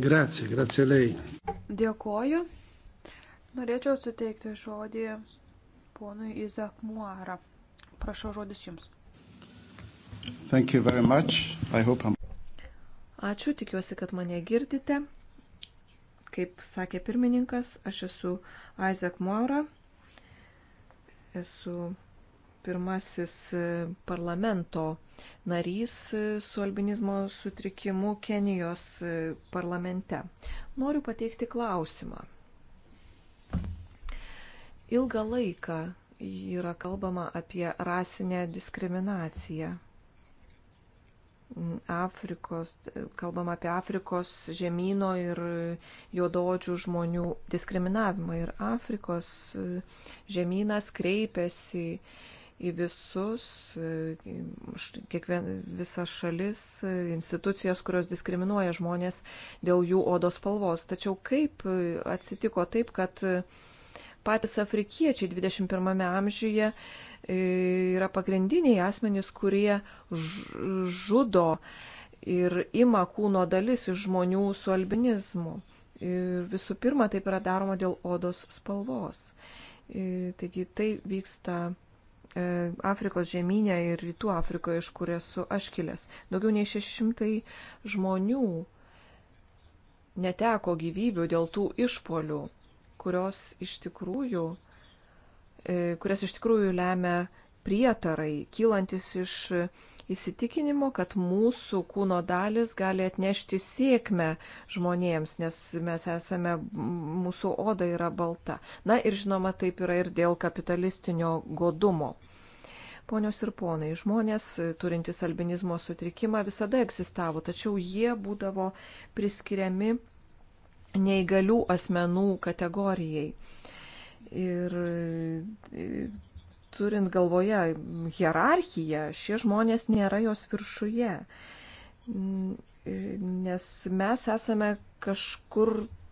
Grazie, grazie lei. Dėkoju. Norėčiau suteikti žodį ponui Izak Muara. Prašau žodis jums. Ačiū, tikiuosi, kad mane girdite. Kaip sakė pirmininkas, aš esu Isaac Mora, Esu pirmasis e, parlamento narys e, su albinizmo sutrikimu Kenijos e, parlamente. Noriu pateikti klausimą. Ilgą laiką yra kalbama apie rasinę diskriminaciją. Afrikos, kalbam apie Afrikos žemynų ir juododžių žmonių diskriminavimą. Ir Afrikos žemynas kreipiasi į visus, kiekvien, visas šalis, institucijas, kurios diskriminuoja žmonės dėl jų odos spalvos. Tačiau kaip atsitiko taip, kad patys afrikiečiai 21 amžiuje E, yra pagrindiniai asmenys, kurie žudo ir ima kūno dalis iš žmonių su albinizmu. Ir visų pirma, taip yra daroma dėl odos spalvos. Ir, e, taigi tai vyksta e, Afrikos žemynė ir Rytų Afrikoje, iš kur esu aš kilęs. Daugiau nei 600 žmonių neteko gyvybių dėl tų išpolių, kurios iš tikrųjų e, E, kurias iš tikrųjų lemia prietarai, kylantis iš įsitikinimo, kad mūsų kūno dalis gali atnešti sėkmę žmonėms, nes mes esame, mūsų oda yra balta. Na ir žinoma, taip yra ir dėl kapitalistinio godumo. Ponios ir ponai, žmonės e, turintys albinizmo sutrikimą visada egzistavo, tačiau jie būdavo priskiriami neįgalių asmenų kategorijai. Ir e, turint galvoje hierarchiją, šie žmonės nėra jos viršuje. Nes mes esame kažkur,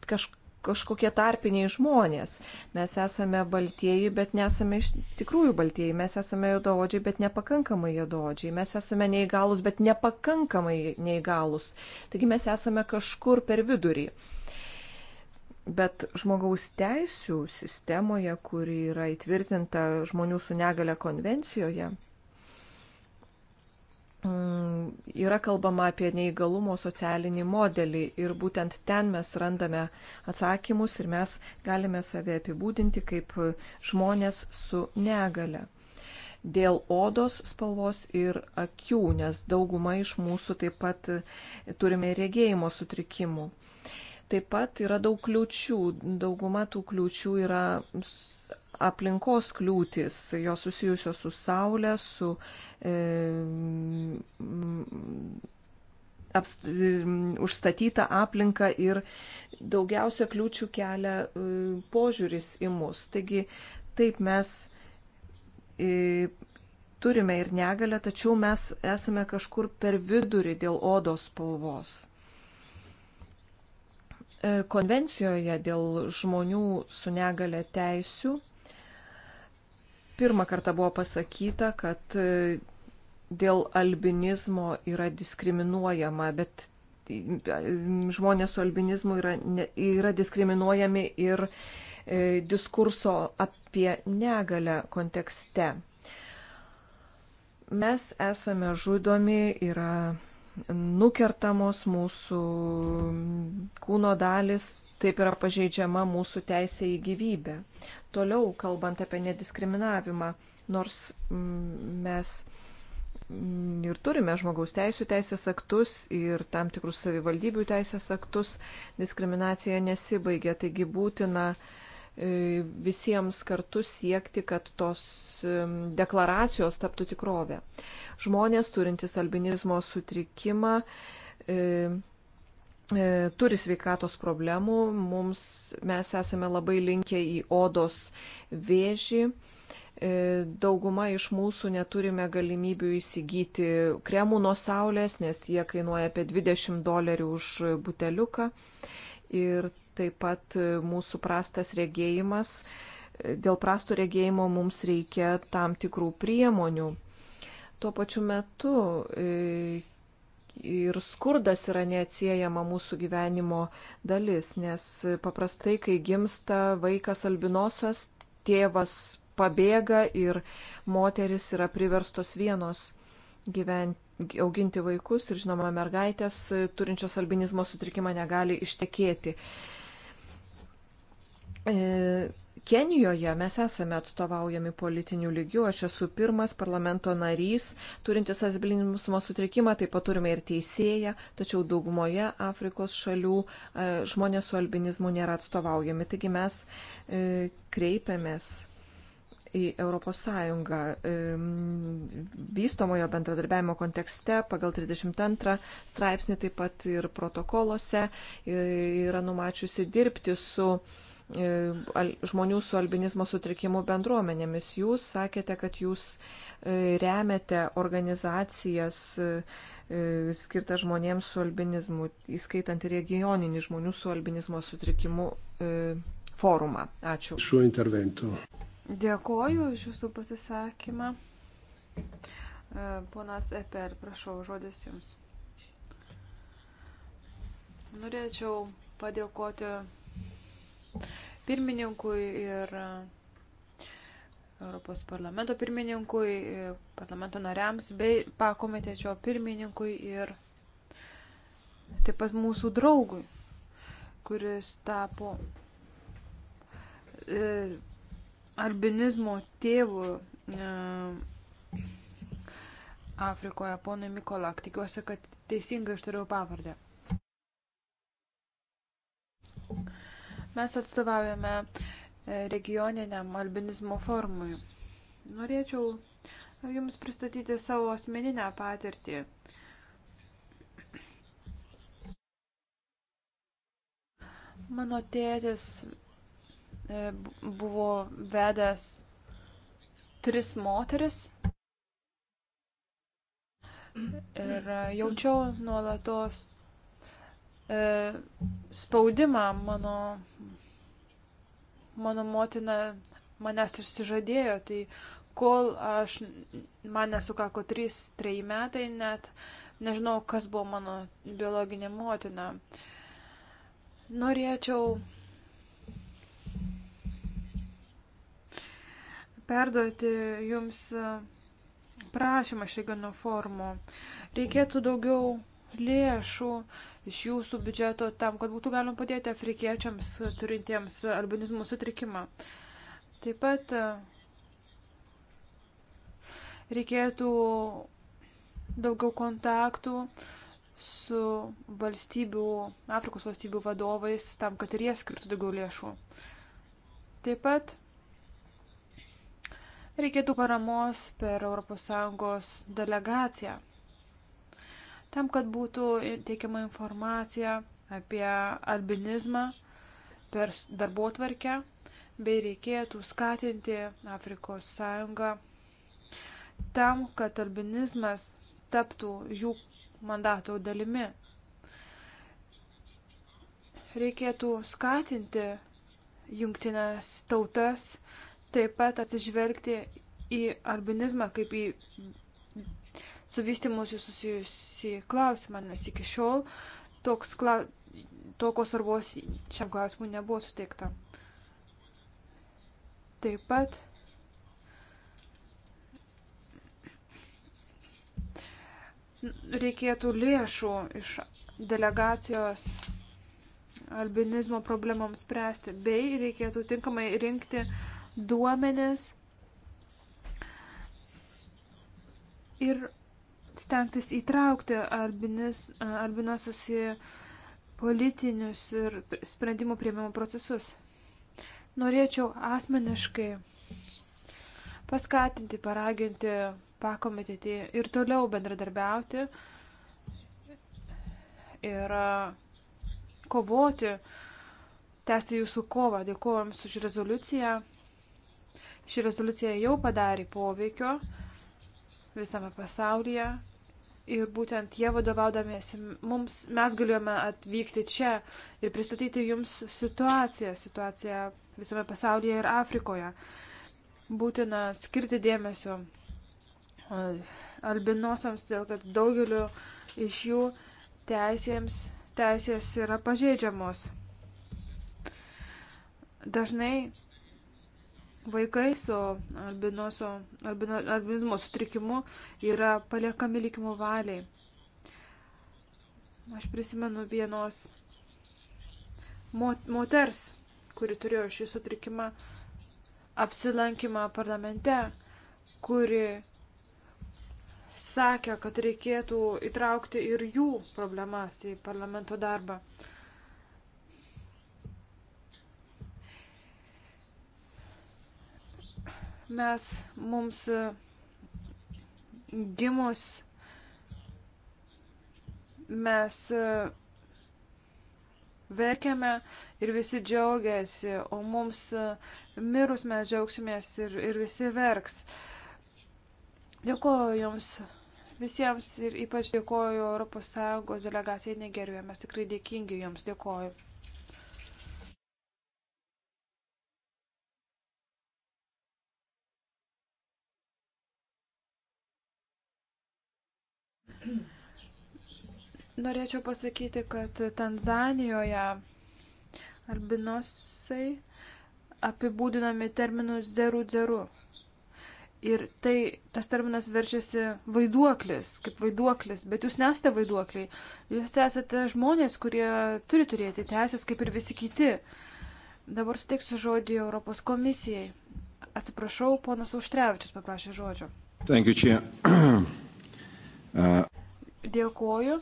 kaž, kažkokie tarpiniai žmonės. Mes esame baltieji, bet nesame iš tikrųjų baltieji. Mes esame juododžiai, bet nepakankamai juododžiai. Mes esame neįgalus, bet nepakankamai neįgalus. Taigi mes esame kažkur per vidurį. Bet žmogaus teisų sistemoje, kuri yra įtvirtinta žmonių su negale konvencijoje, mm, yra kalbama apie neįgalumo socialinį modelį ir būtent ten mes randame atsakymus ir mes galime save apibūdinti kaip žmonės su negale. Dėl odos spalvos ir akių, nes dauguma iš mūsų taip pat turime regėjimo sutrikimų. Taip pat yra daug kliučių. Dauguma tų kliučių yra aplinkos kliūtis, jos susijusios su Saulė, su e, apst, e, užstatyta aplinka ir daugiausia kliūčių kelia e, požiūris į mus. Taigi taip mes e, turime ir negalę, tačiau mes esame kažkur per vidurį dėl odos spalvos. E, konvencijoje dėl žmonių su negale teisių pirmą kartą buvo pasakyta, kad e, dėl albinizmo yra diskriminuojama, bet e, žmonės su albinizmu yra, yra diskriminuojami ir diskurso apie negalę kontekste. Mes esame žudomi, yra nukertamos mūsų kūno dalis, taip yra pažeidžiama mūsų teisė į gyvybę. Toliau, kalbant apie nediskriminavimą, nors mm, mes mm, ir turime žmogaus teisų teisės aktus ir tam tikrus savivaldybių teisės aktus, diskriminacija nesibaigia, taigi būtina uh, E, visiems kartu siekti, kad tos deklaracijos taptų tikrovę. Žmonės turintys albinizmo sutrikimą e, e, turi sveikatos problemų, mums mes esame labai linkę į odos vėžį. Dauguma iš mūsų neturime galimybių įsigyti kremų nuo saulės, nes jie kainuoja apie 20 dolerių už buteliuką. Ir taip pat e, mūsų prastas regėjimas. E, dėl prasto regėjimo mums reikia tam tikrų priemonių. Tuo pačiu metu e, ir skurdas yra neatsiejama mūsų gyvenimo dalis, nes paprastai, kai gimsta vaikas albinosas, tėvas pabėga ir moteris yra priverstos vienos gyventi auginti vaikus ir, žinoma, mergaitės turinčios albinizmo sutrikimą negali ištekėti. E, Kenijoje mes esame atstovaujami politinių lygių. Aš esu pirmas parlamento narys, turintis asbelinimo sutrikimą, taip pat turime ir teisėją, tačiau daugumoje Afrikos šalių e, žmonės su albinizmu nėra atstovaujami. Taigi mes e, kreipiamės į ES vystomojo bendradarbiavimo kontekste pagal 32 straipsnį taip pat ir protokoluose yra numačiusi dirbti su E, žmonių su albinizmo sutrikimu bendruomenėmis. Jūs sakėte, kad jūs e, remiate organizacijas e, skirtas žmonėms su albinizmu, įskaitant ir regioninį žmonių su albinizmo sutrikimu forumą. Ačiū. Šiuo interventu. Dėkoju už jūsų pasisakymą. Ponas Eper, prašau, žodis jums. Norėčiau padėkoti pirmininkui ir e, Europos parlamento pirmininkui, e, parlamento nariams bei pakomitečio pirmininkui ir taip pat mūsų draugui, kuris tapo e, albinizmo tėvų e, Afrikoje, ponui Mikolak. Tikiuosi, kad teisingai ištariau pavardę. Mes atstovaujame e, regioniniam albinizmo formui. Norėčiau e, Jums pristatyti savo asmeninę patirtį. Mano tėtis e, buvo vedęs tris moteris ir jaučiau nuolatos E, spaudimą mano, mano motina manęs išsižadėjo, tai kol aš, man nesukako 3-3 metai net, nežinau, kas buvo mano biologinė motina. Norėčiau perduoti jums prašymą iš regionų formų. Reikėtų daugiau lėšų uh, iš jūsų biudžeto tam, kad būtų galima padėti afrikiečiams turintiems albinizmų sutrikimą. Taip pat e, reikėtų daugiau kontaktų su valstybių, Afrikos valstybių vadovais, tam, kad ir jie skirtų daugiau lėšų. Taip pat reikėtų paramos per ES delegaciją tam, kad būtų teikiama informacija apie albinizmą per darbotvarkę, bei reikėtų skatinti Afrikos sąjungą tam, kad albinizmas taptų jų mandato dalimi. Reikėtų skatinti jungtinės tautas taip pat atsižvelgti į albinizmą kaip į su vystimusi susijusi klausimą, nes iki šiol toks kla... tokios svarbos šiam klausimui nebuvo suteikta. Taip pat reikėtų lėšų iš delegacijos albinizmo problemams spręsti, bei reikėtų tinkamai rinkti duomenis ir stengtis įtraukti albinus, albinosus į politinius ir sprendimų prieimimo procesus. Norėčiau asmeniškai paskatinti, paraginti pakomitetį ir toliau bendradarbiauti ir kovoti, tęsti jūsų kovą. Dėkuoju Jums už rezoliuciją. Ši rezoliucija jau padarė poveikio visame pasaulyje Ir būtent jie vadovaudamiesi mums, mes galėjome atvykti čia ir pristatyti jums situaciją, situaciją visame pasaulyje ir Afrikoje. Būtina skirti dėmesio e, albinosams, dėl kad daugeliu iš jų teisėms, teisės yra pažeidžiamos. Dažnai Vaikai su albinoso, albino, albinizmo sutrikimu yra paliekami likimo valiai. Aš prisimenu vienos mot, moters, kuri turėjo šį sutrikimą, apsilankimą parlamente, kuri sakė, kad reikėtų įtraukti ir jų problemas į parlamento darbą. Mes mums e, gimus mes e, verkiame ir visi džiaugiasi, o mums e, mirus mes džiaugsimės ir, ir visi verks. Dėkuoju Jums visiems ir ypač dėkoju ES delegacijai Nigerijoje. Mes tikrai dėkingi Jums, dėkoju. Norėčiau pasakyti, kad Tanzanijoje albinosai apibūdinami terminu zeru zeru. Ir tai, tas terminas verčiasi vaiduoklis, kaip vaiduoklis, bet jūs nesate vaiduokliai. Jūs esate žmonės, kurie turi turėti teisės, kaip ir visi kiti. Dabar suteiksiu žodį Europos komisijai. Atsiprašau, ponas Užtrevičius paprašė žodžio. Thank you, Čia. Uh... Dėkoju.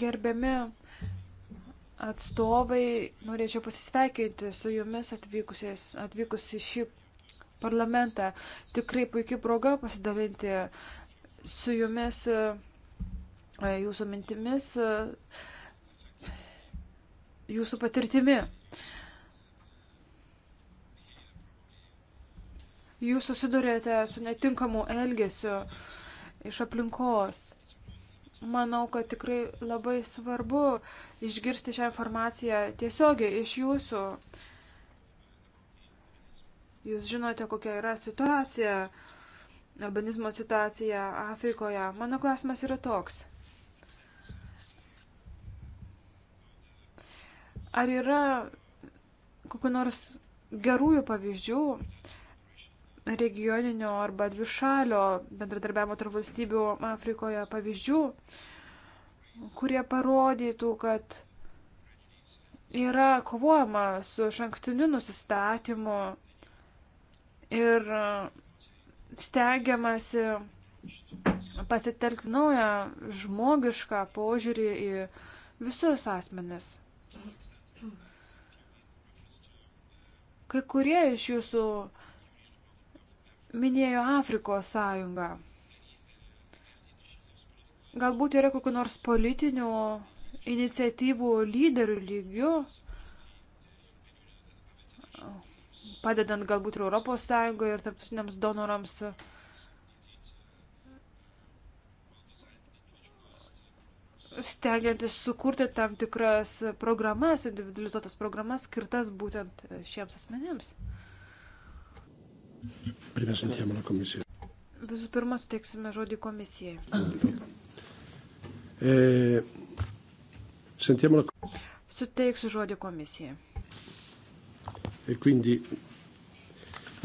Gerbiami atstovai, norėčiau pasisveikinti su jumis atvykus į šį parlamentą. Tikrai puikia proga pasidalinti su jumis e, jūsų mintimis, e, jūsų patirtimi. Jūs susidurėte su netinkamu elgesiu iš aplinkos. Manau, kad tikrai labai svarbu išgirsti šią informaciją tiesiogiai iš jūsų. Jūs žinote, kokia yra situacija, albanizmo situacija Afrikoje. Mano klausimas yra toks. Ar yra kokiu nors gerųjų pavyzdžių, regioninio arba dvišalio bendradarbiavimo tarp valstybių Afrikoje pavyzdžių, kurie parodytų, kad yra kovojama su šankstiniu nusistatymu ir stengiamasi pasitelkti naują žmogišką požiūrį į visus asmenis. Kai kurie iš jūsų uh, minėjo Afrikos sąjungą. Galbūt yra kokiu nors politiniu iniciatyvų lyderių lygiu, padedant galbūt ir Europos Sąjungoje ir tarptautiniams donorams. Stengiantis sukurti tam tikras programas, individualizuotas programas, skirtas būtent šiems asmenėms. Pripresentiamo la komisiją. Visų pirma, suteiksime žodį komisijai. E, sentiamo la... Suteiksiu žodį komisijai. E quindi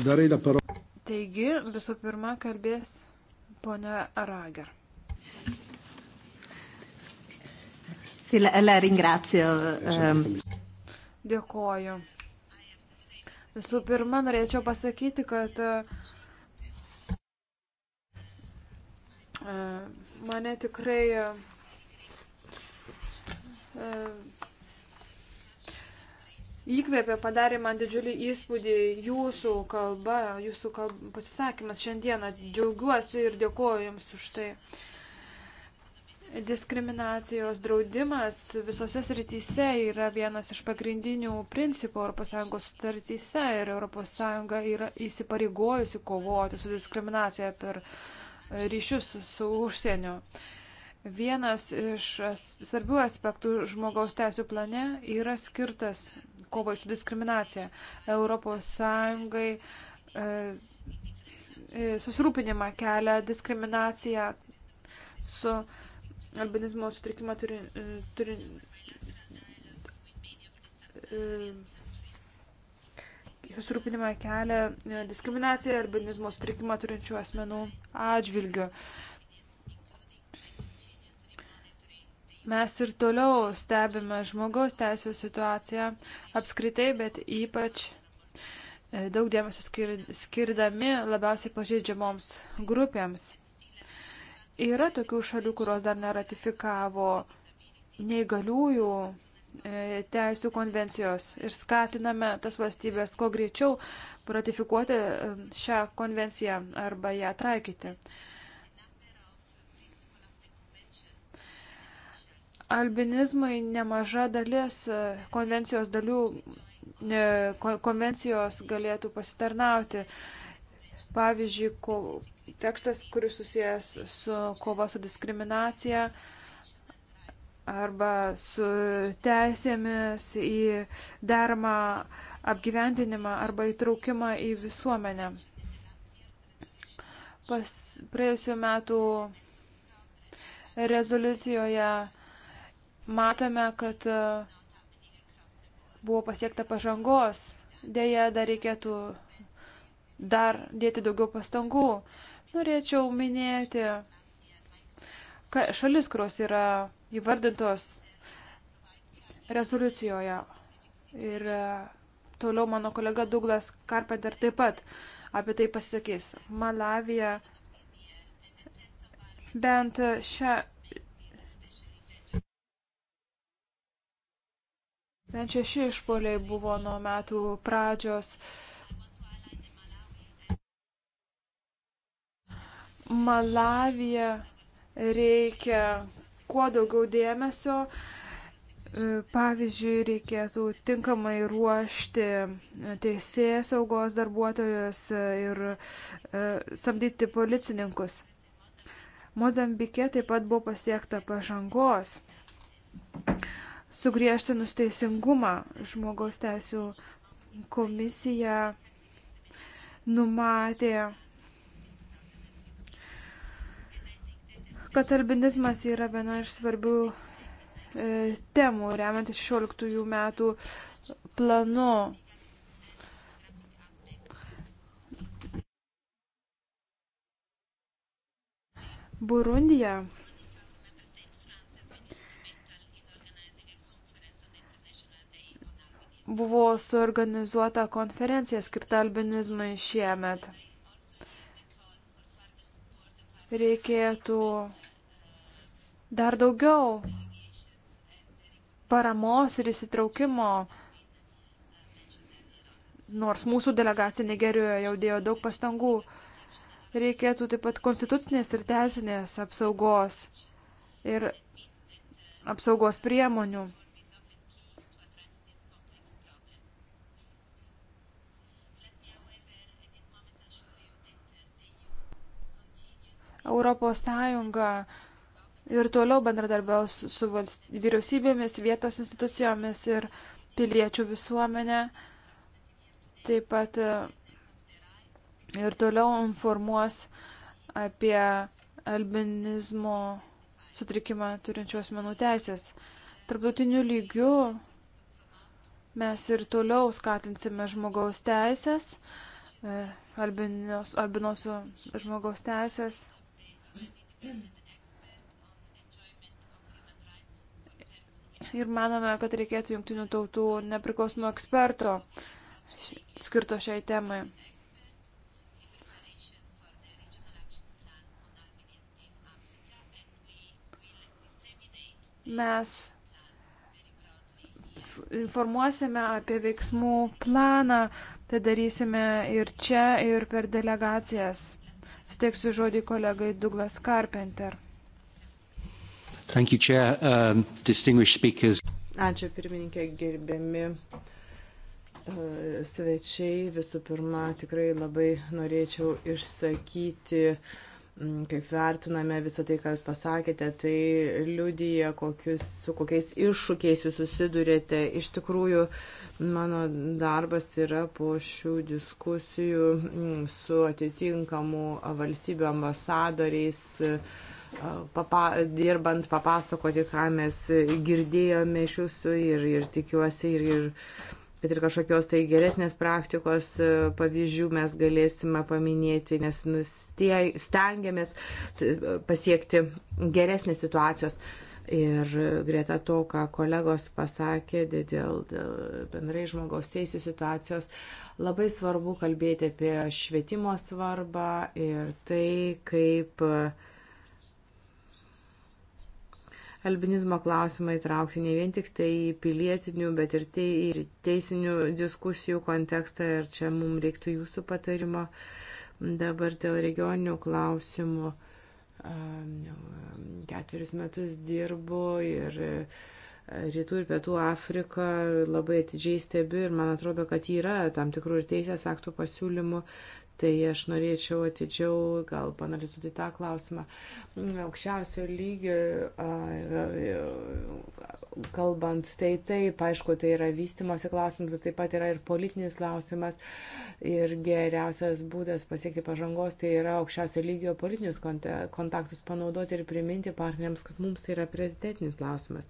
darei la parola. Taigi, visų pirma, kalbės ponia Rager. Sì, la, la ringrazio. Um... Dėkoju. Visų pirma, norėčiau pasakyti, kad e, mane tikrai e, e, įkvėpė, padarė man didžiulį įspūdį jūsų kalba, jūsų kalb... pasisakymas šiandieną. Džiaugiuosi ir dėkoju Jums už tai. Uh, Diskriminacijos draudimas visose srityse yra vienas iš pagrindinių principų ES sutartyse ir ES yra įsipareigojusi kovoti su diskriminacija per e, ryšius su užsieniu. Vienas iš svarbių aspektų žmogaus teisų plane yra skirtas kovai su diskriminacija. ES e, e, susirūpinimą kelia diskriminacija su albinizmo sutrikimą turi, e, turi e, susirūpinimą kelia e, diskriminacija albinizmo sutrikimą turinčių asmenų atžvilgiu. Mes ir toliau stebime žmogaus teisų situaciją apskritai, bet ypač daug dėmesio skir skirdami labiausiai pažeidžiamoms grupėms. Yra tokių šalių, kurios dar neratifikavo neįgaliųjų e, teisų konvencijos ir skatiname tas valstybės kuo greičiau ratifikuoti e, šią konvenciją arba ją taikyti. Albinizmui nemaža dalis e, konvencijos dalių konvencijos galėtų pasitarnauti. Pavyzdžiui, tekstas, kuris susijęs su kova su diskriminacija arba su teisėmis į deramą apgyvendinimą arba įtraukimą į visuomenę. Pas praėjusiu metu rezoliucijoje matome, kad buvo pasiekta pažangos. Deja, dar reikėtų dar dėti daugiau pastangų norėčiau minėti ka, šalis, kurios yra įvardintos rezoliucijoje. Ir e, toliau mano kolega Douglas Carpenter taip pat apie tai pasisakys. Malavija bent šią. Bent šeši išpoliai buvo nuo metų pradžios. Uh, Malavija reikia kuo daugiau dėmesio. E, pavyzdžiui, reikėtų tinkamai ruošti teisėjas saugos darbuotojus ir e, samdyti policininkus. Mozambike taip pat buvo pasiekta pažangos sugriežtinus teisingumą žmogaus teisų komisija numatė pat albinizmas yra viena iš svarbių e, temų, remiant 16 metų planu. Burundija buvo suorganizuota konferencija skirta albinizmui šiemet. Reikėtų dar daugiau paramos ir įsitraukimo. Nors mūsų delegacija Nigerijoje jau dėjo daug pastangų, reikėtų taip pat konstitucinės ir teisinės apsaugos ir apsaugos priemonių. Europos Sąjunga ir toliau bendradarbiaus su valst... vyriausybėmis, vietos institucijomis ir piliečių visuomenė. Taip pat e, ir toliau informuos apie albinizmo sutrikimą turinčių asmenų teisės. Tarptautiniu lygiu mes ir toliau skatinsime žmogaus teisės, e, albinos, albinosų žmogaus teisės. ir manome, kad reikėtų jungtinių tautų nepriklausomų eksperto skirto šiai temai. Mes informuosime apie veiksmų planą, tai darysime ir čia, ir per delegacijas. Suteiksiu žodį kolegai Douglas Carpenter. Thank you, Chair. Um, distinguished speakers. Ačiū pirmininkė, gerbiami uh, svečiai. Visų pirma, tikrai labai norėčiau išsakyti uh, kaip vertiname visą tai, ką Jūs pasakėte, tai liudyje, kokius, su kokiais iššūkiais Jūs susidurėte. Iš tikrųjų, mano darbas yra po šių diskusijų mm, su atitinkamų valstybių ambasadoriais papa, dirbant papasakoti, ką mes girdėjome iš jūsų ir, ir tikiuosi, ir, ir, kad ir kažkokios tai geresnės praktikos e, pavyzdžių mes galėsime paminėti, nes nustie, stengiamės e, pasiekti geresnės situacijos. Ir greta to, ką kolegos pasakė dėl, dėl bendrai žmogaus teisų situacijos, labai svarbu kalbėti apie švietimo svarbą ir tai, kaip uh, albinizmo klausimą įtraukti ne vien tik tai į pilietinių, bet ir tai į teisinių diskusijų kontekstą ir čia mums reiktų jūsų patarimo dabar dėl regioninių klausimų. Ketverius metus dirbu ir e, rytų ir pietų Afriką labai atidžiai stebiu ir man atrodo, kad yra tam tikrų ir teisės aktų pasiūlymų Tai aš norėčiau atidžiau gal panalizuoti tą klausimą. Aukščiausio lygio, kalbant, tai taip, aišku, tai yra vystimosi klausimas, bet taip pat yra ir politinis klausimas. Ir geriausias būdas pasiekti pažangos tai yra aukščiausio lygio politinius kontaktus panaudoti ir priminti partneriams, kad mums tai yra prioritetinis klausimas.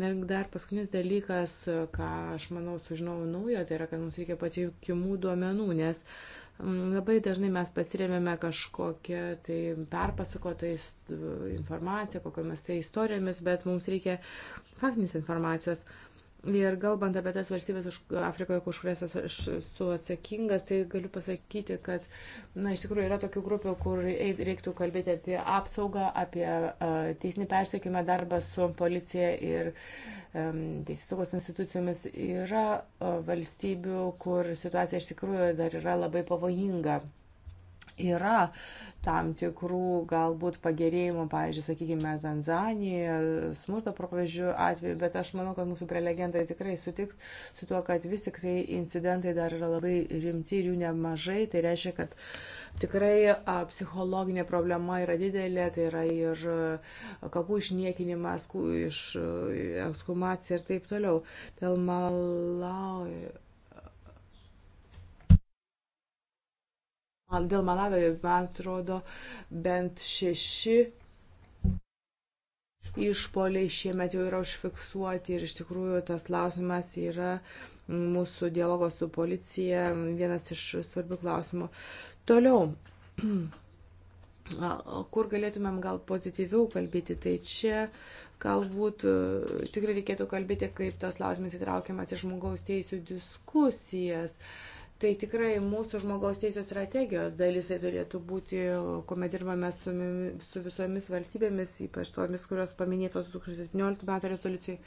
Ir dar paskutinis dalykas, ką aš manau sužinojau naujo, tai yra, kad mums reikia patikimų duomenų, nes uh, Labai dažnai mes pasiremėme kažkokią tai perpasakotą informaciją, kokiamis tai istorijomis, bet mums reikia faktinės informacijos. Uh, Ir galbant apie tas valstybės už Afrikoje, už kurias aš esu atsakingas, tai galiu pasakyti, kad, na, iš tikrųjų yra tokių grupių, kur reiktų kalbėti apie apsaugą, apie uh, teisinį persiekimą, darbą su policija ir um, teisės saugos institucijomis. Yra uh, valstybių, kur situacija iš tikrųjų dar yra labai pavojinga yra tam tikrų galbūt pagerėjimų, pavyzdžiui, sakykime, Tanzanijoje, smurto propavyzdžių atveju, bet aš manau, kad mūsų prelegentai tikrai sutiks su tuo, kad vis tik tai incidentai dar yra labai rimti ir jų nemažai. Tai reiškia, kad tikrai a, psichologinė problema yra didelė, tai yra ir kapų išniekinimas, iš ekskumacija ir taip toliau. Dėl malau Dėl Malavio, man atrodo, bent šeši išpoliai šiemet jau yra užfiksuoti ir iš tikrųjų tas klausimas yra mūsų dialogo su policija vienas iš svarbių klausimų. Toliau, kur galėtumėm gal pozityviau kalbėti, tai čia galbūt e, tikrai reikėtų kalbėti, kaip tas klausimas įtraukiamas į žmogaus teisų diskusijas. Uh, Tai tikrai mūsų žmogaus teisų strategijos dalis tai turėtų būti, kuomet dirbame su, su visomis valstybėmis, ypač tomis, kurios paminėtos 2017 metų rezoliucijai.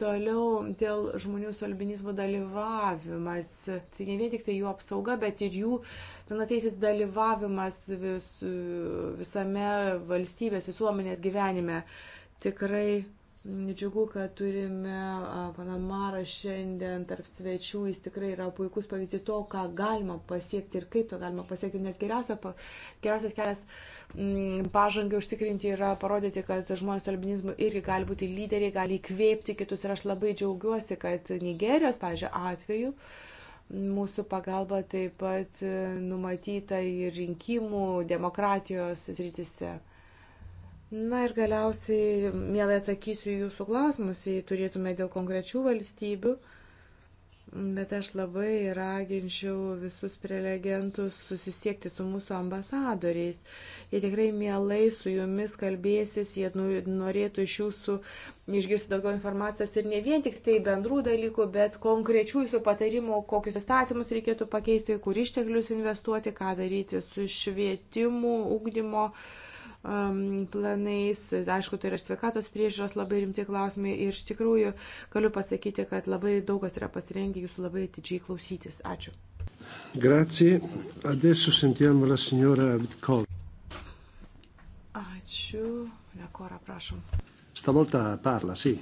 Toliau dėl žmonių su albinizmu dalyvavimas. Tai ne vien tik tai jų apsauga, bet ir jų pilnateisis dalyvavimas vis, visame valstybės, visuomenės gyvenime. Tikrai Džiugu, kad turime Panamarą šiandien tarp svečių. Jis tikrai yra puikus pavyzdys to, ką galima pasiekti ir kaip to galima pasiekti. Nes geriausia, geriausias kelias mm, pažangai užtikrinti yra parodyti, kad žmonės su albinizmu irgi gali būti lyderiai, gali įkvėpti kitus. Ir aš labai džiaugiuosi, kad Nigerijos, pažiūrėjau, atveju mūsų pagalba taip pat e, numatyta ir rinkimų demokratijos rytise. Na ir galiausiai, mielai atsakysiu jūsų klausimus, jei turėtume dėl konkrečių valstybių, bet aš labai raginčiau visus prelegentus susisiekti su mūsų ambasadoriais. Jie tikrai mielai su jumis kalbėsis, jie nu, norėtų iš jūsų išgirsti daugiau informacijos ir ne vien tik tai bendrų dalykų, bet konkrečių jūsų patarimų, kokius įstatymus reikėtų pakeisti, kur išteklius investuoti, ką daryti su švietimu, ugdymo. Uh, planais. Aišku, tai yra sveikatos priežiūros labai rimti klausimai ir iš tikrųjų galiu pasakyti, kad labai daug kas yra pasirengę jūsų labai atidžiai klausytis. Ačiū. Grazie. Adesso sentiamo la signora Vitkova. Ačiū. Lekora, prašom. Stavolta parla, sì.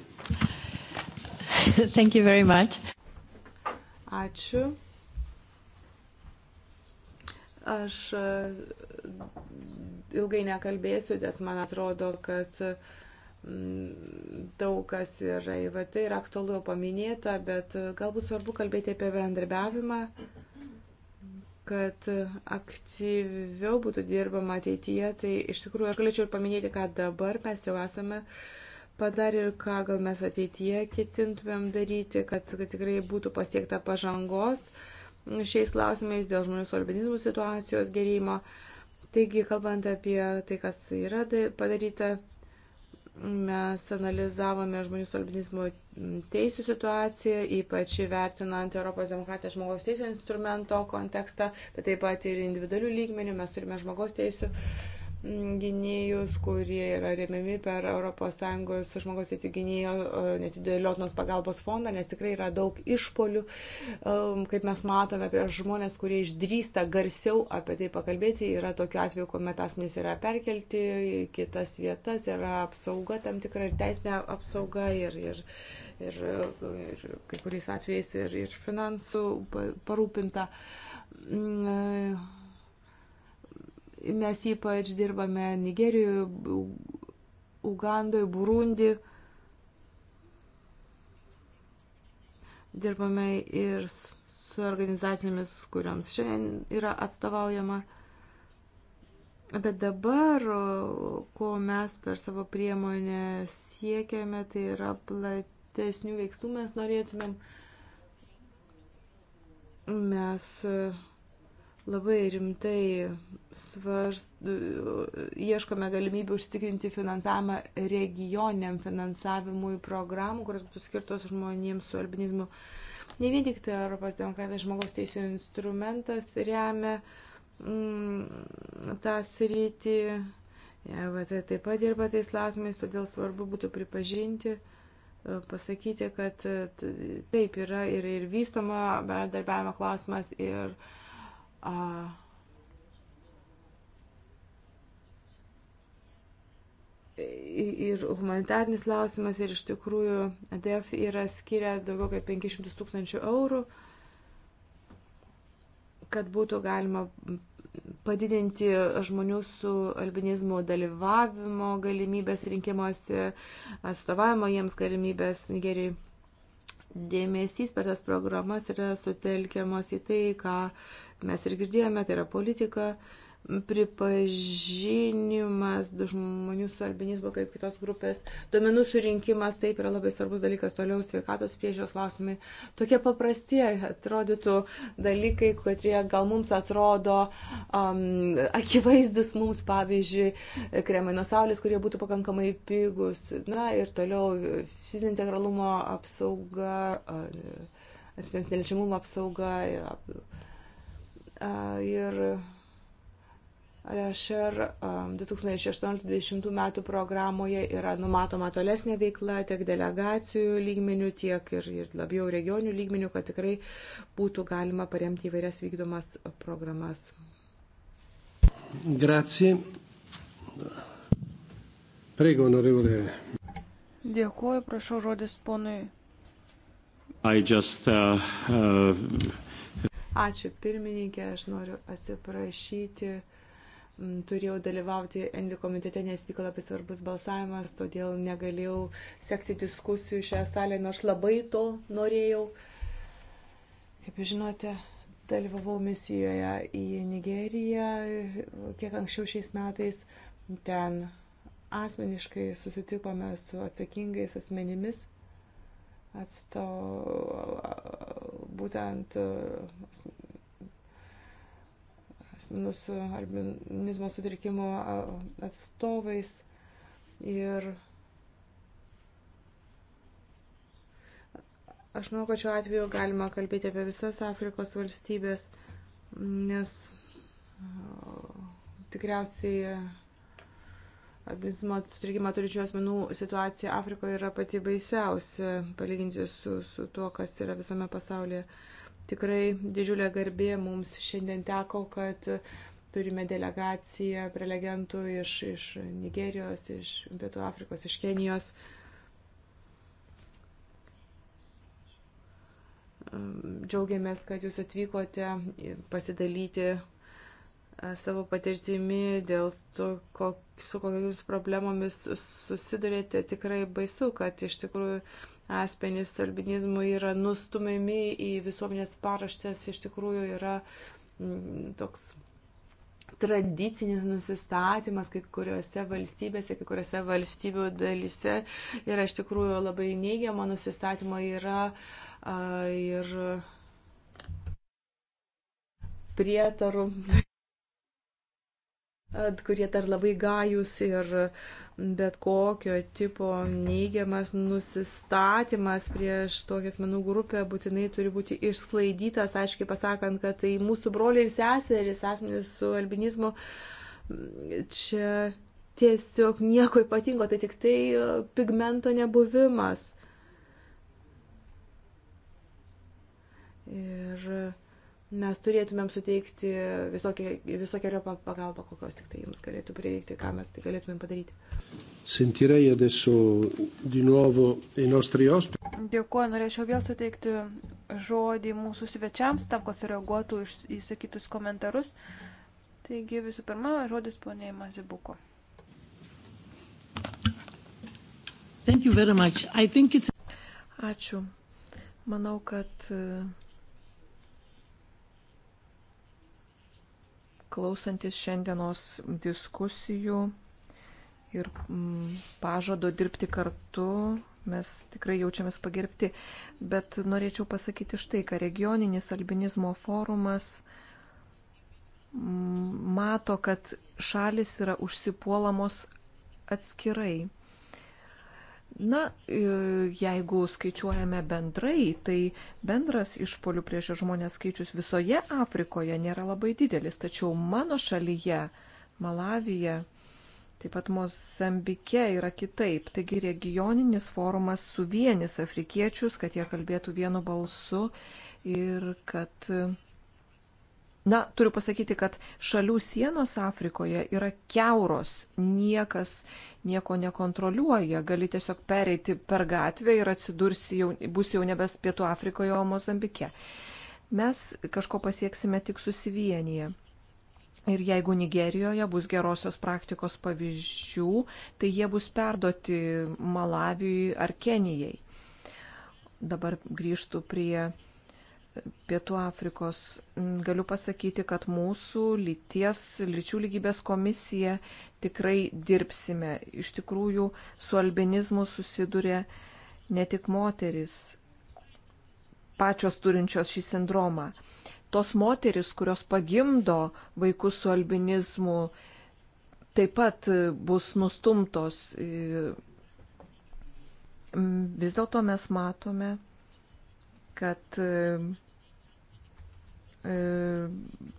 Thank you very much. Ačiū. Aš ilgai nekalbėsiu, nes man atrodo, kad mm, daug kas yra įvatai ir aktualu jau paminėta, bet e, galbūt svarbu kalbėti apie bendradarbiavimą, kad aktyviau būtų dirbama ateityje. Tai iš tikrųjų aš galėčiau ir paminėti, ką dabar mes jau esame padarę ir ką gal mes ateityje ketintumėm daryti, kad, kad tikrai būtų pasiekta pažangos šiais klausimais dėl žmonių su albinizmu situacijos gerėjimo. Uh, Taigi, kalbant apie tai, kas yra padaryta, mes analizavome žmonių su albinizmu teisų situaciją, ypač įvertinant Europos demokratijos žmogaus teisų instrumento kontekstą, bet taip pat ir individualių lygmenių mes turime žmogaus teisų gynėjus, kurie yra remiami per ES žmogaus teisų gynėjo e, netidėliotinos pagalbos fondą, nes tikrai yra daug išpolių, kaip mes matome, prieš žmonės, kurie išdrįsta garsiau apie tai pakalbėti. Yra tokių atvejų, kuomet asmenys yra perkelti į kitas vietas, yra apsauga tam tikra ir teisinė apsauga ir, ir, ir, ir kai kuriais atvejais ir, ir finansų parūpinta. Mm e, Mes ypač dirbame Nigerijoje, Ugandoje, Burundi. Dirbame ir su organizacijomis, kuriams šiandien yra atstovaujama. Bet dabar, ko mes per savo priemonę siekiame, tai yra platesnių veiksmų mes norėtumėm. Mes uh, labai rimtai svarst, ieškome galimybių užtikrinti finansavimą regioniam finansavimui programų, kurios būtų skirtos žmonėms su albinizmu. Ne vien tik tai Europos demokratijos žmogaus teisų instrumentas remia mm, tą sritį, EVT ja, tai taip pat dirba tais klausimais, todėl svarbu būtų pripažinti e, pasakyti, kad e, taip yra ir, ir vystoma bendradarbiavimo klausimas, ir uh, a ir humanitarnis klausimas, ir iš tikrųjų ADF yra skiria daugiau kaip 500 tūkstančių eurų, kad būtų galima padidinti žmonių su albinizmu dalyvavimo galimybės rinkimuose, atstovavimo jiems galimybės Nigerijai. Dėmesys per tas programas yra sutelkiamas į tai, ką uh, mes ir girdėjome, tai yra politika, pripažinimas žmonių su albinizmu kaip kitos grupės, duomenų surinkimas, taip yra labai svarbus dalykas, toliau sveikatos priežios klausimai. Tokie paprastie atrodytų dalykai, kurie gal mums atrodo um, akivaizdus mums, pavyzdžiui, kremai nuo saulės, kurie būtų pakankamai pigus. Na ir toliau fizinio integralumo apsauga, asmens neliečiamumo apsauga. Ap, ir AŠR 2018-2020 metų programoje yra numatoma tolesnė veikla tiek delegacijų lygmenių, tiek ir, ir labiau regionių lygmenių, kad tikrai būtų galima paremti įvairias vykdomas programas. Grazie. Prego, onorevole. Dėkuoju, prašau žodis ponui. I just, uh, uh... Ačiū pirmininkė, aš noriu atsiprašyti. Mm, turėjau dalyvauti Envi komitete, nes vyko labai svarbus balsavimas, todėl negalėjau sekti diskusijų šioje salėje, nors labai to norėjau. Kaip žinote, dalyvavau misijoje į Nigeriją kiek anksčiau šiais metais. Ten asmeniškai susitikome su atsakingais asmenimis atsto būtent e, asmenų su albinizmo sutrikimu atstovais ir aš manau, kad šiuo atveju galima kalbėti apie visas Afrikos valstybės, nes e, tikriausiai Agnizmo sutrikimą turinčių asmenų situacija Afrikoje yra pati baisiausia, palyginti su, su tuo, kas yra visame pasaulyje. Tikrai didžiulė garbė mums šiandien teko, kad turime delegaciją prelegentų iš, iš Nigerijos, iš Pietų Afrikos, iš Kenijos. Džiaugiamės, kad jūs atvykote pasidalyti e, savo patirtimi dėl to, kokiu su kokiamis problemomis susidurėte, tikrai baisu, kad iš tikrųjų asmenys su albinizmu yra nustumiami į visuomenės paraštės, iš tikrųjų yra mm, toks tradicinis nusistatymas kai kuriuose valstybėse, kai kuriuose valstybių dalyse yra iš tikrųjų labai neigiama nusistatymo yra a, ir prietarų kurie dar labai gajus ir bet kokio tipo neigiamas nusistatymas prieš tokią asmenų grupę būtinai turi būti išsklaidytas, aiškiai pasakant, kad tai mūsų broliai ir seserys asmenys su albinizmu čia tiesiog nieko ypatingo, tai tik tai pigmento nebuvimas. Ir mes turėtumėm suteikti visokiojo pagalbą, kokios tik tai jums galėtų prireikti, ką mes tai galėtumėm padaryti. Sentirei adesso di nuovo i nostri ospiti. Dėkuoju, norėčiau vėl suteikti žodį mūsų svečiams, tam, kad sureaguotų įsakytus komentarus. Taigi visų pirma, žodis poniai Mazibuko. Ačiū. Manau, kad uh, klausantis šiandienos diskusijų ir mm, pažado dirbti kartu, mes tikrai jaučiamės pagerbti. Bet norėčiau pasakyti štai, ką regioninis albinizmo forumas mm, mato, kad šalis yra užsipuolamos atskirai. Na, e, jeigu skaičiuojame bendrai, tai bendras išpolių prieš žmonės skaičius visoje Afrikoje nėra labai didelis, tačiau mano šalyje, Malavija, taip pat Mozambike yra kitaip. Taigi regioninis forumas suvienis afrikiečius, kad jie kalbėtų vienu balsu ir kad Na, turiu pasakyti, kad šalių sienos Afrikoje yra keuros, niekas nieko nekontroliuoja, gali tiesiog pereiti per gatvę ir atsidursi, jau, bus jau nebes Pietų Afrikoje, o Mozambike. Mes kažko pasieksime tik susivienyje. Ir jeigu Nigerijoje bus gerosios praktikos pavyzdžių, tai jie bus perduoti Malavijui ar Kenijai. Dabar grįžtų prie Pietų Afrikos. Galiu pasakyti, kad mūsų lyties, lyčių lygybės komisija tikrai dirbsime. Iš tikrųjų, su albinizmu susiduria ne tik moteris, pačios turinčios šį sindromą. Tos moteris, kurios pagimdo vaikus su albinizmu, taip pat bus nustumtos. Vis dėlto mes matome, kad e, e,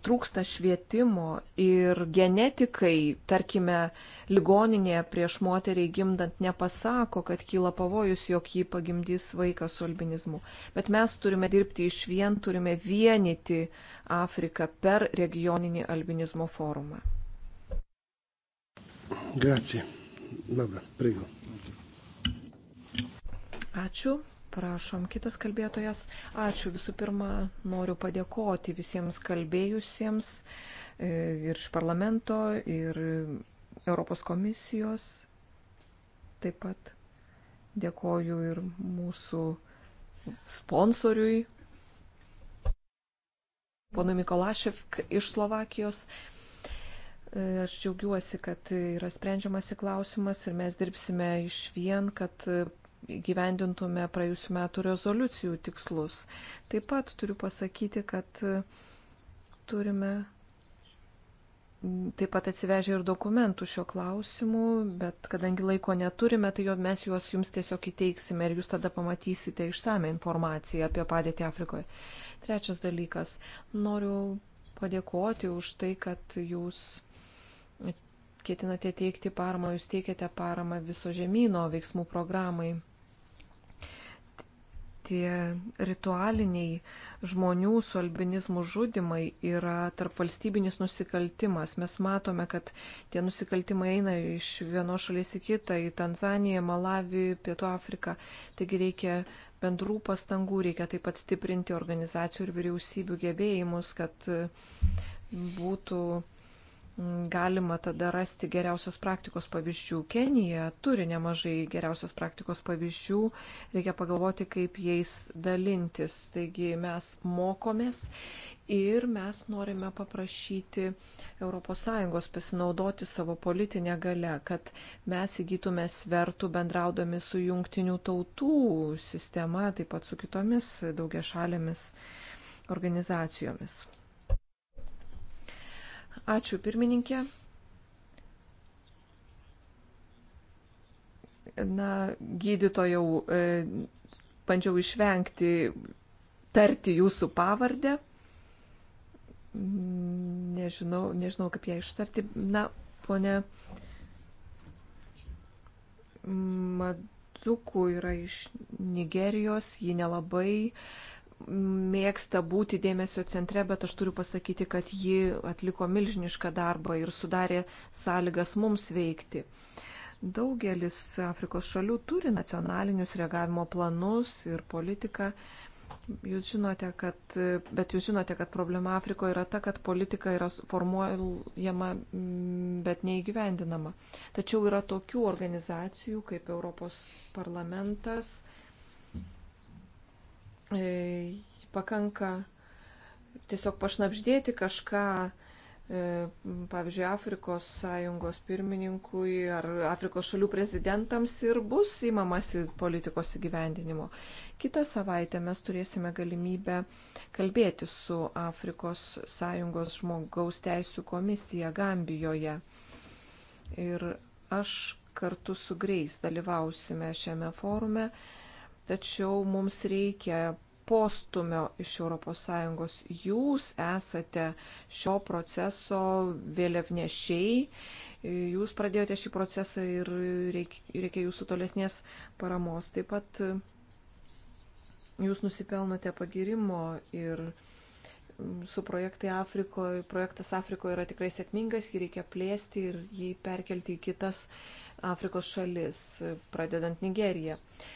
trūksta švietimo ir genetikai, tarkime, ligoninėje prieš moterį gimdant nepasako, kad kyla pavojus, jog jį pagimdys vaikas su albinizmu. Bet mes turime dirbti iš vien, turime vienyti Afriką per regioninį albinizmo forumą. Grazie. Dobra, prego. Ačiū. Prašom, kitas kalbėtojas. Ačiū. Visų pirma, noriu padėkoti visiems kalbėjusiems e, ir iš parlamento, ir Europos komisijos. Taip pat dėkoju ir mūsų sponsoriui, ponui Mikolašev iš Slovakijos. E, aš džiaugiuosi, kad yra sprendžiamas į klausimas ir mes dirbsime iš vien, kad gyvendintume praėjusiu metu rezoliucijų tikslus. Taip pat turiu pasakyti, kad e, turime taip pat atsivežę ir dokumentų šio klausimu, bet kadangi laiko neturime, tai jo, mes juos jums tiesiog įteiksime ir jūs tada pamatysite išsame informaciją apie padėtį Afrikoje. Trečias dalykas. Noriu padėkoti už tai, kad jūs ketinate teikti paramą, jūs teikiate paramą viso žemynų veiksmų programai tie ritualiniai žmonių su albinizmu žudimai yra tarp valstybinis nusikaltimas. Mes matome, kad tie nusikaltimai eina iš vienos šalies į kitą, į Tanzaniją, Malavį, Pietų Afriką. Taigi reikia bendrų pastangų, reikia taip pat stiprinti organizacijų ir vyriausybių gebėjimus, kad būtų galima tada rasti geriausios praktikos pavyzdžių. Kenija turi nemažai geriausios praktikos pavyzdžių, reikia pagalvoti, kaip jais dalintis. Taigi mes mokomės ir mes norime paprašyti ES pasinaudoti savo politinę galę, kad mes įgytume svertų bendraudami su jungtinių tautų sistema, taip pat su kitomis daugia šalėmis organizacijomis. Ačiū pirmininkė. Na, gydytojau, e, bandžiau išvengti tarti jūsų pavardę. Nežinau, nežinau kaip ją ištarti. Na, ponė Maduku yra iš Nigerijos, ji nelabai uh, mėgsta būti dėmesio centre, bet aš turiu pasakyti, kad ji atliko milžinišką darbą ir sudarė sąlygas mums veikti. Daugelis Afrikos šalių turi nacionalinius reagavimo planus ir politiką. Jūs žinote, kad, bet jūs žinote, kad problema Afrikoje yra ta, kad politika yra formuojama, bet neįgyvendinama. Tačiau yra tokių organizacijų kaip Europos parlamentas, E, pakanka tiesiog pašnapždėti kažką, e, pavyzdžiui, Afrikos sąjungos pirmininkui ar Afrikos šalių prezidentams ir bus įmamasi politikos įgyvendinimo. Kitą savaitę mes turėsime galimybę kalbėti su Afrikos sąjungos žmogaus teisų komisija Gambijoje. Ir aš kartu su Greis dalyvausime šiame forume tačiau mums reikia postumio iš ES. Jūs esate šio proceso vėliavnešiai, jūs pradėjote šį procesą ir reikia jūsų tolesnės paramos. Taip pat mm, jūs nusipelnote pagirimo ir mm, su projektai Afrikoje, projektas Afrikoje yra tikrai sėkmingas, jį reikia plėsti ir jį perkelti į kitas Afrikos šalis, pradedant Nigeriją. Uh,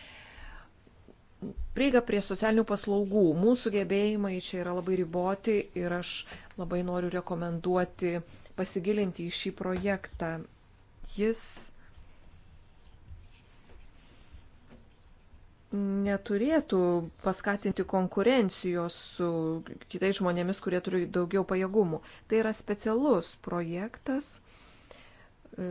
Prieiga prie socialinių paslaugų. Mūsų gebėjimai čia yra labai riboti ir aš labai noriu rekomenduoti pasigilinti į šį projektą. Jis neturėtų paskatinti konkurencijos su kitais žmonėmis, kurie turi daugiau pajėgumų. Tai yra specialus projektas, e,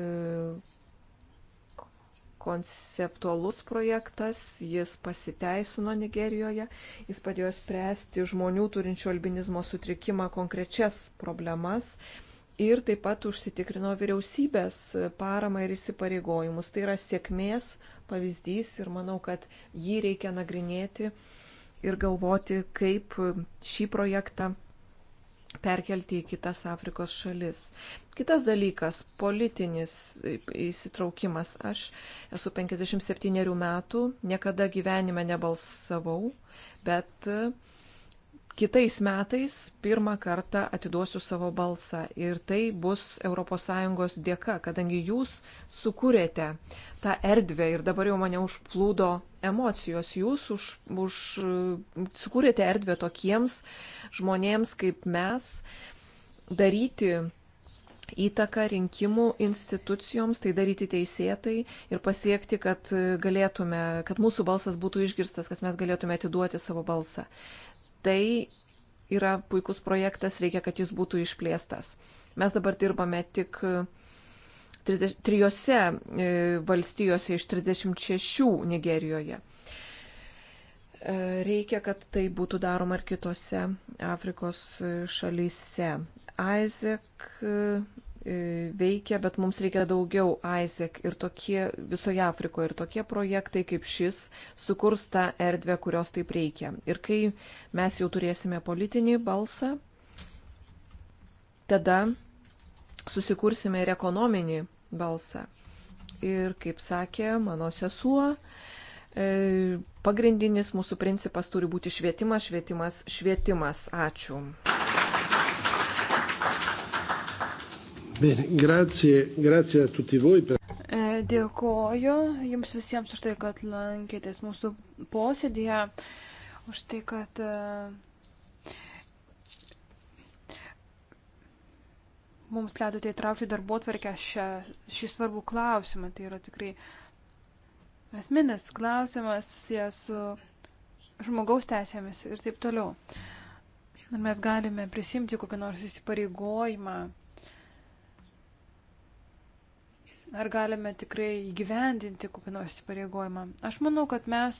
konceptualus projektas, jis pasiteisino Nigerijoje, jis padėjo spręsti žmonių turinčių albinizmo sutrikimą konkrečias problemas ir taip pat užsitikrino vyriausybės paramą ir įsipareigojimus. Tai yra sėkmės pavyzdys ir manau, kad jį reikia nagrinėti ir galvoti, kaip šį projektą perkelti į kitas Afrikos šalis. Kitas dalykas - politinis įsitraukimas. Aš esu 57 metų, niekada gyvenime nebalsavau, bet uh, kitais metais pirmą kartą atiduosiu savo balsą ir tai bus ES dėka, kadangi jūs sukūrėte tą erdvę ir dabar jau mane užplūdo emocijos, jūs už, už, sukūrėte erdvę tokiems žmonėms kaip mes daryti įtaką rinkimų institucijoms, tai daryti teisėtai ir pasiekti, kad galėtume, kad mūsų balsas būtų išgirstas, kad mes galėtume atiduoti savo balsą tai yra puikus projektas, reikia, kad jis būtų išplėstas. Mes dabar dirbame tik e, trijose e, valstijose iš 36 Nigerijoje. E, reikia, kad tai būtų daroma ir kitose Afrikos šalyse. Isaac E, veikia, bet mums reikia daugiau ISEC ir tokie visoje Afrikoje ir tokie projektai kaip šis sukurs tą erdvę, kurios taip reikia. Ir kai mes jau turėsime politinį balsą, tada susikursime ir ekonominį balsą. Ir kaip sakė mano sesuo, e, pagrindinis mūsų principas turi būti švietimas, švietimas, švietimas. Ačiū. Bene, grazie, grazie a tutti voi. Per... E, dėkoju jums visiems už tai, kad lankėtės mūsų posėdėje, už tai, kad e, mums leidote įtraukti darbo tvarkę šį svarbų klausimą. Tai yra tikrai asmenis klausimas susijęs su žmogaus teisėmis ir taip toliau. Ar mes galime prisimti kokį nors įsipareigojimą ar galime tikrai įgyvendinti kokį nors įpareigojimą. Aš manau, kad mes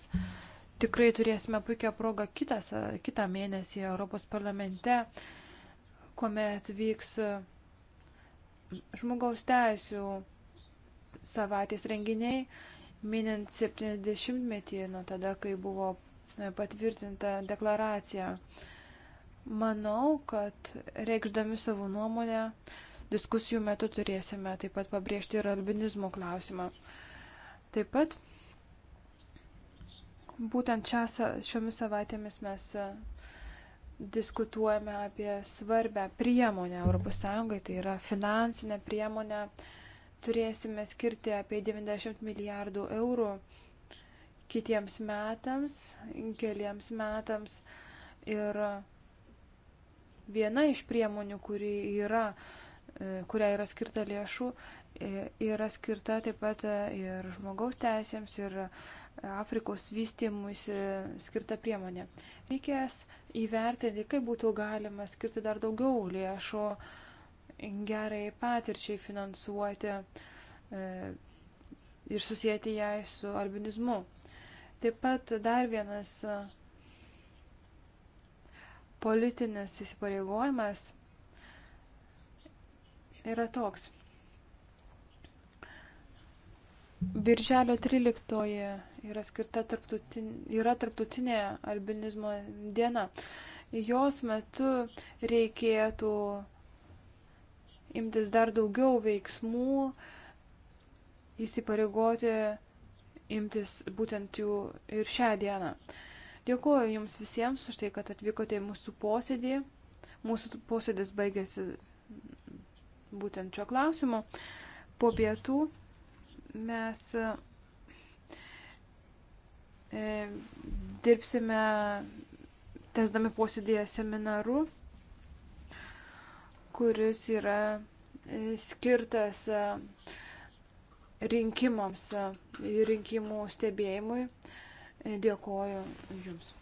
tikrai turėsime puikią progą kitas, kitą mėnesį Europos parlamente, kuomet vyks žmogaus teisų savaitės renginiai, minint 70-metį nuo tada, kai buvo patvirtinta deklaracija. Manau, kad reikšdami savo nuomonę Diskusijų metu turėsime taip pat pabrėžti ir albinizmo klausimą. Taip pat būtent čia, šiomis savaitėmis mes e, diskutuojame apie svarbę priemonę ES, tai yra finansinę priemonę. Turėsime skirti apie 90 milijardų eurų kitiems metams, keliems metams. Ir viena iš priemonių, kuri yra uh, E, kuria yra skirta lėšų, e, yra skirta taip pat e, ir žmogaus teisėms, ir Afrikos vystymus skirta priemonė. Reikės įvertinti, kaip būtų galima skirti dar daugiau lėšų gerai patirčiai finansuoti ir susijęti jai su albinizmu. Taip pat dar vienas politinis įsipareigojimas – yra toks. Birželio 13 yra skirta tarptautinė, yra tarptautinė albinizmo diena. Jos metu reikėtų imtis dar daugiau veiksmų, įsipareigoti imtis būtent jų ir šią dieną. Dėkuoju Jums visiems už tai, kad atvykote į mūsų posėdį. Mūsų posėdis baigėsi būtent šio klausimu. Po pietų mes e, dirbsime, tesdami posėdėje seminaru, kuris yra e, skirtas e, rinkimams, rinkimų stebėjimui. Dėkoju Jums.